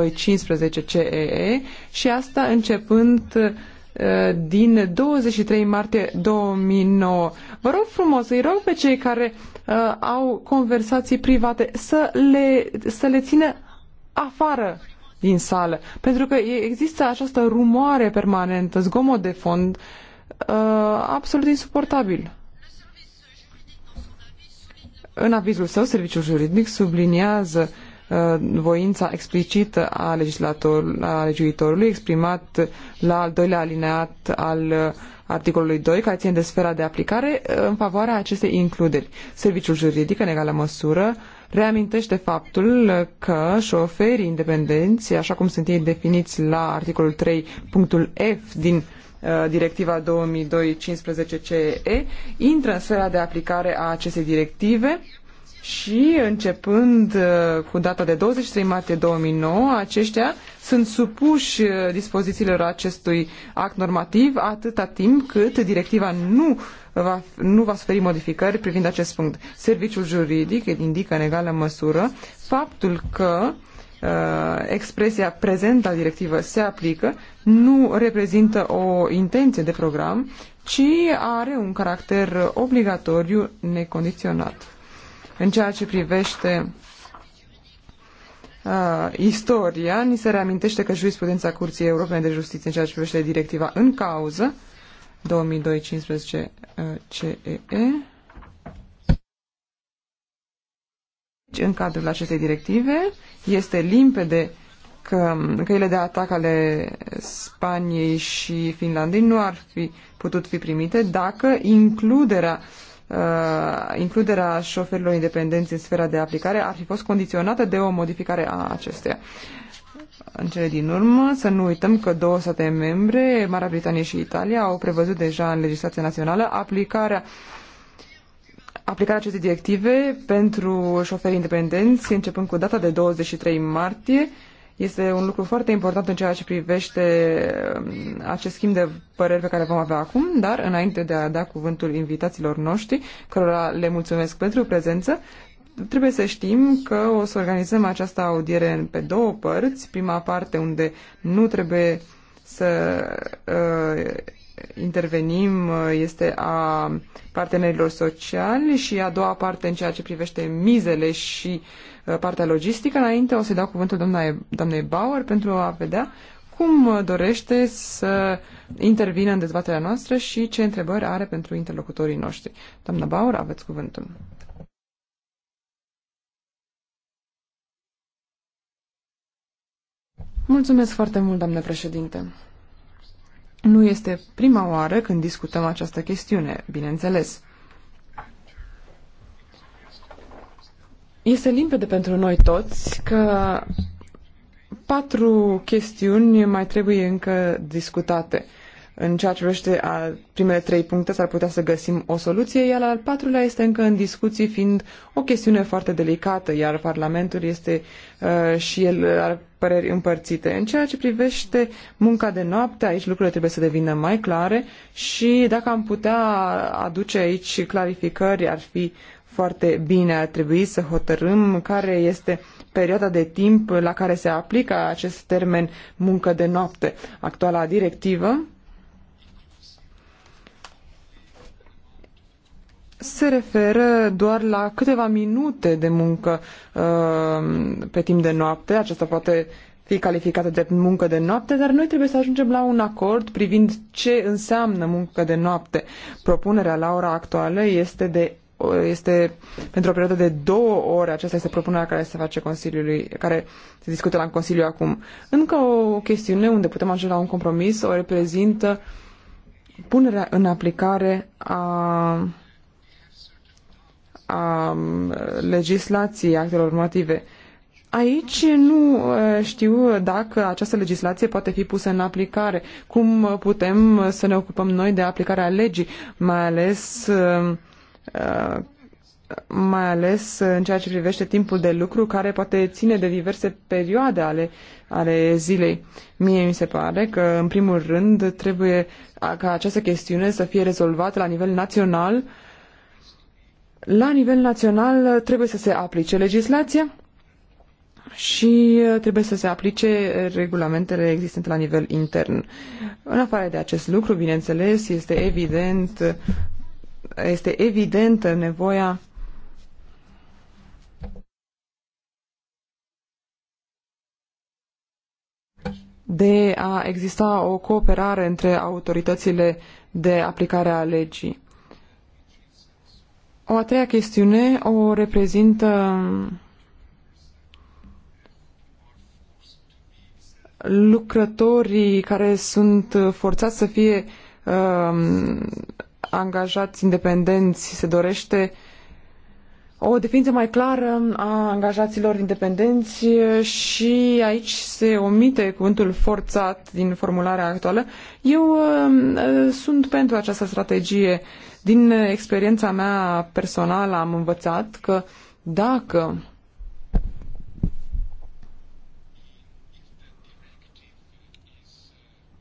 eh, CEE și asta începând eh, din 23 martie 2009. Vă rog frumos, îi rog pe cei care uh, au conversații private să le, să le țină afară din sală, pentru că există această rumoare permanentă, zgomot de fond uh, Uh, absolut insuportabil. În avizul său, serviciul juridic subliniază uh, voința explicită a, legislatorului a legiuitorului exprimat la al doilea alineat al uh, articolului 2, care ține de sfera de aplicare, în favoarea acestei includeri. Serviciul juridic, în egală măsură, reamintește faptul că șoferii independenți, așa cum sunt ei definiți la articolul 3.f punctul F din Uh, directiva 2002-15 CE, intră în sfera de aplicare a acestei directive și începând uh, cu data de 23 martie 2009, aceștia sunt supuși uh, dispozițiilor acestui act normativ atâta timp cât directiva nu va, nu va suferi modificări privind acest punct. Serviciul juridic indică în egală măsură faptul că uh, Uh, expresia prezentă a directivă se aplică nu reprezintă o intenție de program, ci are un caracter obligatoriu necondiționat. În ceea ce privește uh, istoria, ni se reamintește că jurisprudența Curții Europene de Justiție în ceea ce privește directiva în cauză 2015 uh, CEE deci în cadrul acestei directive este limpede că căile de atac ale Spaniei și Finlandei nu ar fi putut fi primite dacă includerea Uh, includerea șoferilor independenți în sfera de aplicare ar fi fost condiționată de o modificare a acesteia. În cele din urmă, să nu uităm că două state membre, Marea Britanie și Italia, au prevăzut deja în legislația națională aplicarea uh, aplicarea acestei directive pentru șoferii independenți, începând cu data de 23 martie, este un lucru foarte important în ceea ce privește um, acest schimb de păreri pe care vom avea acum, dar înainte de a da cuvântul invitaților noștri, cărora le mulțumesc pentru prezență, trebuie să știm că o să organizăm această audiere pe două părți. Prima parte unde nu trebuie să uh, intervenim uh, este a partenerilor sociali și a doua parte în ceea ce privește mizele și uh, partea logistică. Înainte o să-i dau cuvântul doamnei, doamnei Bauer pentru a vedea cum uh, dorește să intervină în dezbaterea noastră și ce întrebări are pentru interlocutorii noștri. Doamna Bauer, aveți cuvântul. Mulțumesc foarte mult, doamnă președinte. Nu este prima oară când discutăm această chestiune, bineînțeles. Este limpede pentru noi toți că patru chestiuni mai trebuie încă discutate. În ceea ce privește primele trei puncte, s-ar putea să găsim o soluție, iar al patrulea este încă în discuții, fiind o chestiune foarte delicată, iar Parlamentul este uh, și el ar păreri împărțite. În ceea ce privește munca de noapte, aici lucrurile trebuie să devină mai clare și dacă am putea aduce aici clarificări, ar fi foarte bine. Ar trebui să hotărâm care este perioada de timp la care se aplică acest termen muncă de noapte. Actuala directivă se referă doar la câteva minute de muncă uh, pe timp de noapte. Aceasta poate fi calificată de muncă de noapte, dar noi trebuie să ajungem la un acord privind ce înseamnă muncă de noapte. Propunerea la ora actuală este de este pentru o perioadă de două ore, aceasta este propunerea care se face Consiliului, care se discută la Consiliu acum. Încă o chestiune unde putem ajunge la un compromis o reprezintă punerea în aplicare a a um, legislației actelor normative. Aici nu uh, știu dacă această legislație poate fi pusă în aplicare. Cum putem să ne ocupăm noi de aplicarea legii, mai ales uh, uh, mai ales în ceea ce privește timpul de lucru, care poate ține de diverse perioade ale, ale zilei. Mie mi se pare că, în primul rând, trebuie ca această chestiune să fie rezolvată la nivel național uh, la nivel național uh, trebuie să se aplice legislația și uh, trebuie să se aplice regulamentele existente la nivel intern. În afară de acest lucru, bineînțeles, este evident uh, este evidentă nevoia de a exista o cooperare între autoritățile de aplicare a legii. O a treia chestiune o reprezintă um, lucrătorii care sunt forțați să fie uh, angajați independenți. Se dorește o definiție mai clară a angajaților independenți și aici se omite cuvântul forțat din formularea actuală. Eu uh, sunt pentru această strategie uh, din experiența mea personală am învățat că dacă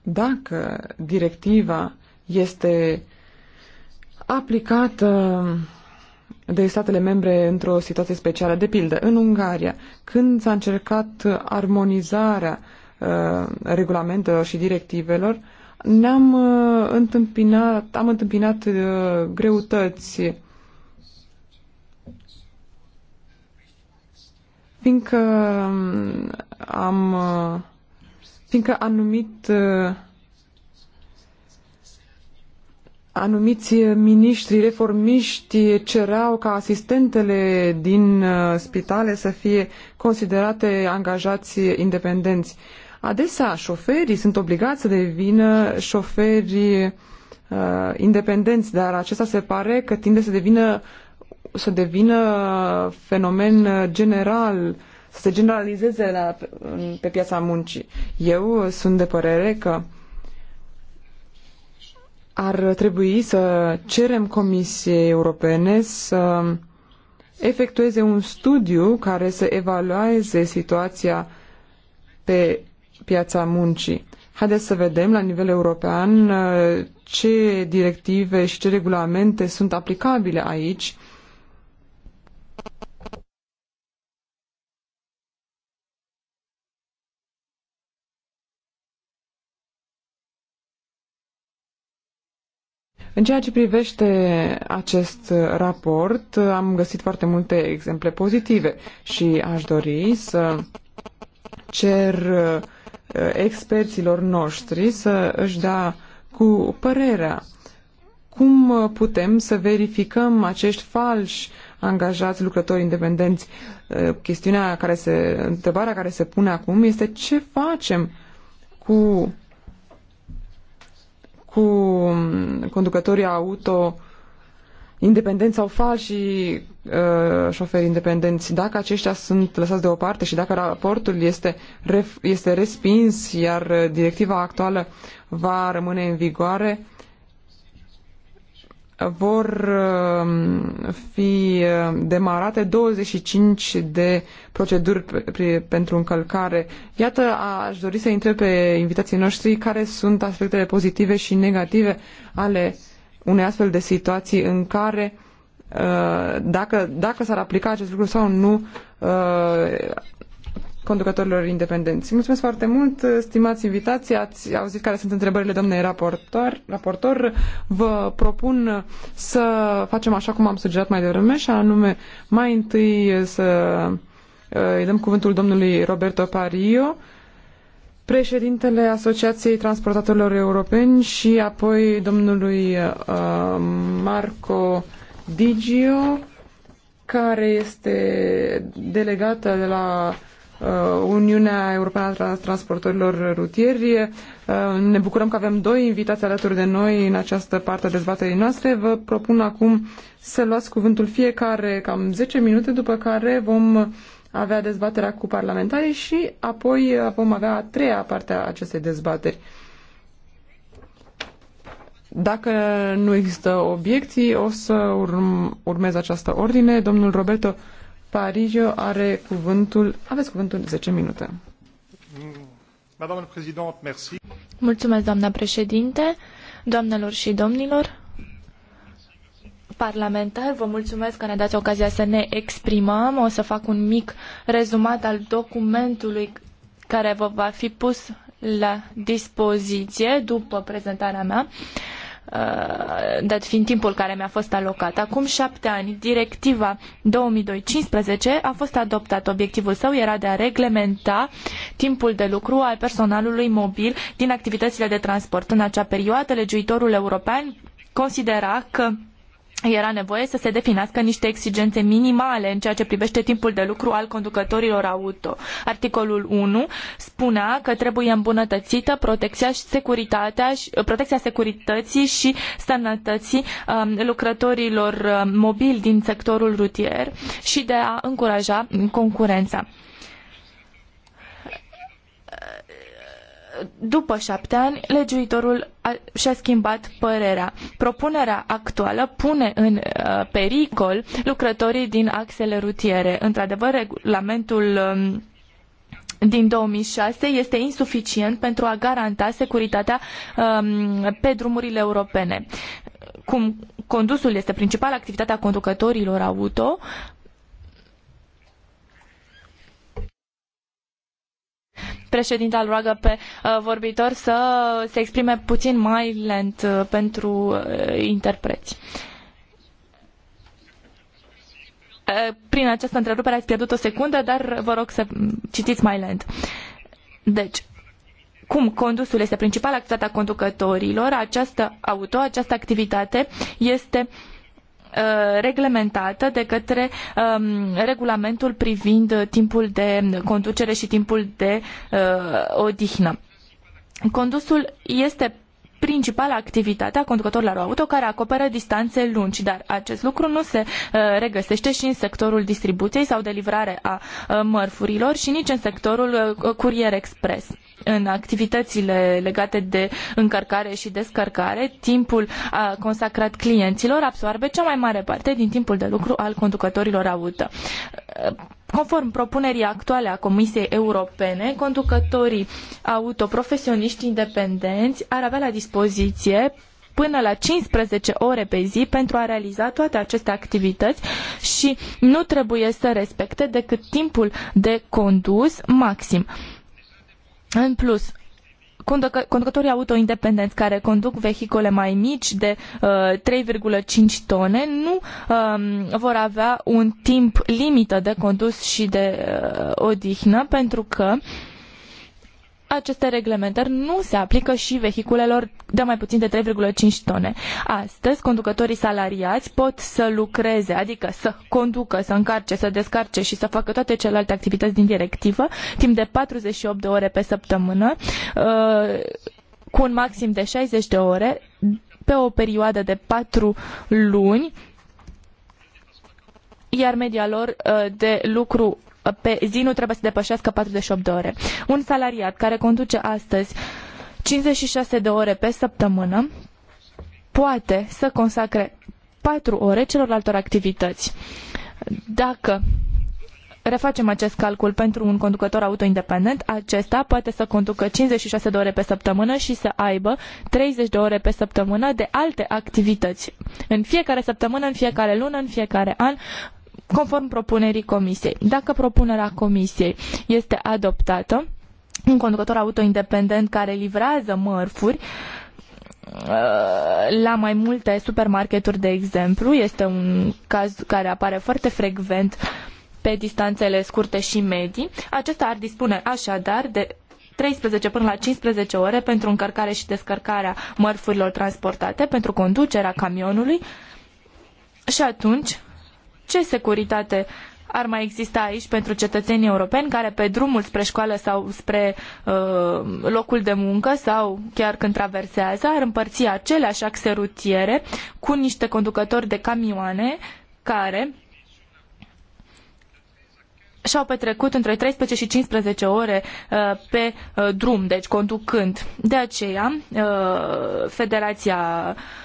dacă directiva este aplicată de statele membre într-o situație specială. De pildă, în Ungaria, când s-a încercat armonizarea uh, regulamentelor și directivelor, ne-am uh, întâmpinat, am întâmpinat uh, greutăți, fiindcă um, am, uh, fiindcă anumit anumiți miniștri reformiști cereau ca asistentele din spitale să fie considerate angajați independenți. Adesea, șoferii sunt obligați să devină șoferi uh, independenți, dar acesta se pare că tinde să devină, să devină fenomen general, să se generalizeze la, pe piața muncii. Eu sunt de părere că ar trebui să cerem Comisiei Europene să efectueze un studiu care să evalueze situația pe piața muncii. Haideți să vedem la nivel european uh, ce directive și ce regulamente sunt aplicabile aici. În ceea ce privește acest raport, am găsit foarte multe exemple pozitive și aș dori să cer uh, experților noștri să își dea cu părerea cum uh, putem să verificăm acești falși angajați lucrători independenți. Uh, chestiunea care se, întrebarea care se pune acum este ce facem cu cu um, conducătorii auto independenți sau falși uh, șoferi independenți, dacă aceștia sunt lăsați deoparte și dacă raportul este, ref, este respins, iar directiva actuală va rămâne în vigoare, vor uh, fi uh, demarate 25 de proceduri pe, pentru încălcare. Iată, aș dori să întreb pe invitații noștri care sunt aspectele pozitive și negative ale uh, unei astfel de situații în care uh, dacă, dacă s-ar aplica acest lucru sau nu uh, conducătorilor independenți. Mulțumesc foarte mult, stimați invitații, ați auzit care sunt întrebările domnei raportor, raportor. Vă propun să facem așa cum am sugerat mai devreme și anume mai întâi să uh, îi dăm cuvântul domnului Roberto Pario, președintele Asociației Transportatorilor Europeni și apoi domnului uh, Marco Digio, care este delegată de la uh, Uniunea Europeană a Transportorilor Rutieri. Uh, ne bucurăm că avem doi invitați alături de noi în această parte a dezbaterii noastre. Vă propun acum să luați cuvântul fiecare cam 10 minute, după care vom avea dezbaterea cu parlamentarii și apoi uh, vom avea a treia parte a acestei dezbateri. Dacă nu există obiecții, o să urm, urmez această ordine. Domnul Roberto Parigio are cuvântul. Aveți cuvântul 10 minute. Mulțumesc, doamna președinte, doamnelor și domnilor. Parlamentar, Vă mulțumesc că ne dați ocazia să ne exprimăm. O să fac un mic rezumat al documentului care vă va fi pus la dispoziție după prezentarea mea uh, dat fiind timpul care mi-a fost alocat. Acum șapte ani, directiva 2015 15 a fost adoptată. Obiectivul său era de a reglementa timpul de lucru al personalului mobil din activitățile de transport. În acea perioadă, legiuitorul european considera că era nevoie să se definească niște exigențe minimale în ceea ce privește timpul de lucru al conducătorilor auto. Articolul 1 spunea că trebuie îmbunătățită protecția, și securitatea, protecția securității și sănătății um, lucrătorilor um, mobili din sectorul rutier și de a încuraja concurența. după șapte ani, legiuitorul și-a schimbat părerea. Propunerea actuală pune în uh, pericol lucrătorii din axele rutiere. Într-adevăr, regulamentul um, din 2006 este insuficient pentru a garanta securitatea um, pe drumurile europene. Cum condusul este principala activitate a conducătorilor auto, Președinta îl roagă pe uh, vorbitor să se exprime puțin mai lent uh, pentru uh, interpreți. Prin această întrerupere ați pierdut o secundă, dar vă rog să citiți mai lent. Deci, cum condusul este principala activitatea conducătorilor, această auto, această activitate este uh, Uh, reglementată de către um, regulamentul privind timpul de conducere și timpul de uh, odihnă. Condusul este principala activitate a conducătorilor auto care acoperă distanțe lungi, dar acest lucru nu se uh, regăsește și în sectorul distribuției sau de livrare a uh, mărfurilor și nici în sectorul uh, curier expres în activitățile legate de încărcare și descărcare, timpul consacrat clienților absorbe cea mai mare parte din timpul de lucru al conducătorilor auto. Conform propunerii actuale a Comisiei Europene, conducătorii autoprofesioniști independenți ar avea la dispoziție până la 15 ore pe zi pentru a realiza toate aceste activități și nu trebuie să respecte decât timpul de condus maxim. În plus, conducătorii auto independenți care conduc vehicule mai mici de uh, 3,5 tone nu uh, vor avea un timp limită de condus și de uh, odihnă pentru că uh, aceste reglementări nu se aplică și vehiculelor de mai puțin de 3,5 tone. Astăzi, conducătorii salariați pot să lucreze, adică să conducă, să încarce, să descarce și să facă toate celelalte activități din directivă, timp de 48 de ore pe săptămână, uh, cu un maxim de 60 de ore, pe o perioadă de 4 luni, iar media lor uh, de lucru pe zi nu trebuie să depășească 48 de ore. Un salariat care conduce astăzi 56 de ore pe săptămână poate să consacre 4 ore celorlalte activități. Dacă refacem acest calcul pentru un conducător auto independent, acesta poate să conducă 56 de ore pe săptămână și să aibă 30 de ore pe săptămână de alte activități. În fiecare săptămână, în fiecare lună, în fiecare an, conform propunerii comisiei. Dacă propunerea comisiei este adoptată, un conducător auto independent care livrează mărfuri uh, la mai multe supermarketuri, de exemplu, este un caz care apare foarte frecvent pe distanțele scurte și medii. Acesta ar dispune așadar de 13 până la 15 ore pentru încărcare și descărcarea mărfurilor transportate, pentru conducerea camionului și atunci ce securitate ar mai exista aici pentru cetățenii europeni care pe drumul spre școală sau spre uh, locul de muncă sau chiar când traversează ar împărți aceleași axe rutiere cu niște conducători de camioane care și-au petrecut între 13 și 15 ore uh, pe uh, drum, deci conducând. De aceea, uh, Federația uh,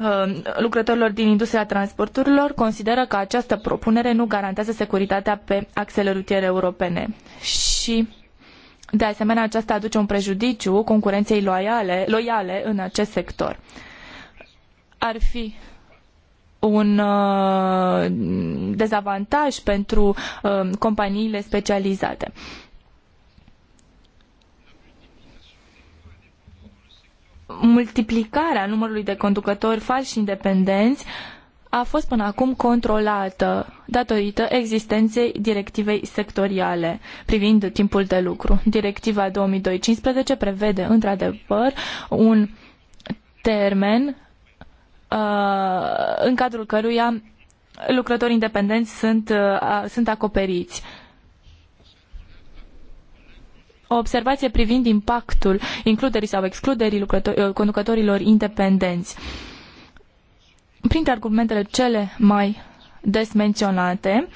Uh, lucrătorilor din industria transporturilor consideră că această propunere nu garantează securitatea pe axele rutiere europene și de asemenea aceasta aduce un prejudiciu concurenței loiale, loiale în acest sector. Ar fi un uh, dezavantaj pentru uh, companiile specializate. multiplicarea numărului de conducători falși independenți a fost până acum controlată datorită existenței directivei sectoriale privind timpul de lucru. Directiva 2215 prevede într-adevăr un termen uh, în cadrul căruia lucrătorii independenți sunt, uh, sunt acoperiți o observație privind impactul includerii sau excluderii eh, conducătorilor independenți. Printre argumentele cele mai des menționate,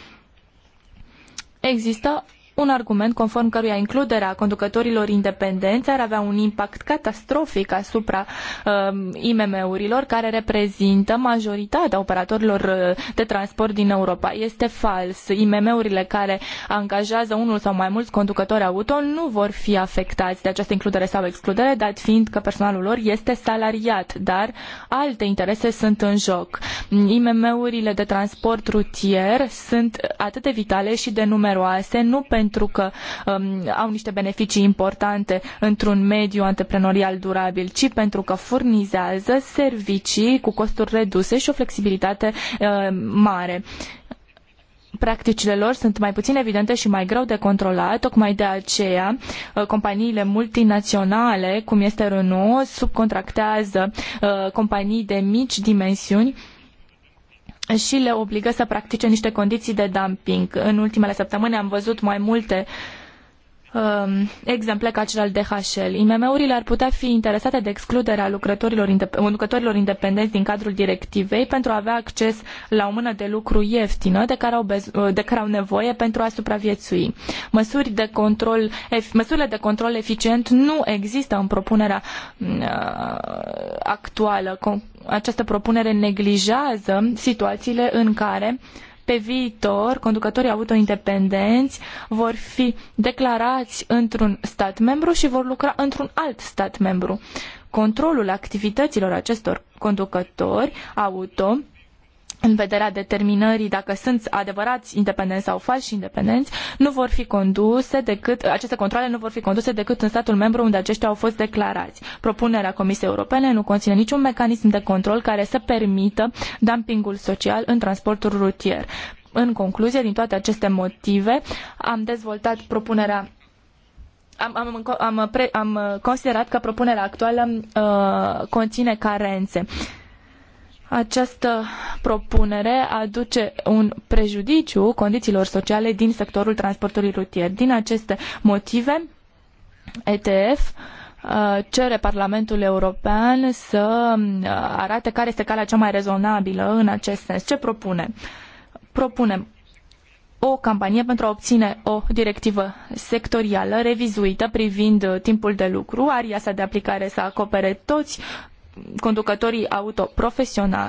există un argument conform căruia includerea conducătorilor independenți ar avea un impact catastrofic asupra uh, IMM-urilor care reprezintă majoritatea operatorilor uh, de transport din Europa. Este fals. IMM-urile care angajează unul sau mai mulți conducători auto nu vor fi afectați de această includere sau excludere, dat fiind că personalul lor este salariat, dar alte interese sunt în joc. IMM-urile de transport rutier sunt atât de vitale și de numeroase, nu pentru pentru că um, au niște beneficii importante într-un mediu antreprenorial durabil, ci pentru că furnizează servicii cu costuri reduse și o flexibilitate uh, mare practicile lor sunt mai puțin evidente și mai greu de controlat, tocmai de aceea uh, companiile multinaționale, cum este Renault, subcontractează uh, companii de mici dimensiuni și le obligă să practice niște condiții de dumping. În ultimele săptămâni am văzut mai multe uh, Um, exemple ca cel al DHL. IMM-urile ar putea fi interesate de excluderea lucrătorilor, indep- lucrătorilor independenți din cadrul directivei pentru a avea acces la o mână de lucru ieftină de care au, de care au nevoie pentru a supraviețui. Măsuri de control, măsurile de control eficient nu există în propunerea uh, actuală. Această propunere neglijează situațiile în care pe viitor, conducătorii auto independenți vor fi declarați într-un stat membru și vor lucra într-un alt stat membru. Controlul activităților acestor conducători auto în vederea determinării dacă sunt adevărați independenți sau falși independenți, nu vor fi conduse decât, aceste controle nu vor fi conduse decât în statul membru unde aceștia au fost declarați. Propunerea Comisiei Europene nu conține niciun mecanism de control care să permită dumpingul social în transportul rutier. În concluzie, din toate aceste motive, am dezvoltat propunerea am, am, am, am considerat că propunerea actuală uh, conține carențe. Uh, această propunere aduce un prejudiciu condițiilor sociale din sectorul transportului rutier. Din aceste motive, ETF uh, cere Parlamentul European să uh, arate care este calea cea mai rezonabilă în acest sens. Ce propune? Propunem o campanie pentru a obține o directivă sectorială revizuită privind timpul de lucru. Aria sa de aplicare să acopere toți conducătorii auto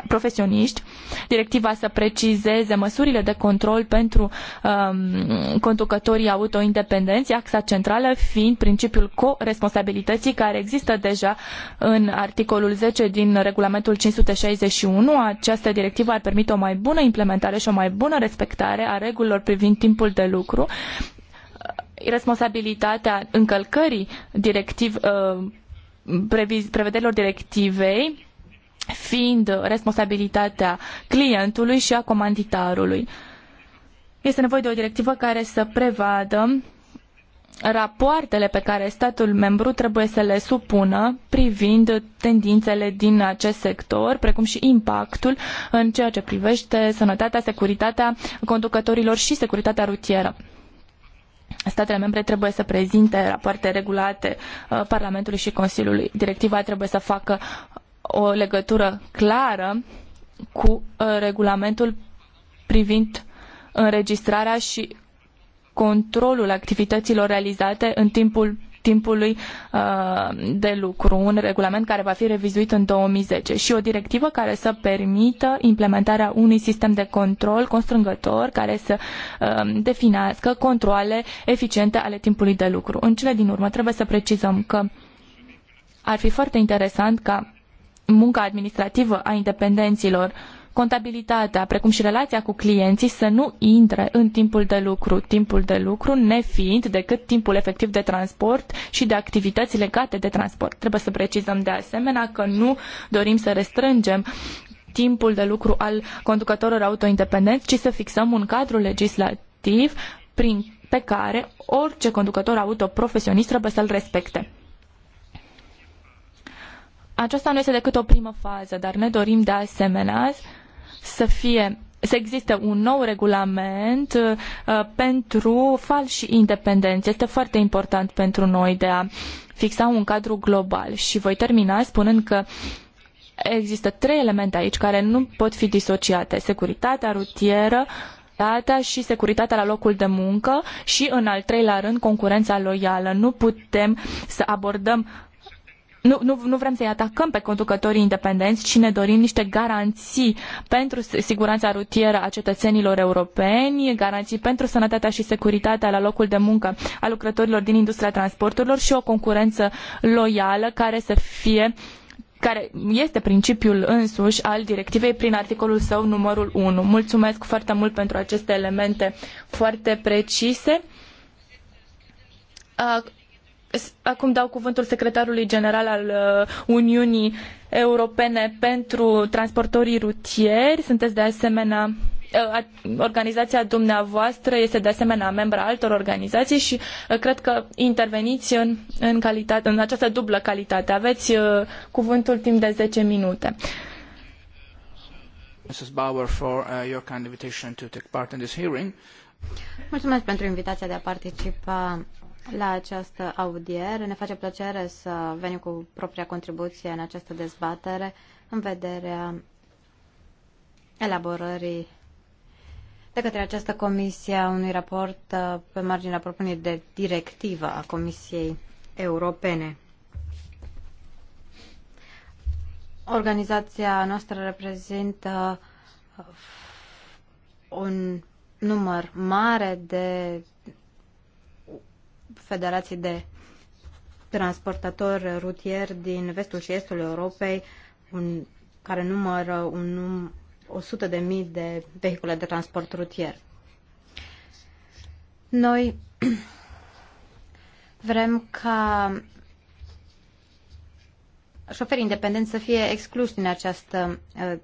profesioniști. Directiva să precizeze măsurile de control pentru um, conducătorii auto independenți, axa centrală fiind principiul co-responsabilității care există deja în articolul 10 din regulamentul 561. Această directivă ar permite o mai bună implementare și o mai bună respectare a regulilor privind timpul de lucru responsabilitatea încălcării directiv uh, prevederilor directivei fiind responsabilitatea clientului și a comanditarului. Este nevoie de o directivă care să prevadă rapoartele pe care statul membru trebuie să le supună privind tendințele din acest sector, precum și impactul în ceea ce privește sănătatea, securitatea conducătorilor și securitatea rutieră statele membre trebuie să prezinte rapoarte regulate uh, Parlamentului și Consiliului. Directiva trebuie să facă o legătură clară cu uh, regulamentul privind înregistrarea și controlul activităților realizate în timpul timpului uh, de lucru, un regulament care va fi revizuit în 2010 și o directivă care să permită implementarea unui sistem de control constrângător care să uh, definească controle eficiente ale timpului de lucru. În cele din urmă trebuie să precizăm că ar fi foarte interesant ca munca administrativă a independenților contabilitatea, precum și relația cu clienții, să nu intre în timpul de lucru, timpul de lucru nefiind decât timpul efectiv de transport și de activități legate de transport. Trebuie să precizăm de asemenea că nu dorim să restrângem timpul de lucru al conducătorilor autoindependenți, ci să fixăm un cadru legislativ prin, pe care orice conducător auto profesionist trebuie să-l respecte. Aceasta nu este decât o primă fază, dar ne dorim de asemenea să fie să existe un nou regulament uh, pentru fal și independență. Este foarte important pentru noi de a fixa un cadru global. Și voi termina spunând că există trei elemente aici care nu pot fi disociate. Securitatea rutieră, data și securitatea la locul de muncă și, în al treilea rând, concurența loială. Nu putem să abordăm nu, nu, nu vrem să-i atacăm pe conducătorii independenți, ci ne dorim niște garanții pentru siguranța rutieră a cetățenilor europeni, garanții pentru sănătatea și securitatea la locul de muncă a lucrătorilor din industria transporturilor și o concurență loială care să fie care este principiul însuși al directivei prin articolul său numărul unu. Mulțumesc foarte mult pentru aceste elemente foarte precise Acum dau cuvântul secretarului general al uh, Uniunii Europene pentru transportorii rutieri. Sunteți de asemenea uh, organizația dumneavoastră este de asemenea membra altor organizații și uh, cred că interveniți în, în, calitate, în această dublă calitate. Aveți cuvântul timp de zece minute. Mrs. Bauer for uh, your kind invitation to take part in this hearing. Mulțumesc pentru invitația de a participa la această audiere. Ne face plăcere să venim cu propria contribuție în această dezbatere în vederea elaborării de către această comisie a unui raport uh, pe marginea propunerii de directivă a Comisiei Europene. Organizația noastră reprezintă uh, un număr mare de Federației de Transportatori Rutieri din vestul și estul Europei, un, care numără un num, 100 de mii de vehicule de transport rutier. Noi [CLEARS THROAT] vrem ca șoferii independenți să fie excluși din această uh,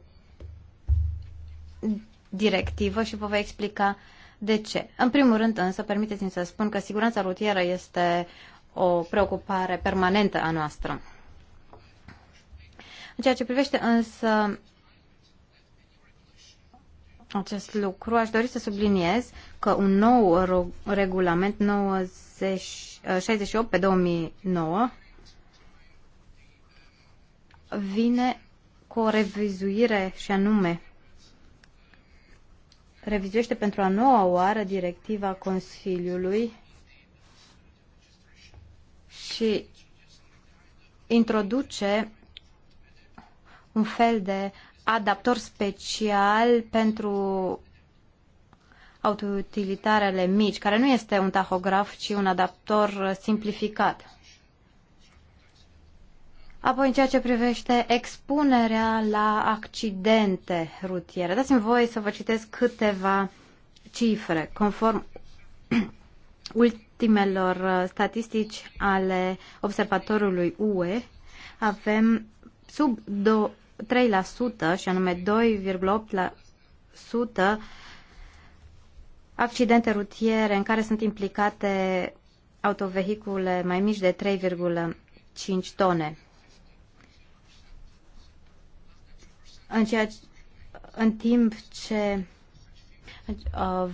directivă și vă voi explica uh, de ce? În primul rând, însă, permiteți-mi să spun că siguranța rutieră este o preocupare permanentă a noastră. În ceea ce privește însă acest lucru, aș dori să subliniez că un nou regulament 90, 68 pe 2009 vine cu o revizuire și anume revizuiește pentru a noua oară directiva Consiliului și introduce un fel de adaptor special pentru autoutilitarele mici, care nu este un tahograf, ci un adaptor simplificat. Apoi, în ceea ce privește expunerea la accidente rutiere, dați-mi voie să vă citesc câteva cifre. Conform [CLEARS THROAT] ultimelor uh, statistici ale Observatorului UE, avem sub 2, 3%, și anume 2,8% accidente rutiere în care sunt implicate autovehicule mai mici de 3,5 tone. în, ceea ce, în timp ce uh,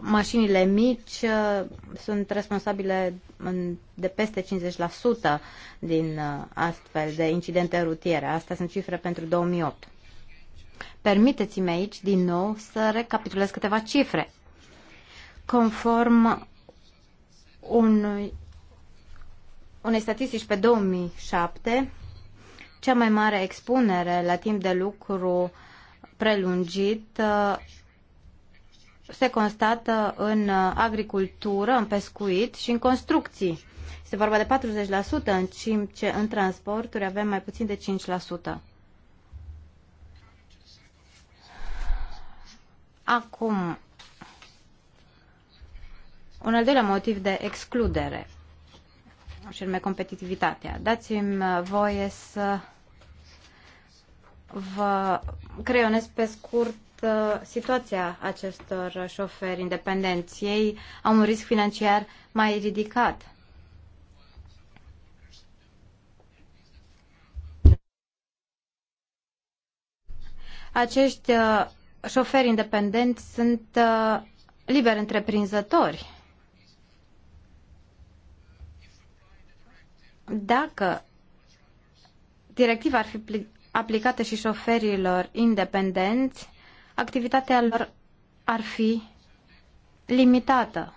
mașinile mici uh, sunt responsabile în, de peste 50% din uh, astfel de incidente rutiere. Asta sunt cifre pentru 2008. Permiteți-mi aici, din nou, să recapitulez câteva cifre. Conform unui, unei statistici pe 2007, cea mai mare expunere la timp de lucru prelungit uh, se constată în uh, agricultură, în pescuit și în construcții. Este vorba de 40%, în timp ce în transporturi avem mai puțin de 5%. Acum, un al doilea motiv de excludere, și anume competitivitatea. Dați-mi uh, voie să vă creionez pe scurt uh, situația acestor șoferi independenți. Ei au un risc financiar mai ridicat. Acești uh, șoferi independenți sunt uh, liberi întreprinzători. Dacă directiva ar fi aplicate și șoferilor independenți, activitatea lor ar fi limitată.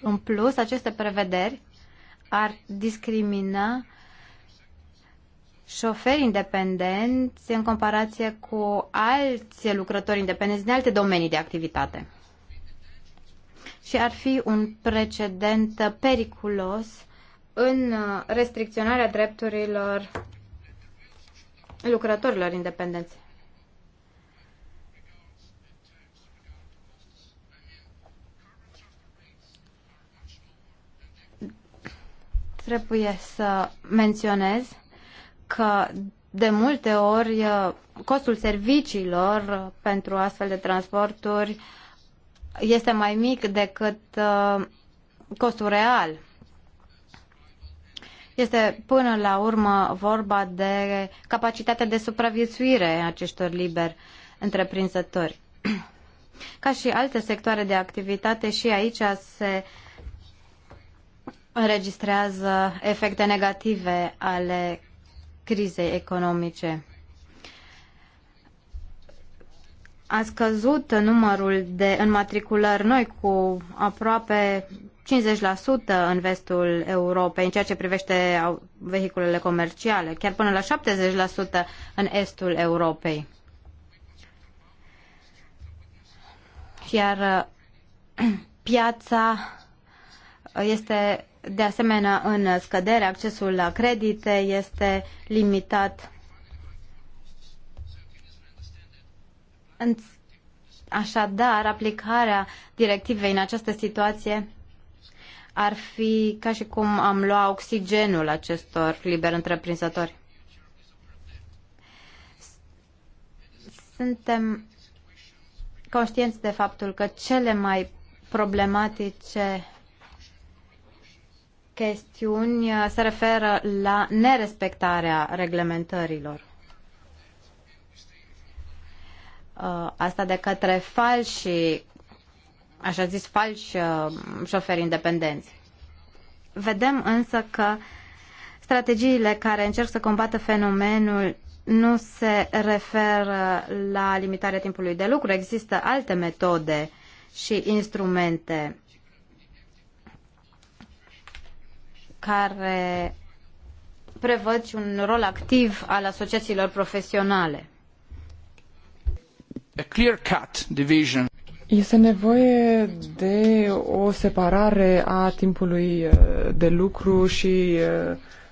În plus, aceste prevederi ar discrimina șoferi independenți în comparație cu alți lucrători independenți din alte domenii de activitate. Și ar fi un precedent periculos în uh, restricționarea drepturilor lucrătorilor independenți. Trebuie să menționez că de multe ori uh, costul serviciilor uh, pentru astfel de transporturi este mai mic decât costul real este până la urmă vorba de capacitatea de supraviețuire a acestor liberi întreprinzători. [CLEARS THROAT] Ca și alte sectoare de activitate, și aici se înregistrează efecte negative ale crizei economice. A scăzut numărul de înmatriculări noi cu aproape 50% în vestul Europei în ceea ce privește vehiculele comerciale, chiar până la 70% în estul Europei. Iar [CLEARS THROAT] piața este de asemenea în scădere, accesul la credite este limitat. Așadar, aplicarea directivei în această situație ar fi ca și cum am lua oxigenul acestor liber întreprinzători. Suntem conștienți de faptul că cele mai problematice chestiuni uh, se referă la nerespectarea reglementărilor. Uh, asta de către falși așa zis, falși uh, șoferi independenți. Vedem însă că strategiile care încerc să combată fenomenul nu se referă la limitarea timpului de lucru. Există alte metode și instrumente care prevăd și un rol activ al asociațiilor profesionale. A clear cut division este nevoie de o separare a timpului eh, de lucru și eh,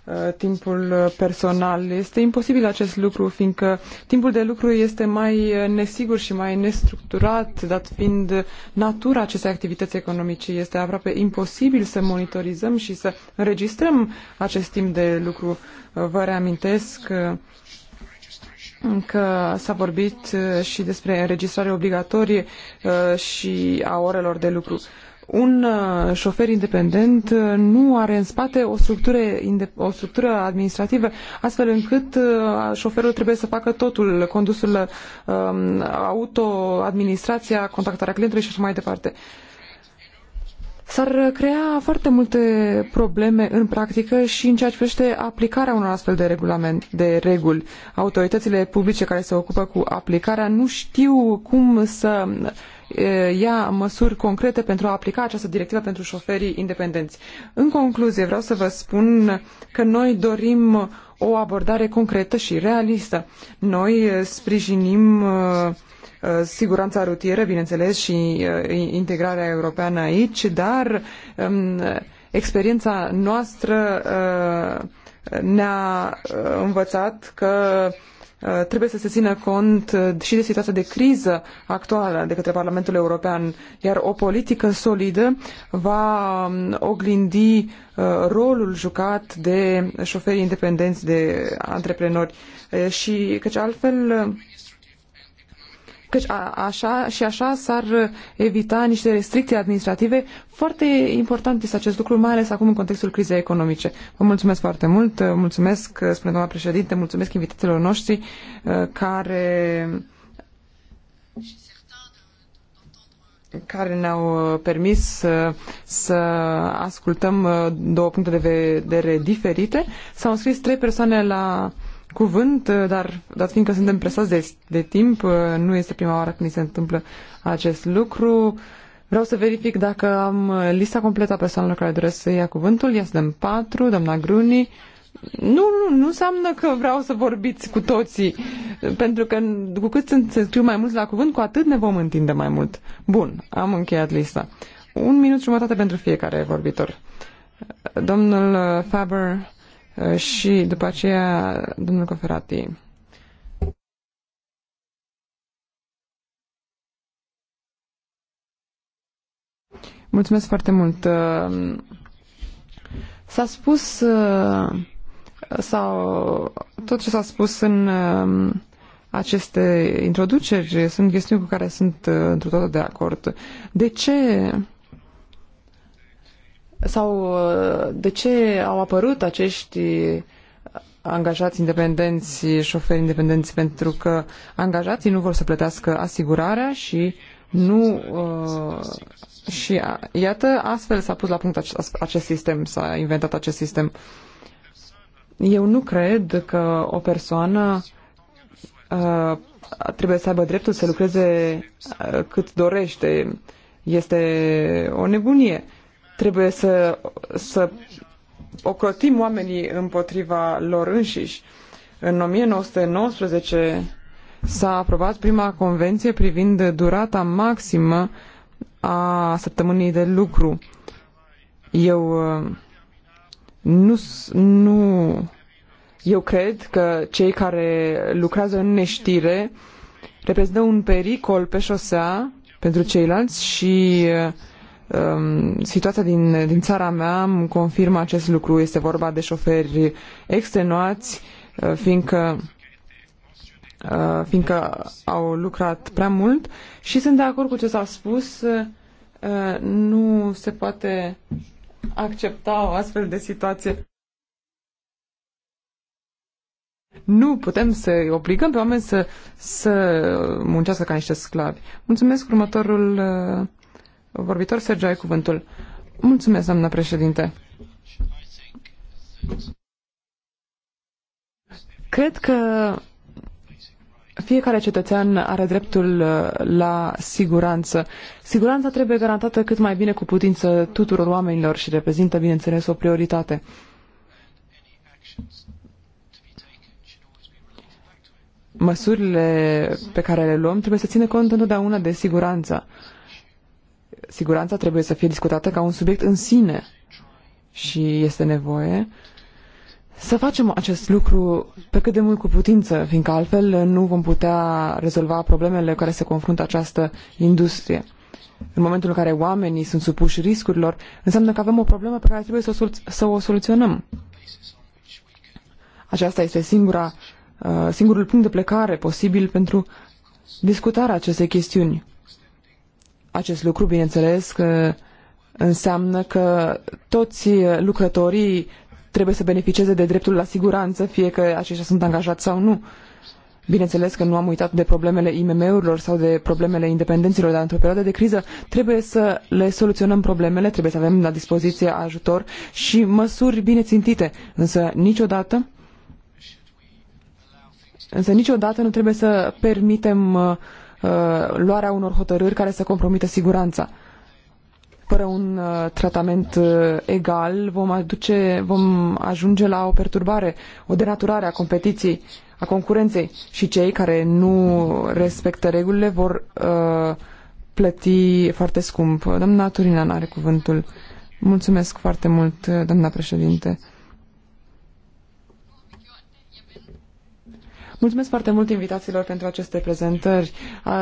eh, timpul personal. Este imposibil acest lucru, fiindcă timpul de lucru este mai nesigur și mai nestructurat, dat fiind natura acestei activități economice. Este aproape imposibil să monitorizăm și să înregistrăm acest timp de lucru. Vă reamintesc că s-a vorbit uh, și despre înregistrare obligatorie uh, și a orelor de lucru. Un uh, șofer independent nu are în spate o structură, o structură administrativă, astfel încât șoferul trebuie să facă totul, condusul um, auto, administrația, contactarea clientului și așa mai departe s-ar crea foarte multe probleme în practică și în ceea ce privește aplicarea unor astfel de regulament, de reguli. Autoritățile publice care se ocupă cu aplicarea nu știu cum să ia măsuri concrete pentru a aplica această directivă pentru șoferii independenți. În concluzie, vreau să vă spun că noi dorim o abordare concretă și realistă. Noi sprijinim uh, Uh, siguranța rutieră, bineînțeles, și uh, integrarea europeană aici, dar um, experiența noastră uh, ne-a învățat că trebuie să se țină cont și de situația de criză actuală de către Parlamentul European, iar o politică solidă va um, oglindi rolul jucat de șoferii independenți, de antreprenori și căci altfel Căci a, așa și așa s-ar evita niște restricții administrative. Foarte important este acest lucru, mai ales acum în contextul crizei economice. Vă mulțumesc foarte mult, mulțumesc, spune doamna președinte, mulțumesc invitațiilor noștri care care ne-au permis să, să ascultăm două puncte de vedere diferite. S-au înscris trei persoane la cuvânt, uh, dar dat fiindcă suntem presați de, de timp, uh, nu este prima oară când mi se întâmplă acest lucru. Vreau să verific dacă am uh, lista completă a persoanelor care doresc să ia cuvântul. Ia suntem patru, doamna Gruni. Nu, nu, nu înseamnă că vreau să vorbiți cu toții, pentru că cu cât se scriu mai mult la cuvânt, cu atât ne vom întinde mai mult. Bun, am încheiat lista. Un minut jumătate pentru fiecare vorbitor. Domnul Faber, Uh, și după aceea domnul Coferati. Mulțumesc foarte mult. Uh, s-a spus uh, sau tot ce s-a spus în um, aceste introduceri sunt chestiuni cu care sunt într o de acord. De ce sau uh, de ce au apărut acești angajați independenți, șoferi independenți, pentru că angajații nu vor să plătească asigurarea și nu uh, și a, iată, astfel s-a pus la punct acest, acest sistem, s-a inventat acest sistem. Eu nu cred că o persoană uh, trebuie să aibă dreptul să lucreze uh, cât dorește. Este o nebunie. Trebuie să, să ocrotim oamenii împotriva lor înșiși. În 1919 s-a aprobat prima convenție privind durata maximă a săptămânii de lucru. Eu uh, nu, nu eu cred că cei care lucrează în neștire reprezintă un pericol pe șosea pentru ceilalți și uh, Um, situația din, din țara mea îmi confirmă acest lucru. Este vorba de șoferi extenuați, uh, fiindcă uh, fiindcă au lucrat prea mult și sunt de acord cu ce s-a spus, uh, nu se poate accepta o astfel de situație. Nu putem să obligăm pe oameni să, să muncească ca niște sclavi. Mulțumesc următorul vorbitor. Sergio, ai cuvântul. Mulțumesc, doamnă președinte. Cred că fiecare cetățean are dreptul uh, la siguranță. Siguranța trebuie garantată cât mai bine cu putință tuturor oamenilor și reprezintă, bineînțeles, o prioritate. Măsurile pe care le luăm trebuie să țină cont întotdeauna de siguranță siguranța trebuie să fie discutată ca un subiect în sine și este nevoie să facem acest lucru pe cât de mult cu putință, fiindcă altfel nu vom putea rezolva problemele cu care se confruntă această industrie. În momentul în care oamenii sunt supuși riscurilor, înseamnă că avem o problemă pe care trebuie să o, solu- să o soluționăm. Aceasta este singura, uh, singurul punct de plecare posibil pentru discutarea acestei chestiuni. Acest lucru, bineînțeles, că înseamnă că toți lucrătorii trebuie să beneficieze de dreptul la siguranță, fie că aceștia sunt angajați sau nu. Bineînțeles că nu am uitat de problemele IMM-urilor sau de problemele independenților, dar într-o perioadă de criză trebuie să le soluționăm problemele, trebuie să avem la dispoziție ajutor și măsuri bine țintite, însă niciodată Însă niciodată nu trebuie să permitem uh, Uh, luarea unor hotărâri care să compromită siguranța. Fără un uh, tratament uh, egal vom, aduce, vom ajunge la o perturbare, o denaturare a competiției, a concurenței și cei care nu respectă regulile vor plăti foarte scump. Doamna Turina are cuvântul. Mulțumesc foarte mult, doamna președinte. Mulțumesc foarte mult invitațiilor pentru aceste prezentări.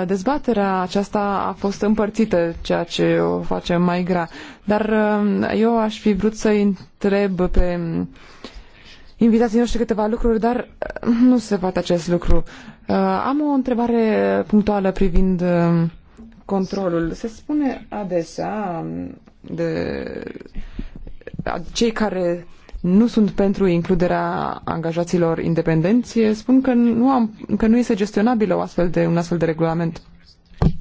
Dezbaterea aceasta a fost împărțită, ceea ce o face mai grea. Dar eu aș fi vrut să întreb pe invitații noștri câteva lucruri, dar nu se poate acest lucru. Am o întrebare punctuală privind controlul. Se spune adesea de cei care nu sunt pentru includerea angajaților independenți spun că nu, am, că nu este gestionabilă o astfel de, un astfel de regulament.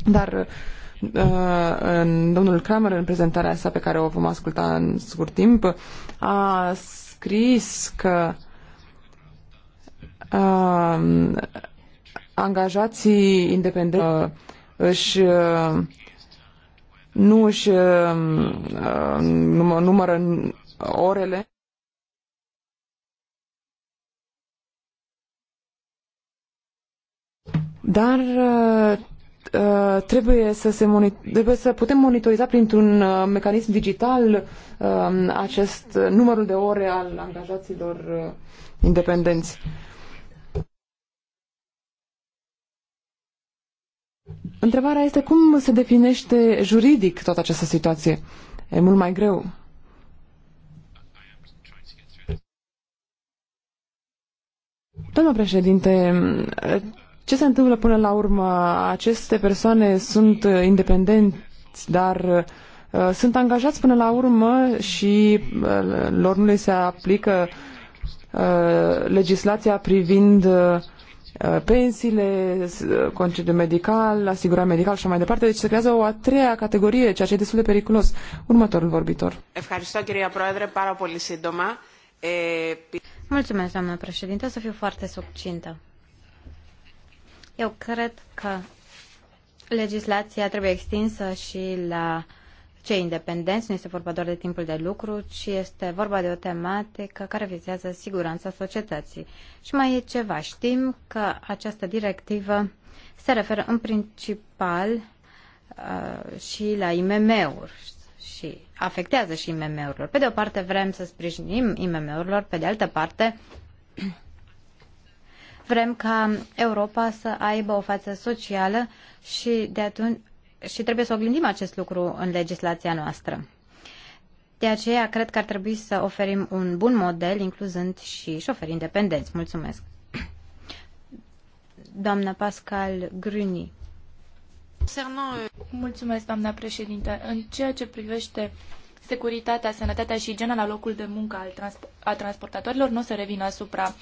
Dar uh, în domnul Kramer, în prezentarea sa pe care o vom asculta în scurt timp, a scris că uh, angajații independenți uh, își uh, nu își uh, uh numără orele Dar uh, uh, trebuie să, se trebuie să putem monitoriza printr-un uh, mecanism digital um, acest numărul de ore al angajaților independenți. Întrebarea este cum se definește juridic toată această situație. E mult mai greu. Doamna președinte, ce se întâmplă până la urmă? Aceste persoane sunt uh, independenți, dar uh, sunt angajați până la urmă și uh, lor nu le se aplică legislația privind pensiile, concediu medical, asigurare medical și mai departe. Deci se creează o a treia categorie, ceea ce e destul de periculos. Următorul vorbitor. Mulțumesc, doamnă președinte, o să fiu foarte succintă. Eu cred că legislația trebuie extinsă și la cei independenți, nu este vorba doar de timpul de lucru, ci este vorba de o tematică care vizează siguranța societății. Și mai e ceva. Știm că această directivă se referă în principal uh, și la IMM-uri și afectează și IMM-urilor. Pe de o parte vrem să sprijinim IMM-urilor, pe de altă parte Vrem ca Europa să aibă o față socială și, de atunci, și trebuie să oglindim acest lucru în legislația noastră. De aceea, cred că ar trebui să oferim un bun model, incluzând și șoferi independenți. Mulțumesc! Doamna Pascal Gruni. Mulțumesc, doamna președinte. În ceea ce privește securitatea, sănătatea și igiena la locul de muncă al trans- a transportatorilor, nu o să revin asupra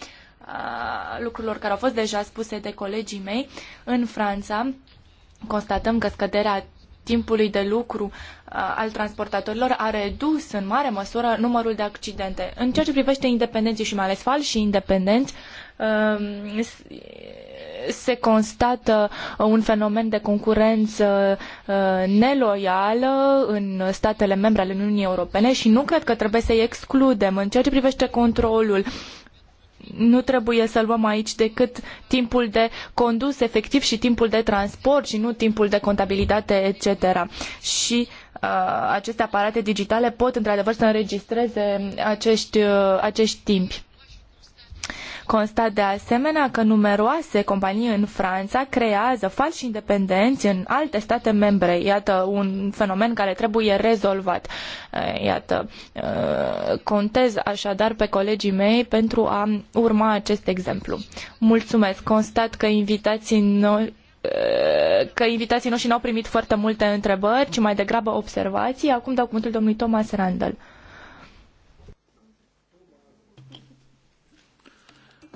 lucrurilor care au fost deja spuse de colegii mei, în Franța constatăm că scăderea timpului de lucru al transportatorilor a redus în mare măsură numărul de accidente. În ceea ce privește independenții și mai ales fal și independenți, um, se constată un fenomen de concurență uh, neloială în statele membre ale Uniunii Europene și nu cred că trebuie să-i excludem. În ceea ce privește controlul nu trebuie să luăm aici decât timpul de condus efectiv și timpul de transport și nu timpul de contabilitate, etc. Și uh, aceste aparate digitale pot într-adevăr să înregistreze acești, uh, acești timpi. Constat de asemenea că numeroase companii în Franța creează falși independenți în alte state membre. Iată un fenomen care trebuie rezolvat. Iată, contez așadar pe colegii mei pentru a urma acest exemplu. Mulțumesc. Constat că invitații noi că invitații noștri n-au primit foarte multe întrebări, ci mai degrabă observații. Acum dau cuvântul domnului Thomas Randall.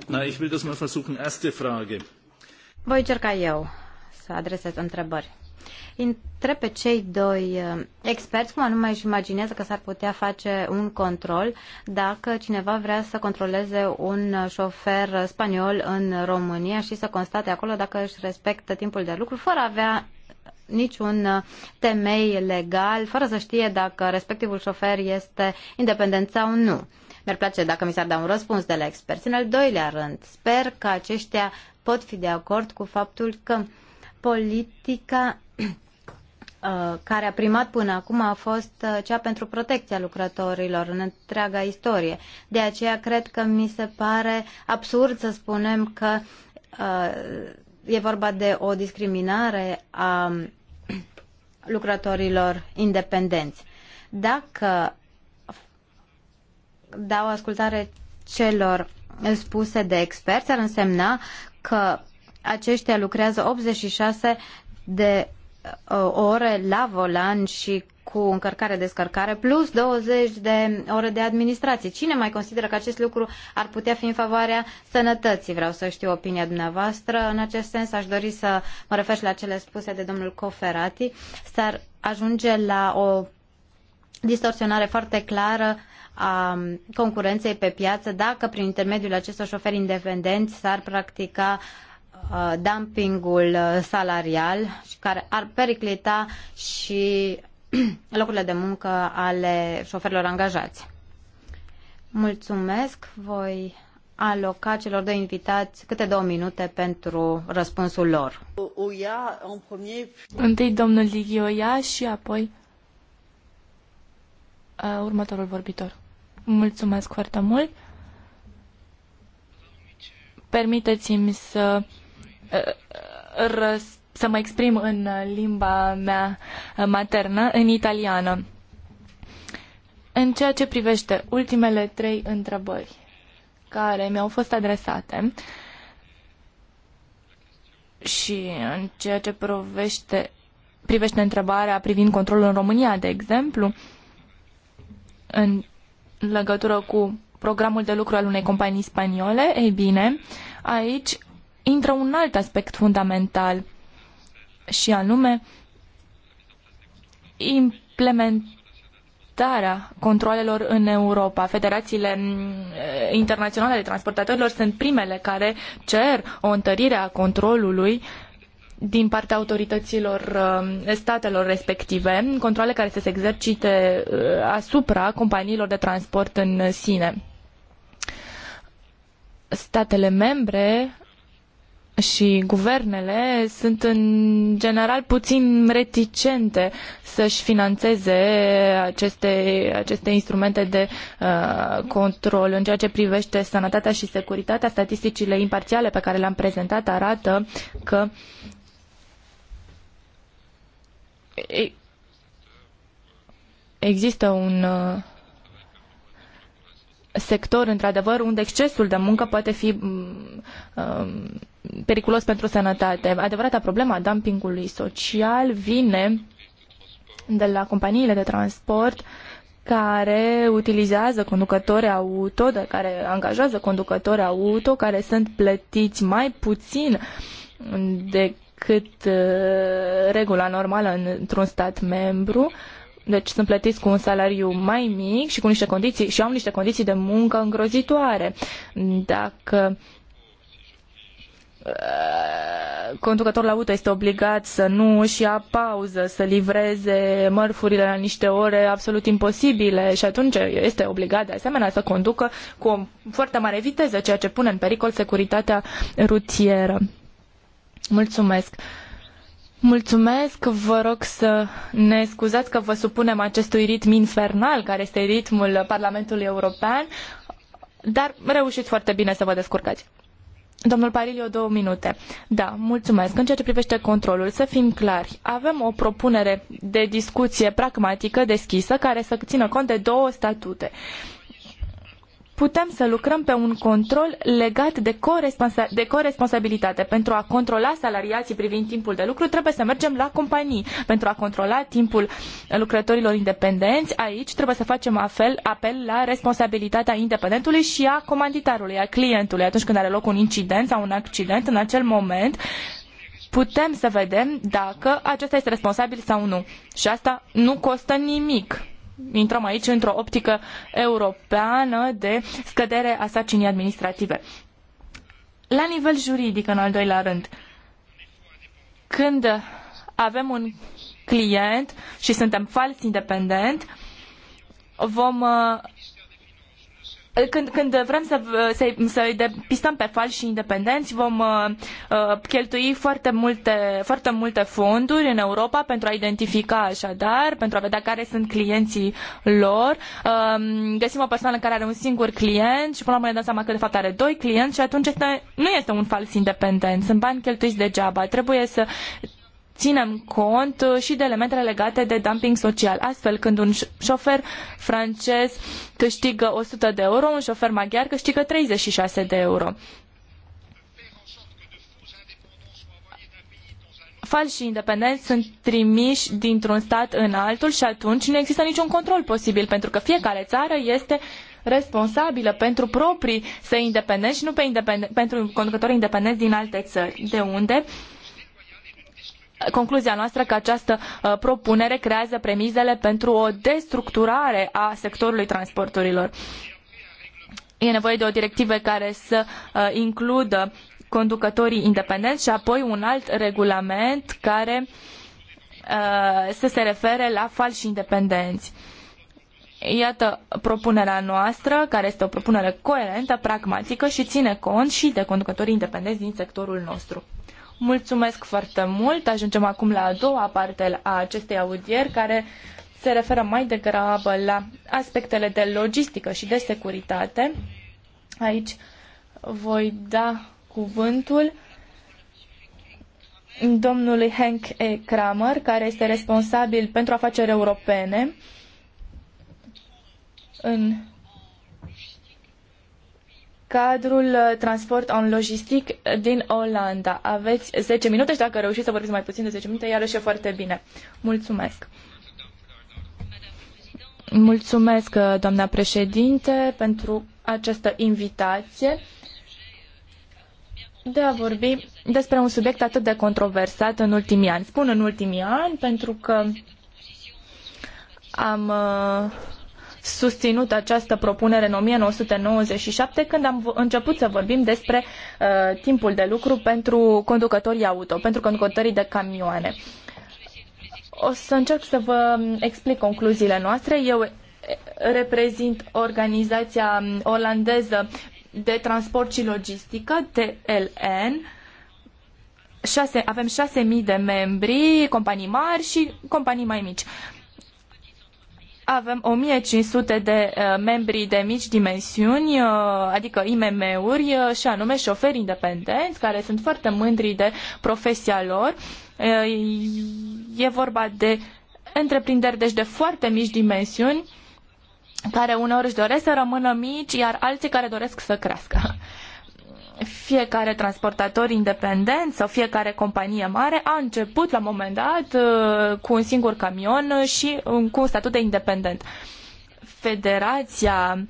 Na, ich will das mal versuchen. Erste Frage. Voi încerca eu să adresez întrebări. Întreb pe cei doi eh, experți cum anume își imaginează că s-ar putea face un control dacă cineva vrea să controleze un șofer spaniol în România și să constate acolo dacă își respectă timpul de lucru fără a avea niciun eh, temei legal, fără să știe dacă respectivul șofer este independent sau nu. Mi-ar place dacă mi s-ar da un răspuns de la experți. În al doilea rând, sper că aceștia pot fi de acord cu faptul că politica [CLEARS THROAT] uh, care a primat până acum a fost uh, cea pentru protecția lucrătorilor în întreaga istorie. De aceea cred că mi se pare absurd să spunem că uh, e vorba de o discriminare a [CLEARS THROAT] lucrătorilor independenți. Dacă dau ascultare celor spuse de experți ar însemna că aceștia lucrează 86 de uh, ore la volan și cu încărcare-descărcare plus 20 de ore de administrație. Cine mai consideră că acest lucru ar putea fi în favoarea sănătății? Vreau să știu opinia dumneavoastră. În acest sens aș dori să mă refer și la cele spuse de domnul Coferati. S-ar ajunge la o distorsionare foarte clară a concurenței pe piață dacă prin intermediul acestor șoferi independenți s-ar practica uh, dumpingul uh, salarial și care ar periclita și [CLEARS THROAT] locurile de muncă ale șoferilor angajați. Mulțumesc, voi aloca celor doi invitați câte două minute pentru răspunsul lor. Întâi domnul Ligioia și apoi uh, următorul vorbitor. Mulțumesc foarte mult. Permiteți-mi să uh, să mă exprim în limba mea maternă, în italiană. În ceea ce privește ultimele trei întrebări care mi-au fost adresate și în ceea ce provește, privește întrebarea privind controlul în România, de exemplu, uh, în legătură cu programul de lucru al unei companii spaniole, ei bine, aici intră un alt aspect fundamental și anume implementarea controlelor în Europa. Federațiile mm, internaționale de transportatorilor sunt primele care cer o întărire a controlului uh, din partea autorităților uh, statelor respective, controle care să se exercite uh, asupra companiilor de transport în sine. Statele membre și guvernele sunt în general puțin reticente să-și financeze aceste, aceste instrumente de uh, control. În ceea ce privește sănătatea și securitatea, statisticile imparțiale pe care le-am prezentat arată că există un uh, sector, într-adevăr, unde excesul de muncă poate fi mm, um, periculos pentru sănătate. Adevărata problemă a dumpingului social vine de la companiile de transport care utilizează conducători auto, de care angajează conducători auto, care sunt plătiți mai puțin de cât uh, regula normală într-un stat membru. Deci sunt plătiți cu un salariu mai mic și cu niște condiții și au niște condiții de muncă îngrozitoare. Dacă uh, conducătorul auto este obligat să nu își ia pauză, să livreze mărfurile la niște ore absolut imposibile și atunci este obligat de asemenea să conducă cu o foarte mare viteză, ceea ce pune în pericol securitatea rutieră. Mulțumesc. Mulțumesc, vă rog să ne scuzați că vă supunem acestui ritm infernal care este ritmul Parlamentului European, dar reușiți foarte bine să vă descurcați. Domnul Parilio, două minute. Da, mulțumesc. În ceea ce privește controlul, să fim clari, avem o propunere de discuție pragmatică deschisă care să țină cont de două statute. Uh, putem să lucrăm pe un control legat de, coresponsa- de coresponsabilitate. Pentru a controla salariații privind timpul de lucru, trebuie să mergem la companii. Pentru a controla timpul lucrătorilor independenți, aici trebuie să facem apel, apel la responsabilitatea independentului și a comanditarului, a clientului. Atunci când are loc un incident sau un accident, în acel moment putem să vedem dacă acesta este responsabil sau nu. Și asta nu costă nimic intrăm aici într-o optică europeană de scădere a sarcinii administrative. La nivel juridic, în al doilea rând, când avem un client și suntem fals independent, vom uh, când, când vrem să, să, să depistăm pe falși și independenți, vom uh, uh, cheltui foarte multe, foarte multe fonduri în Europa pentru a identifica așadar, pentru a vedea care sunt clienții lor. Uh, găsim o persoană care are un singur client și până la urmă ne dăm seama că de fapt are doi clienți și atunci este, nu este un fals independent. Sunt bani cheltuiți degeaba. Trebuie să ținem cont uh, și de elementele legate de dumping social. Astfel, când un șofer francez câștigă 100 de euro, un șofer maghiar câștigă 36 de euro. falși independenți sunt trimiși dintr-un stat în altul și atunci nu există niciun control posibil, pentru că fiecare țară este responsabilă pentru proprii săi independenți și nu pe independen- pentru conducători independenți din alte țări. De unde concluzia noastră că această uh, propunere creează premisele pentru o destructurare a sectorului transporturilor. E nevoie de o directivă care să uh, includă conducătorii independenți și apoi un alt regulament care uh, să se refere la falși independenți. Iată propunerea noastră, care este o propunere coerentă, pragmatică și ține cont și de conducătorii independenți din sectorul nostru. Mulțumesc foarte mult. Ajungem acum la a doua parte a acestei audieri, care se referă mai degrabă la aspectele de logistică și de securitate. Aici voi da cuvântul domnului Hank E. Kramer, care este responsabil pentru afaceri europene în cadrul uh, transport în logistic din Olanda. Aveți 10 minute și dacă reușiți să vorbiți mai puțin de 10 minute, iarăși e foarte bine. Mulțumesc! Mulțumesc, uh, doamna președinte, pentru această invitație de a vorbi despre un subiect atât de controversat în ultimii ani. Spun în ultimii ani pentru că am uh, susținut această propunere în 1997 când am început să vorbim despre uh, timpul de lucru pentru conducătorii auto, pentru conducătorii de camioane. O să încerc să vă um, explic concluziile noastre. Eu uh, reprezint organizația um, olandeză de transport și logistică, TLN. 6, avem 6.000 de membri, companii mari și companii mai mici. Uh, avem 1500 de uh, membri de mici dimensiuni, uh, adică IMM-uri, uh, și anume șoferi independenți, care sunt foarte mândri de profesia lor. E vorba de întreprinderi, deci de foarte mici dimensiuni, care uneori își doresc să rămână mici, iar alții care doresc să crească fiecare transportator independent sau fiecare companie mare a început la un moment dat uh, cu un singur camion uh, și uh, cu un statut de independent. Federația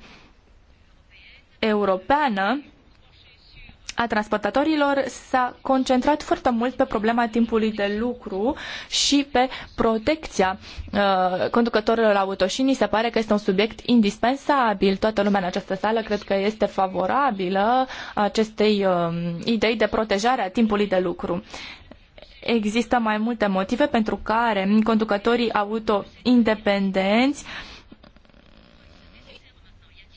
Europeană a transportatorilor s-a concentrat foarte mult pe problema timpului de lucru și pe protecția uh, conducătorilor auto și ni se pare că este un subiect indispensabil. Toată lumea în această sală cred că este favorabilă acestei uh, idei de protejare a timpului de lucru. Există mai multe motive pentru care conducătorii auto independenți uh,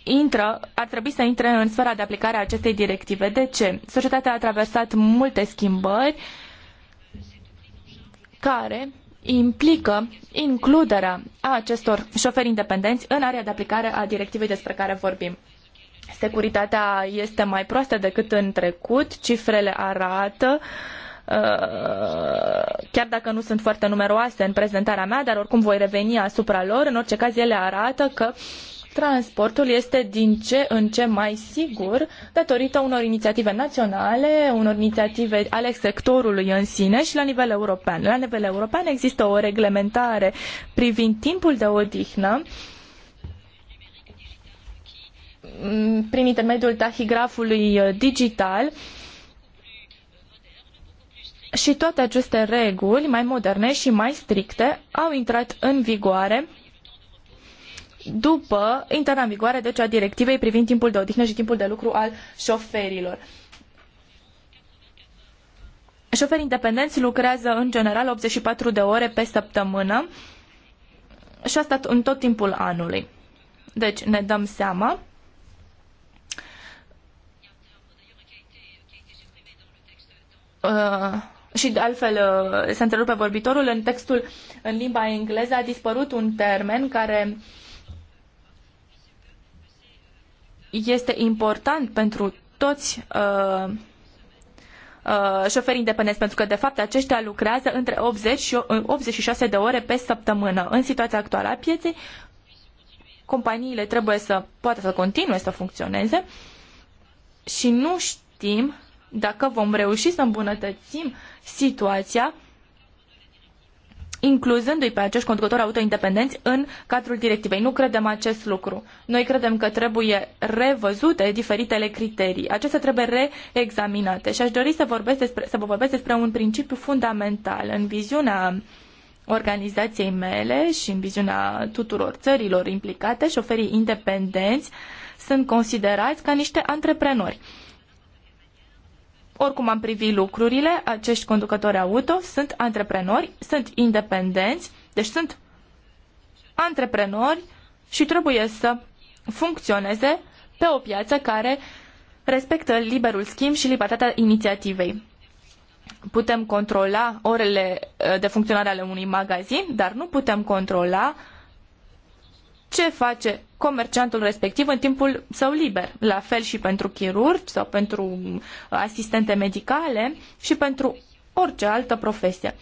intră, ar trebui să intre în sfera de aplicare a acestei directive. De ce? Societatea a traversat multe schimbări care implică includerea acestor șoferi independenți în area de aplicare a directivei despre care vorbim. Securitatea este mai proastă decât în trecut, cifrele arată uh, chiar dacă nu sunt foarte numeroase în prezentarea mea, dar oricum voi reveni asupra lor, în orice caz ele arată că transportul este din ce în ce mai sigur datorită unor inițiative naționale, unor inițiative ale sectorului în sine și la nivel european. La nivel european există o reglementare privind timpul de odihnă mm, prin intermediul tahigrafului digital și toate aceste reguli mai moderne și mai stricte au intrat în vigoare după intrarea în vigoare deci a directivei privind timpul de odihnă și timpul de lucru al șoferilor. Șoferii independenți lucrează în general 84 de ore pe săptămână și asta în tot timpul anului. Deci ne dăm seama Uh, și de altfel uh, se întrerupe vorbitorul, în textul în limba engleză a dispărut un termen care este important pentru toți uh, uh, șoferii independenți, pentru că, de fapt, aceștia lucrează între 80 și 86 uh, de ore pe săptămână. În situația actuală a pieței, companiile trebuie să poată să continue să funcționeze și nu știm dacă vom reuși să îmbunătățim situația incluzându-i pe acești conducători auto independenți în cadrul directivei. Nu credem acest lucru. Noi credem că trebuie revăzute diferitele criterii. Acestea trebuie reexaminate și aș dori să, vorbesc despre, să vă vorbesc despre un principiu fundamental în viziunea organizației mele și în viziunea tuturor țărilor implicate, șoferii independenți sunt considerați ca niște antreprenori. Oricum am privit lucrurile, acești conducători auto sunt antreprenori, sunt independenți, deci sunt antreprenori și trebuie să funcționeze pe o piață care respectă liberul schimb și libertatea inițiativei. Putem controla orele uh, de funcționare ale unui magazin, dar nu putem controla ce face comerciantul respectiv în timpul său liber. La fel și pentru chirurgi sau pentru uh, asistente medicale și pentru orice altă profesie.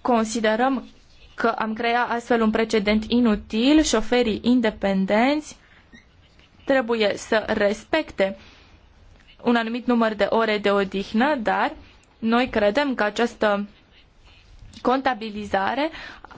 Considerăm că am creat astfel un precedent inutil, șoferii independenți trebuie să respecte un anumit număr de ore de odihnă, dar noi credem că această contabilizare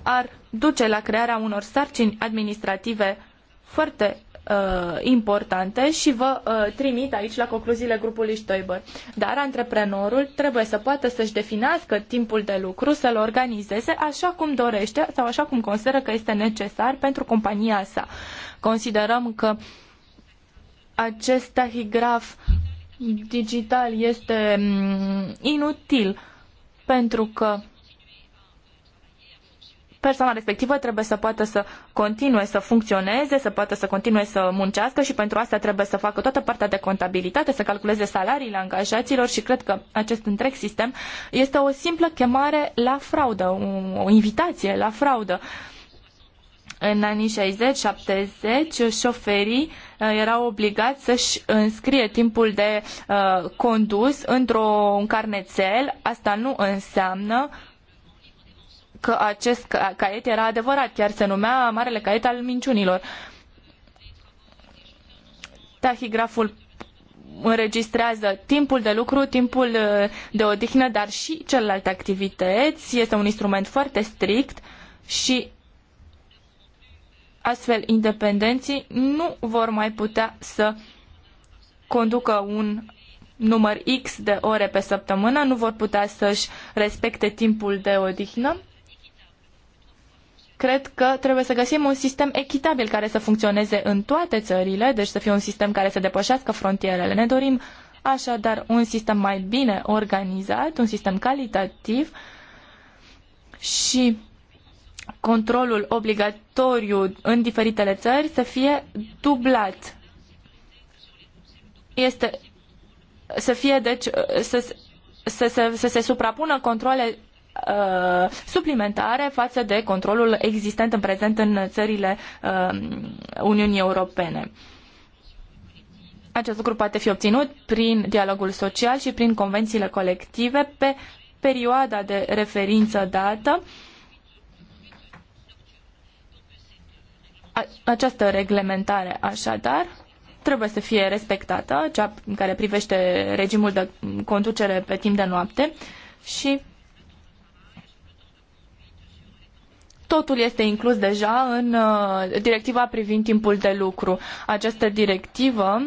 ar duce la crearea unor sarcini administrative foarte uh, importante și vă uh, trimit aici la concluziile grupului Stoiber. Dar antreprenorul trebuie să poată să-și definească timpul de lucru, să-l organizeze așa cum dorește sau așa cum consideră că este necesar pentru compania sa. Considerăm că acest tahigraf digital este mm, inutil pentru că persoana respectivă trebuie să poată să continue să funcționeze, să poată să continue să muncească și pentru asta trebuie să facă toată partea de contabilitate, să calculeze salariile angajaților și cred că acest întreg sistem este o simplă chemare la fraudă, o invitație la fraudă. În anii 60-70, șoferii uh, erau obligați să-și înscrie timpul de uh, condus într-un carnețel. Asta nu înseamnă uh, că acest caiet era adevărat, chiar se numea Marele Caiet al Minciunilor. Tahigraful înregistrează timpul de lucru, timpul uh, de odihnă, dar și celelalte activități. Este un instrument foarte strict și astfel independenții nu vor mai putea să conducă un număr X de ore pe săptămână, nu vor putea să-și respecte timpul de odihnă Cred că trebuie să găsim un sistem echitabil care să funcționeze în toate țările, deci să fie un sistem care să depășească frontierele. Ne dorim așadar un sistem mai bine organizat, un sistem calitativ și controlul obligatoriu în diferitele țări să fie dublat. Este să fie deci să, să, să, să se suprapună controle Uh, suplimentare față de controlul existent în prezent în țările uh, Uniunii Europene. Acest lucru poate fi obținut prin dialogul social și prin convențiile colective pe perioada de referință dată. Această reglementare, așadar, trebuie să fie respectată, cea care privește regimul de conducere pe timp de noapte și Totul este inclus deja în uh, directiva privind timpul de lucru. Această directivă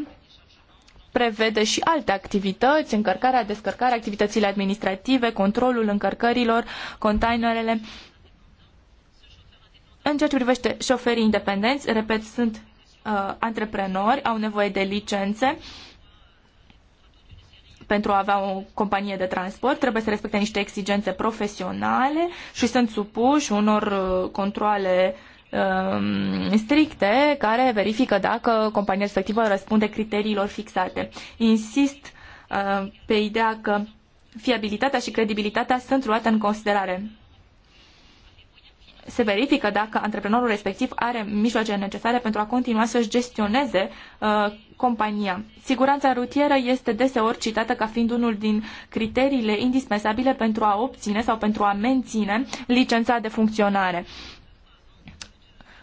prevede și alte activități, încărcarea, descărcarea, activitățile administrative, controlul încărcărilor, containerele. În ceea ce privește șoferii independenți, repet, sunt uh, antreprenori, au nevoie de licențe. Uh, pentru a avea o companie de transport, trebuie să respecte niște exigențe profesionale și sunt supuși unor uh, controle um, stricte care verifică dacă compania respectivă răspunde criteriilor fixate. Insist uh, pe ideea că fiabilitatea și credibilitatea sunt luate în considerare se verifică dacă antreprenorul respectiv are mijloace necesare pentru a continua să-și gestioneze uh, compania. Siguranța rutieră este deseori citată ca fiind unul din criteriile indispensabile pentru a obține sau pentru a menține licența de funcționare.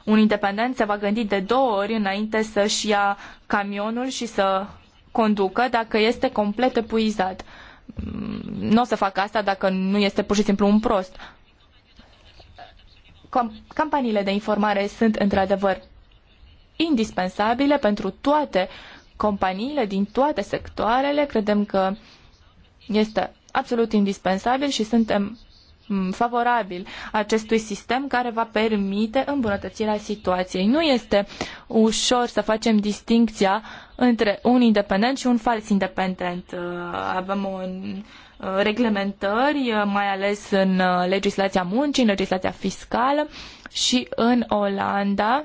Un independent se va gândi de două ori înainte să-și ia camionul și să conducă dacă este complet epuizat. Mm, nu o să fac asta dacă nu este pur și simplu un prost campaniile de informare sunt într-adevăr indispensabile pentru toate companiile din toate sectoarele. Credem că este absolut indispensabil și suntem Mm, favorabil acestui sistem care va permite îmbunătățirea situației. Nu este ușor să facem distincția între un independent și un fals independent. Uh, avem un uh, reglementări, uh, mai ales în legislația muncii, în legislația fiscală și în Olanda,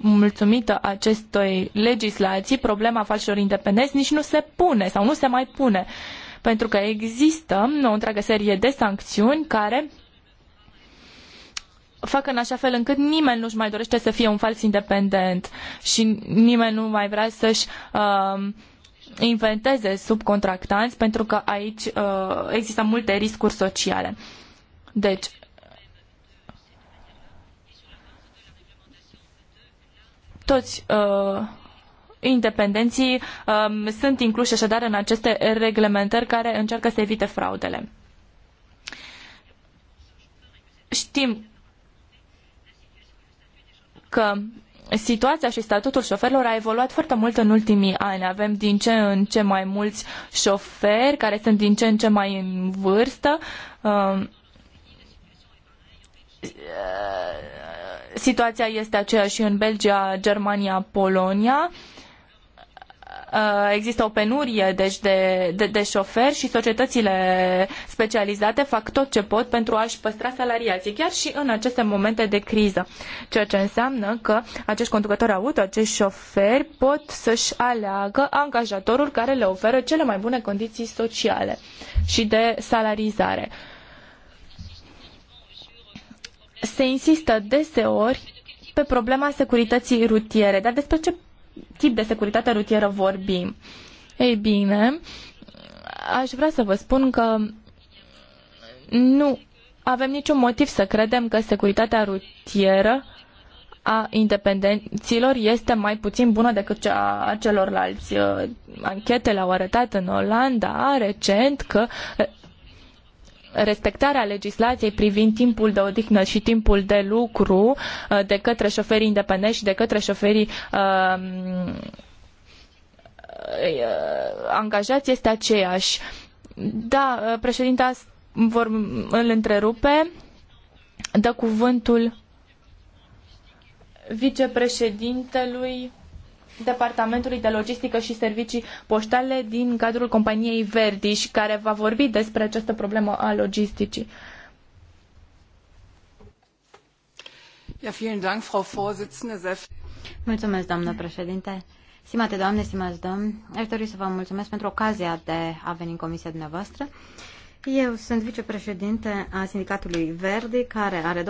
mulțumită acestei legislații, problema falșilor independenți nici nu se pune sau nu se mai pune. Uh, pentru că există o întreagă serie de sancțiuni care fac în așa fel încât nimeni nu-și mai dorește să fie un fals independent și nimeni nu mai vrea să-și uh, inventeze subcontractanți pentru că aici uh, există multe riscuri sociale. Deci, toți uh, independenții um, sunt incluși așadar în aceste reglementări care încearcă să evite fraudele. Știm că situația și statutul șoferilor a evoluat foarte mult în ultimii ani. Avem din ce în ce mai mulți șoferi care sunt din ce în ce mai în vârstă. Uh, situația este aceeași în Belgia, Germania, Polonia. Uh, Uh, există o penurie deci, de, de, de șoferi și societățile specializate fac tot ce pot pentru a-și păstra salariații, chiar și în aceste momente de criză. Ceea ce înseamnă că acești conducători auto, acești șoferi pot să-și aleagă angajatorul care le oferă cele mai bune condiții sociale și de salarizare. Se insistă deseori pe problema securității rutiere, dar despre ce tip de securitate rutieră vorbim? Ei bine, aș vrea să vă spun că nu avem niciun motiv să credem că securitatea rutieră a independenților este mai puțin bună decât cea a celorlalți. Uh, anchetele au arătat în Olanda recent că respectarea legislației privind timpul de odihnă și timpul de lucru uh, de către șoferii independenți și de către șoferii uh, uh angajați este aceeași. Da, uh, președinta vor, îl întrerupe, dă cuvântul vicepreședintelui Departamentului de Logistică și Servicii Poștale din cadrul companiei Verdi și care va vorbi despre această problemă a logisticii. Mulțumesc, doamnă președinte. Stimate doamne, stimați domn, aș dori să vă mulțumesc pentru ocazia de a veni în comisia dumneavoastră. Eu sunt vicepreședinte a Sindicatului Verdi, care are 2,2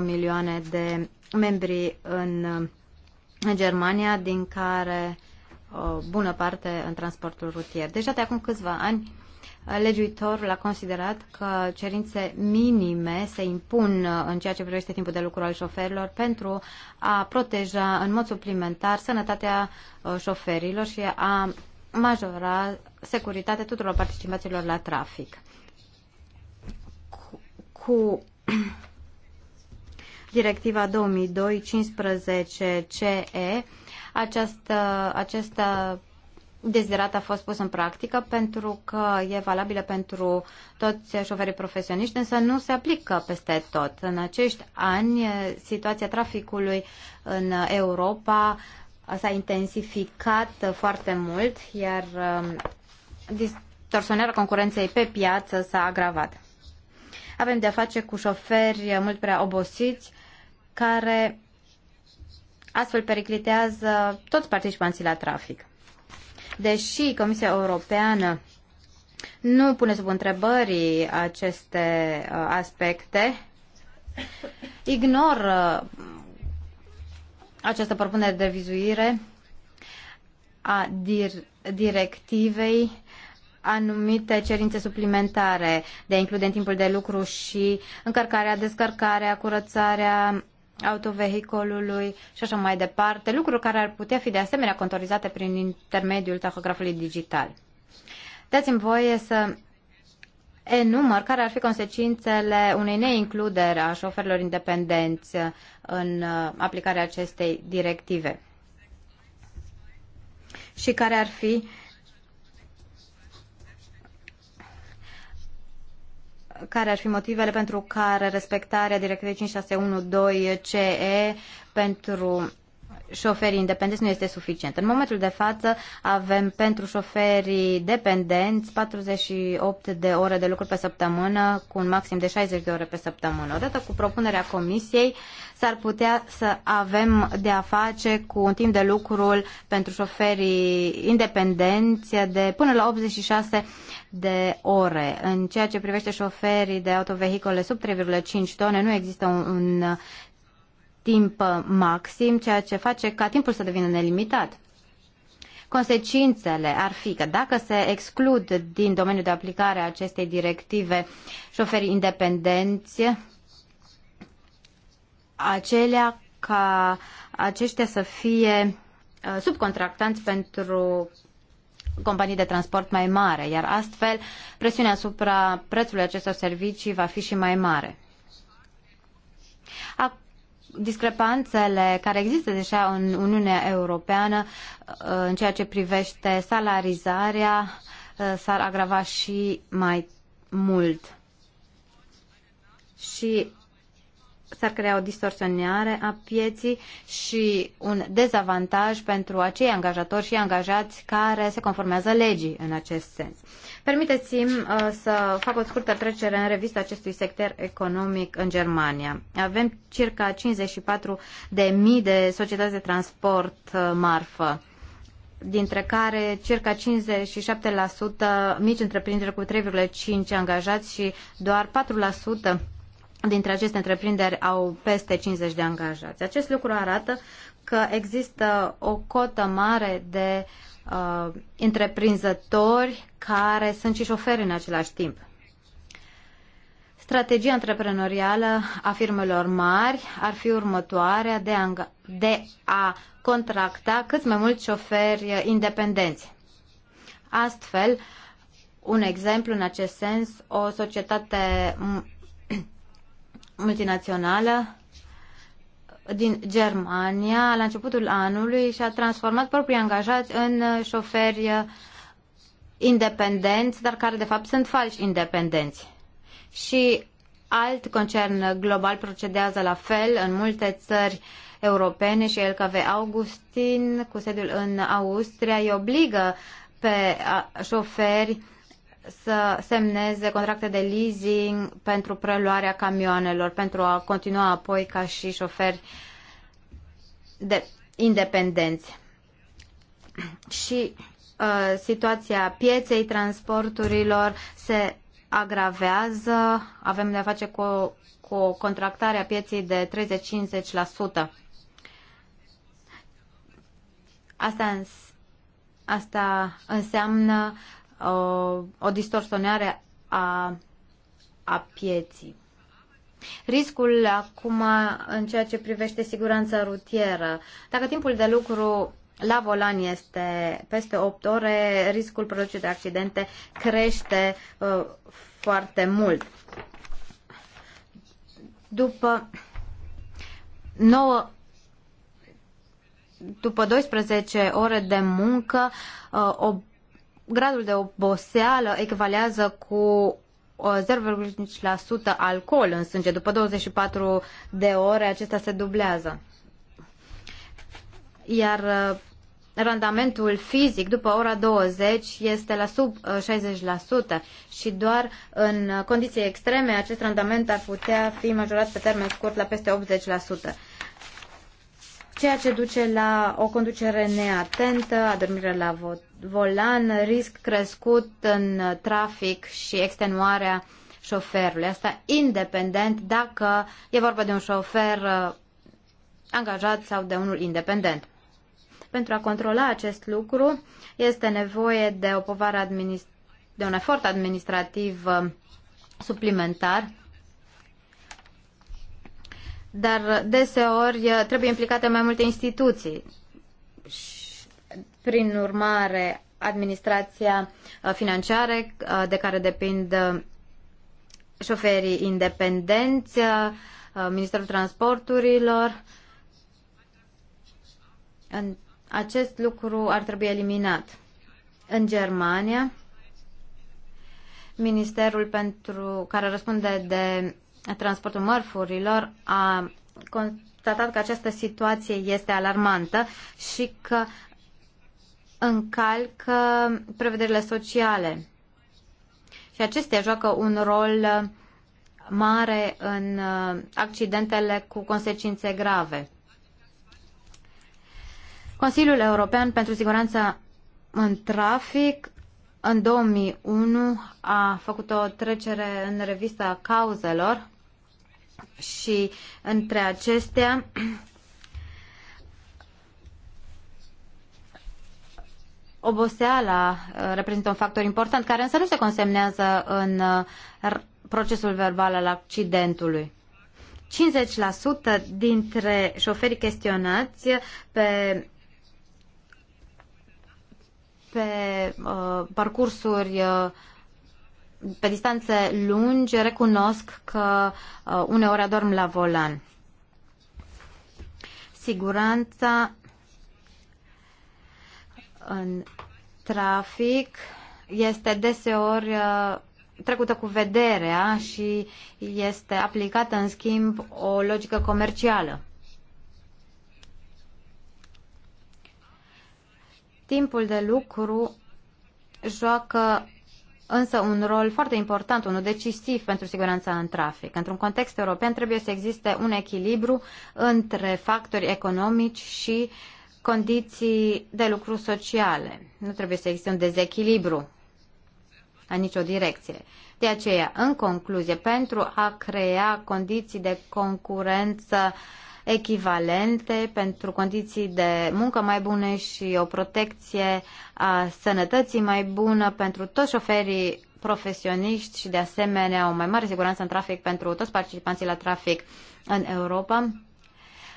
milioane de membri în în Germania, din care o bună parte în transportul rutier. Deja deci, de acum câțiva ani, legiuitorul a considerat că cerințe minime se impun uh, în ceea ce privește timpul de lucru al șoferilor pentru a proteja în mod suplimentar sănătatea uh, șoferilor și a majora securitatea tuturor participaților la trafic. Cu, cu directiva 2002-15-CE. Această, această deziderat a fost pus în practică pentru că e valabilă pentru toți șoferii profesioniști, însă nu se aplică peste tot. În acești ani, situația traficului în Europa s-a intensificat foarte mult, iar um, distorsionarea concurenței pe piață s-a agravat. Avem de-a face cu șoferi mult prea obosiți, care astfel periclitează toți participanții la trafic. Deși Comisia Europeană nu pune sub întrebări aceste uh, aspecte, ignor uh, această propunere de vizuire a dir- directivei anumite cerințe suplimentare de a include în timpul de lucru și încărcarea, descărcarea, curățarea, autovehicolului și așa mai departe, lucruri care ar putea fi de asemenea contorizate prin intermediul tahografului digital. Dați-mi voie să enumăr care ar fi consecințele unei neincluderi a șoferilor independenți în uh, aplicarea acestei directive și care ar fi uh, care ar fi motivele pentru care respectarea directivei 5612 CE pentru șoferii independenți nu este suficient. În momentul de față avem pentru șoferii dependenți 48 de ore de lucru pe săptămână cu un maxim de 60 de ore pe săptămână. Odată cu propunerea comisiei s-ar putea să avem de a face cu un timp de lucru pentru șoferii independenți de până la 86 de ore. În ceea ce privește șoferii de autovehicole sub 3,5 tone nu există un, un timp maxim, ceea ce face ca timpul să devină nelimitat. Consecințele ar fi că dacă se exclud din domeniul de aplicare a acestei directive șoferii independenți, acelea ca aceștia să fie uh, subcontractanți pentru companii de transport mai mare, iar astfel presiunea asupra prețului acestor servicii va fi și mai mare. Acum, discrepanțele care există deja în Uniunea Europeană uh, în ceea ce privește salarizarea uh, s-ar agrava și mai mult. Și s-ar crea o distorsionare a pieții și un dezavantaj pentru acei angajatori și angajați care se conformează legii în acest sens. Permiteți-mi uh, să fac o scurtă trecere în revistă acestui sector economic în Germania. Avem circa 54 de mii de societăți de transport uh, marfă dintre care circa 57% mici întreprinderi cu 3,5 angajați și doar dintre aceste întreprinderi au peste 50 de angajați. Acest lucru arată că există o cotă mare de uh, întreprinzători care sunt și șoferi în același timp. Strategia antreprenorială a firmelor mari ar fi următoarea de a, de a contracta cât mai mulți șoferi independenți. Astfel, un exemplu în acest sens, o societate multinațională din Germania la începutul anului și a transformat proprii angajați în șoferi independenți, dar care de fapt sunt falși independenți. Și alt concern global procedează la fel în multe țări europene și LKV Augustin, cu sediul în Austria, îi obligă pe șoferi să semneze contracte de leasing pentru preluarea camioanelor, pentru a continua apoi ca și șoferi de independenți. Și uh, situația pieței transporturilor se agravează, avem de a face cu, cu o contractare a pieței de 30-50%. Asta, asta înseamnă o distorsionare a, a pieții. Riscul acum în ceea ce privește siguranța rutieră. Dacă timpul de lucru la volan este peste 8 ore, riscul producerii de accidente crește uh, foarte mult. După 9 după 12 ore de muncă, uh, o gradul de oboseală echivalează cu 0,5% uh, alcool în sânge. După 24 de ore acesta se dublează. Iar uh, randamentul fizic după ora 20 este la sub 60% uh, și doar în condiții extreme acest randament ar putea fi majorat pe termen scurt la peste 80% ceea ce duce la o conducere neatentă, adormire la volan, risc crescut în trafic și extenuarea șoferului. Asta independent dacă e vorba de un șofer uh, angajat sau de unul independent. Pentru a controla acest lucru este nevoie de o povară de un efort administrativ uh, suplimentar dar deseori trebuie implicate mai multe instituții. Prin urmare, administrația financiară de care depind șoferii independenți, Ministerul Transporturilor. Acest lucru ar trebui eliminat. În Germania, Ministerul pentru care răspunde de transportul mărfurilor a constatat că această situație este alarmantă și că încalcă prevederile sociale. Și acestea joacă un rol mare în uh, accidentele cu consecințe grave. Consiliul European pentru Siguranța în Trafic în 2001 a făcut o trecere în revista cauzelor și între acestea oboseala uh, reprezintă un factor important care însă nu se consemnează în uh, procesul verbal al accidentului. 50% dintre șoferii chestionați pe pe uh, parcursuri uh, pe distanțe lungi recunosc că uh, uneori adorm la volan. Siguranța în trafic este deseori uh, trecută cu vederea și este aplicată în schimb o logică comercială. Timpul de lucru joacă însă un rol foarte important, unul decisiv pentru siguranța în trafic. Într-un context european trebuie să existe un echilibru între factori economici și condiții de lucru sociale. Nu trebuie să existe un dezechilibru în nicio direcție. De aceea, în concluzie, pentru a crea condiții de concurență uh, echivalente pentru condiții de muncă mai bune și o protecție a sănătății mai bună pentru toți șoferii profesioniști și de asemenea o mai mare siguranță în trafic pentru toți participanții la trafic în Europa.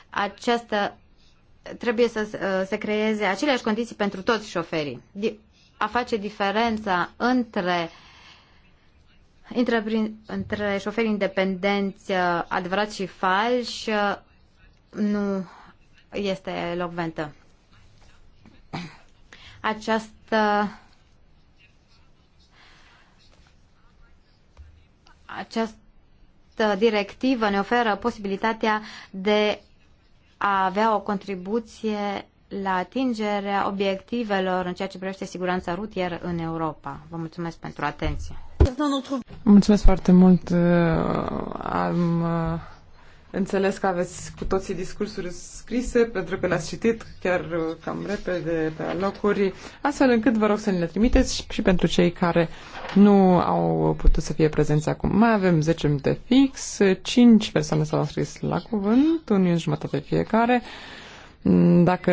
Această trebuie să uh, se creeze aceleași condiții pentru toți șoferii. A face diferența între între, între șoferi independenți uh, adevărați și falși uh, nu este elocventă. Această această directivă ne oferă posibilitatea de a avea o contribuție la atingerea obiectivelor în ceea ce privește siguranța rutieră în Europa. Vă mulțumesc pentru atenție. Mulțumesc foarte mult. Am uh, Înțeles că aveți cu toții discursuri scrise, pentru că le-ați citit chiar uh, cam repede pe locuri, astfel încât vă rog să ne le trimiteți și pentru cei care nu au putut să fie prezenți acum. Mai avem 10 minute fix, 5 persoane s-au scris la cuvânt, unii în jumătate fiecare. Mm, dacă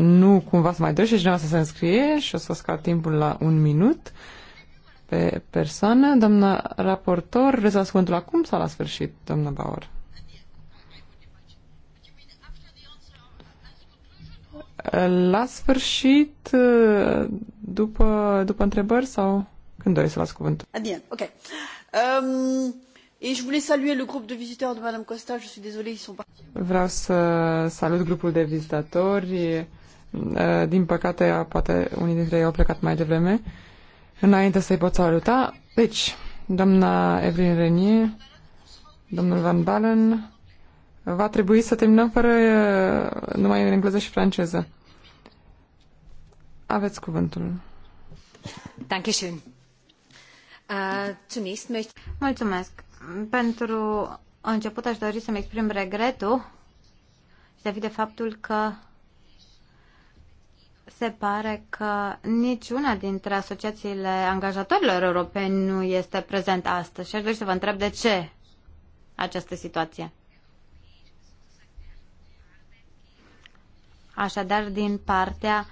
nu, cumva să mai dorește cineva să se înscrie și o să scad timpul la un minut pe persoană. Doamna raportor, vreți să acum sau la sfârșit, doamna Bauer? la sfârșit, după, după întrebări sau când doriți să las cuvântul? Adrian, ah, ok. Um... Et je voulais saluer le groupe de visiteurs de Madame Costa. Je suis désolée, ils sont partis. Vreau să salut grupul de vizitatori. Uh, din păcate, poate unii dintre ei au plecat mai devreme. Înainte să-i pot saluta. Deci, doamna Evelyn Renier, domnul Van Balen, va trebui să terminăm fără uh, numai în engleză și franceză. Aveți cuvântul. Dankeschön. Uh, zunächst möchte... Mulțumesc. Pentru început aș dori să-mi exprim regretul vis a de faptul că se pare că niciuna dintre asociațiile angajatorilor europeni nu este prezentă astăzi și aș dori să vă întreb de ce această situație. Așadar, din partea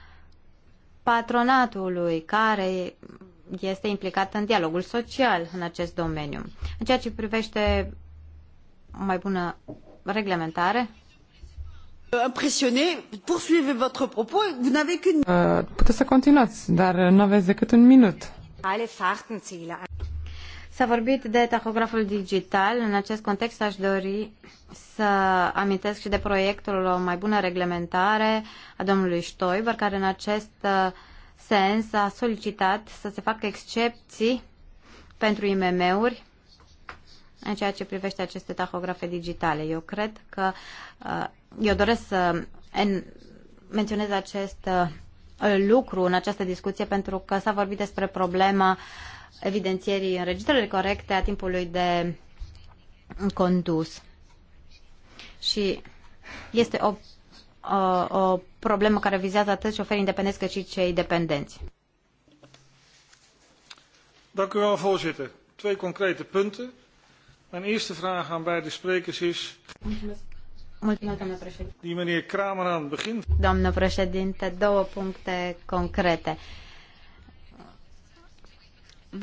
patronatului care este implicat în dialogul social în acest domeniu. În ceea ce privește o mai bună reglementare, impresionné, poursuivez votre propos, vous n'avez qu'une... Uh, puteți să continuați, dar nu aveți decât un minut. S-a vorbit de tahograful digital. În acest context aș dori să amintesc și de proiectul O mai bună reglementare a domnului Stoiber, care în acest uh, sens a solicitat să se facă excepții pentru IMM-uri în ceea ce privește aceste tahografe digitale. Eu cred că uh, eu doresc să menționez acest uh, lucru în această discuție pentru că s-a vorbit despre problema uh, evidențierii înregistrării corecte a timpului de condus. Și este o, o, o problemă care vizează atât șoferii independenți cât și cei dependenți. Dank u wel, voorzitter. Twee concrete punten. Mijn eerste vraag aan beide sprekers is... Mulțumesc. Mulțumesc, doamnă președinte. Die meneer Kramer aan het begin... Doamnă președinte, două puncte concrete. Uh,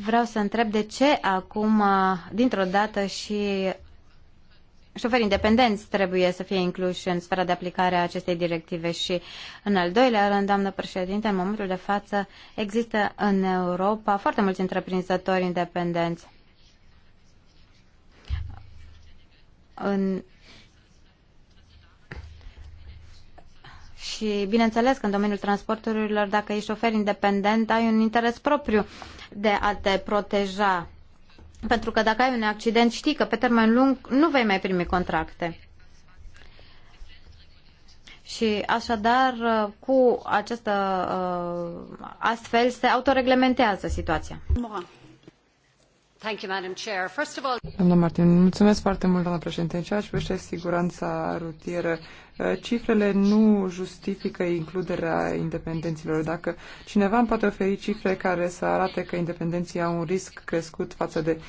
vreau să întreb de ce acum, uh, dintr-o dată, și șoferii independenți trebuie să fie incluși în sfera de aplicare a acestei directive și, în al doilea rând, doamnă președinte, în momentul de față există în Europa foarte mulți întreprinzători independenți. În Și, bineînțeles, că în domeniul transporturilor, dacă ești șofer independent, ai un interes propriu de a te proteja. Pentru că dacă ai un accident, știi că pe termen lung nu vei mai primi contracte. Și așadar, cu această uh, astfel se autoreglementează situația. Doamna Martin, mulțumesc foarte mult, doamna președinte. În ceea ce privește siguranța rutieră, eh, cifrele nu justifică includerea independenților. Dacă cineva îmi poate oferi cifre care să arate că independenții au un risc crescut față de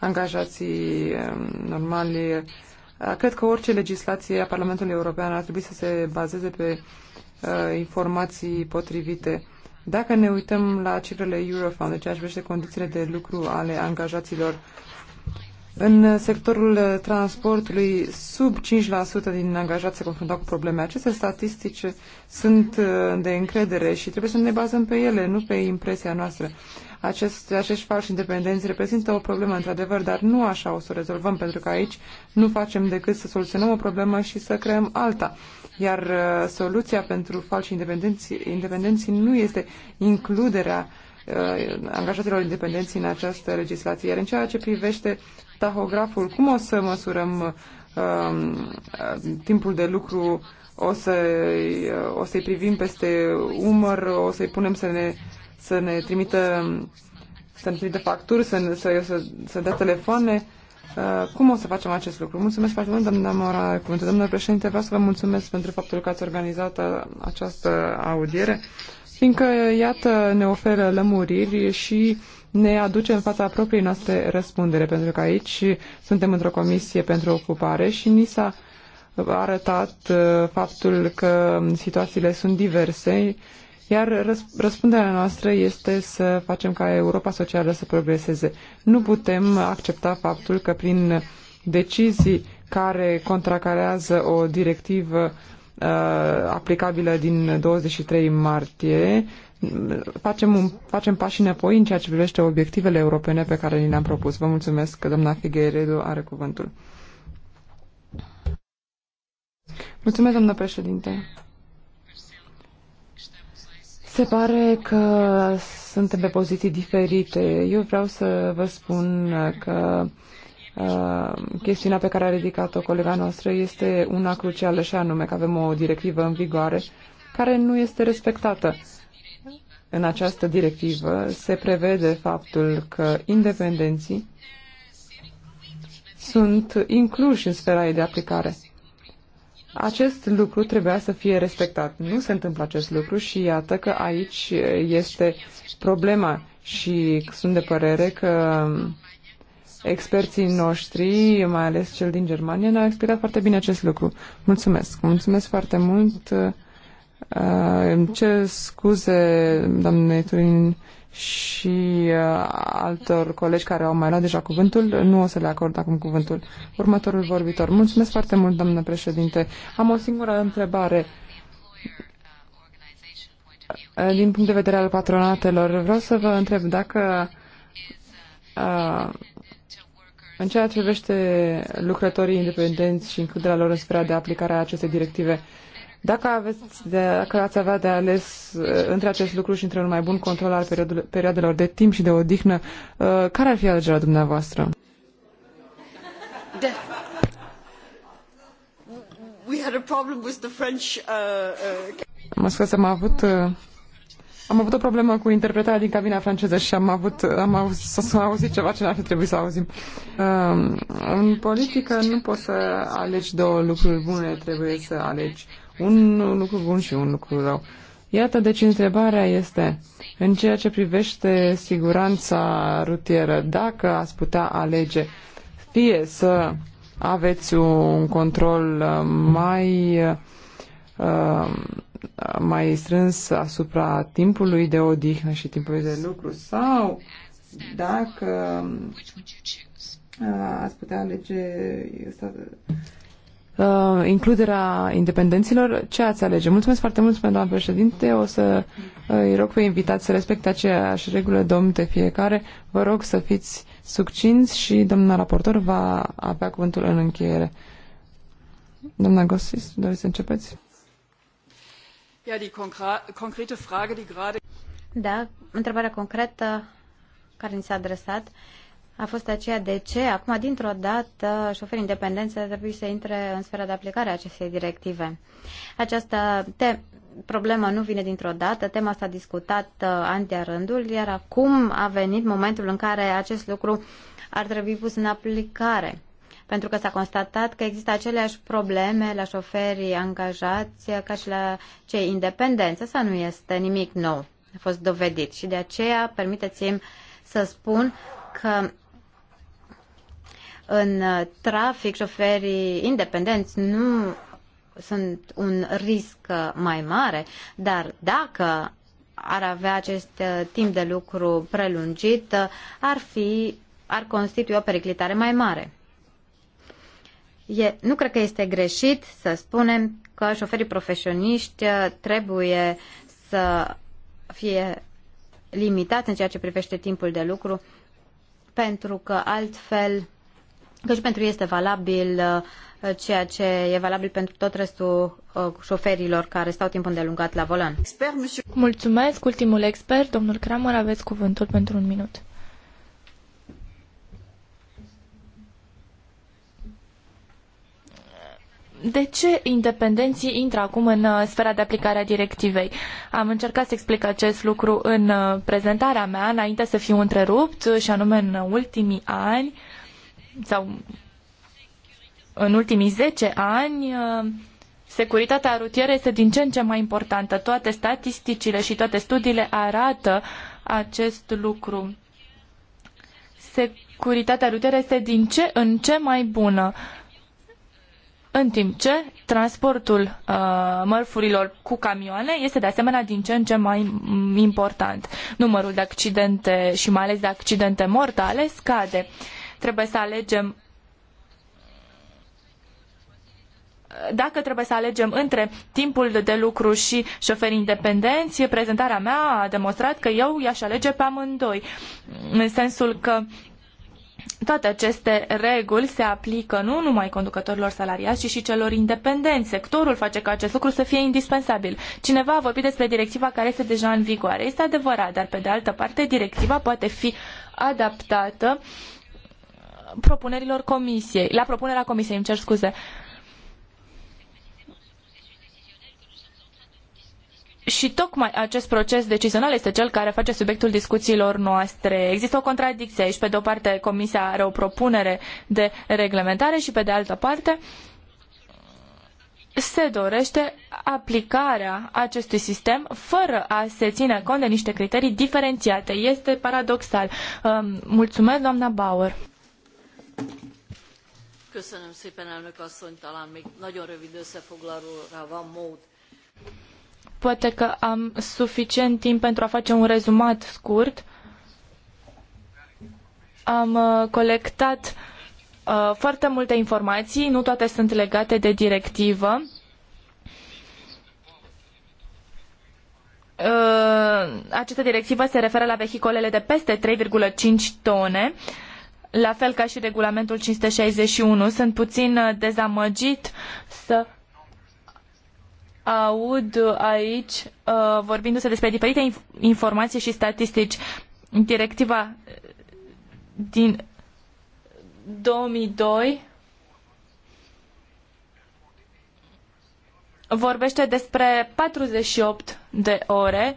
angajații eh, normali, eh, cred că orice legislație a Parlamentului European ar trebui să se bazeze pe informații potrivite dacă ne uităm la cifrele Eurofound, ceea ce privește condițiile de lucru ale angajaților în sectorul uh, transportului, sub 5% din angajați se confruntau cu probleme. Aceste statistici sunt uh, de încredere și trebuie să ne bazăm pe ele, nu pe impresia noastră. Acest, acești falși independenți reprezintă o problemă, într-adevăr, dar nu așa o să o rezolvăm, pentru că aici nu facem decât să soluționăm o problemă și să creăm alta iar uh, soluția pentru falși independenții independenții nu este includerea uh, angajaților independenții în această legislație. Iar în ceea ce privește tahograful, cum o să măsurăm uh, uh timpul de lucru, o, să, o să-i privim peste umăr, o să-i punem să ne, să ne trimită să ne trimită facturi, să, să, să, să dea telefoane, Uh, cum o să facem acest lucru? Mulțumesc foarte mult, doamna Mora, cuvântul. Domnule președinte, vreau să vă mulțumesc pentru faptul că ați organizat uh, această audiere, fiindcă, iată, ne oferă lămuriri și ne aduce în fața propriei noastre răspundere, pentru că aici suntem într-o comisie pentru ocupare și ni s-a arătat uh, faptul că situațiile sunt diverse iar răspunderea noastră este să facem ca Europa socială să progreseze. Nu putem accepta faptul că prin decizii care contracarează o directivă uh, aplicabilă din 23 martie, facem, un, facem pași înapoi în ceea ce privește obiectivele europene pe care ni le-am propus. Vă mulțumesc că doamna Figueiredo are cuvântul. Mulțumesc, doamnă președinte. Se pare că suntem pe poziții diferite. Eu vreau să vă spun că Uh, chestiunea pe care a ridicat-o colega noastră este una crucială și anume că avem o directivă în vigoare care nu este respectată. În această directivă se prevede faptul că independenții sunt incluși în sfera ei de aplicare. Acest lucru trebuia să fie respectat. Nu se întâmplă acest lucru și iată că aici este problema și sunt de părere că experții noștri, mai ales cel din Germania, ne-au explicat foarte bine acest lucru. Mulțumesc! Mulțumesc foarte mult! Uh, îmi cer scuze, doamne Turin, și uh, altor colegi care au mai luat deja cuvântul, nu o să le acord acum cuvântul. Următorul vorbitor. Mulțumesc foarte mult, doamnă președinte. Am o singură întrebare. Din punct de vedere al patronatelor, vreau să vă întreb dacă uh, în ceea ce privește lucrătorii independenți și includerea lor în sfera de aplicare a acestei directive, uh, dacă, aveți de, dacă ați avea de ales uh, între acest lucru și între un mai bun control al perioadelor de timp și de odihnă, uh, care ar fi alegerea dumneavoastră? De We had a problem with the French, uh, uh... Mă scuze, am avut, uh, am avut o problemă cu interpretarea din cabina franceză și am avut, am auzit, s-a auzit ceva ce n-ar fi trebuit să auzim. Uh, în politică nu poți să alegi două lucruri bune, trebuie să alegi un lucru bun și un lucru rău. Iată, deci întrebarea este, în ceea ce privește siguranța rutieră, dacă ați putea alege fie să aveți un control uh, mai, uh, mai strâns asupra timpului de odihnă și timpului de lucru sau dacă uh, ați putea alege uh, includerea independenților, ce ați alege? Mulțumesc foarte mult, doamna președinte. O să uh, îi rog pe invitați să respecte aceeași regulă domn de fiecare. Vă rog să fiți succinți și domnul raportor va avea cuvântul în încheiere. Doamna Gosis, doriți să începeți? Ja, die concrete Frage, die grade... Da, întrebarea concretă care ni s-a adresat a fost aceea de ce acum dintr-o dată șoferii independenți trebuie să intre în sfera de aplicare a acestei directive. Această te- problemă nu vine dintr-o dată, tema s-a discutat uh, an de rândul, iar acum a venit momentul în care acest lucru ar trebui pus în aplicare. Pentru că s-a constatat că există aceleași probleme la șoferii angajați uh, ca și la cei independenți. Asta nu este nimic nou, a fost dovedit și de aceea permiteți-mi să spun că în uh, trafic, șoferii independenți nu sunt un risc uh, mai mare, dar dacă ar avea acest uh, timp de lucru prelungit, ar fi ar constitui o periclitare mai mare. E, nu cred că este greșit să spunem că șoferii profesioniști trebuie să fie limitați în ceea ce privește timpul de lucru, pentru că altfel deci pentru ei este valabil uh, ceea ce e valabil pentru tot restul uh, șoferilor care stau timp îndelungat la volan. Mulțumesc. Ultimul expert, domnul Kramer, aveți cuvântul pentru un minut. De ce independenții intră acum în uh, sfera de aplicare a directivei? Am încercat să explic acest lucru în prezentarea mea, înainte să fiu întrerupt, și anume în ultimii ani sau în ultimii 10 ani uh, securitatea rutieră este din ce în ce mai importantă. Toate statisticile și toate studiile arată acest lucru. Securitatea rutieră este din ce în ce mai bună. În timp ce transportul uh, mărfurilor cu camioane este de asemenea din ce în ce mai important. Numărul de accidente și mai ales de accidente mortale scade. Uh, trebuie să alegem dacă trebuie să alegem între timpul de lucru și șoferi independenți, prezentarea mea a demonstrat că eu i-aș alege pe amândoi, în sensul că toate aceste reguli se aplică nu numai conducătorilor salariați, ci și celor independenți. Sectorul face ca acest lucru să fie indispensabil. Cineva a vorbit despre directiva care este deja în vigoare. Este adevărat, dar pe de altă parte directiva poate fi adaptată uh, propunerilor comisiei, la propunerea comisiei, îmi cer scuze. Și tocmai acest proces decizional este cel care face subiectul discuțiilor noastre. Există o contradicție aici. Pe de o parte, Comisia are o propunere de reglementare și pe de altă parte se dorește aplicarea acestui sistem fără a se ține cont de niște criterii diferențiate. Este paradoxal. Mulțumesc, doamna Bauer. Köszönöm szépen, elnök asszony, talán még nagyon rövid összefoglalóra van mód. Poate că am suficient timp pentru a face un rezumat scurt. Am uh, colectat uh, foarte multe informații, nu toate sunt legate de directivă. Uh, această directivă se referă la vehiculele de peste 3,5 tone. Uh, la fel ca și regulamentul 561. Sunt puțin uh, dezamăgit să aud aici uh, vorbindu-se despre diferite informații și statistici. Directiva uh, din 2002 vorbește despre 48 de ore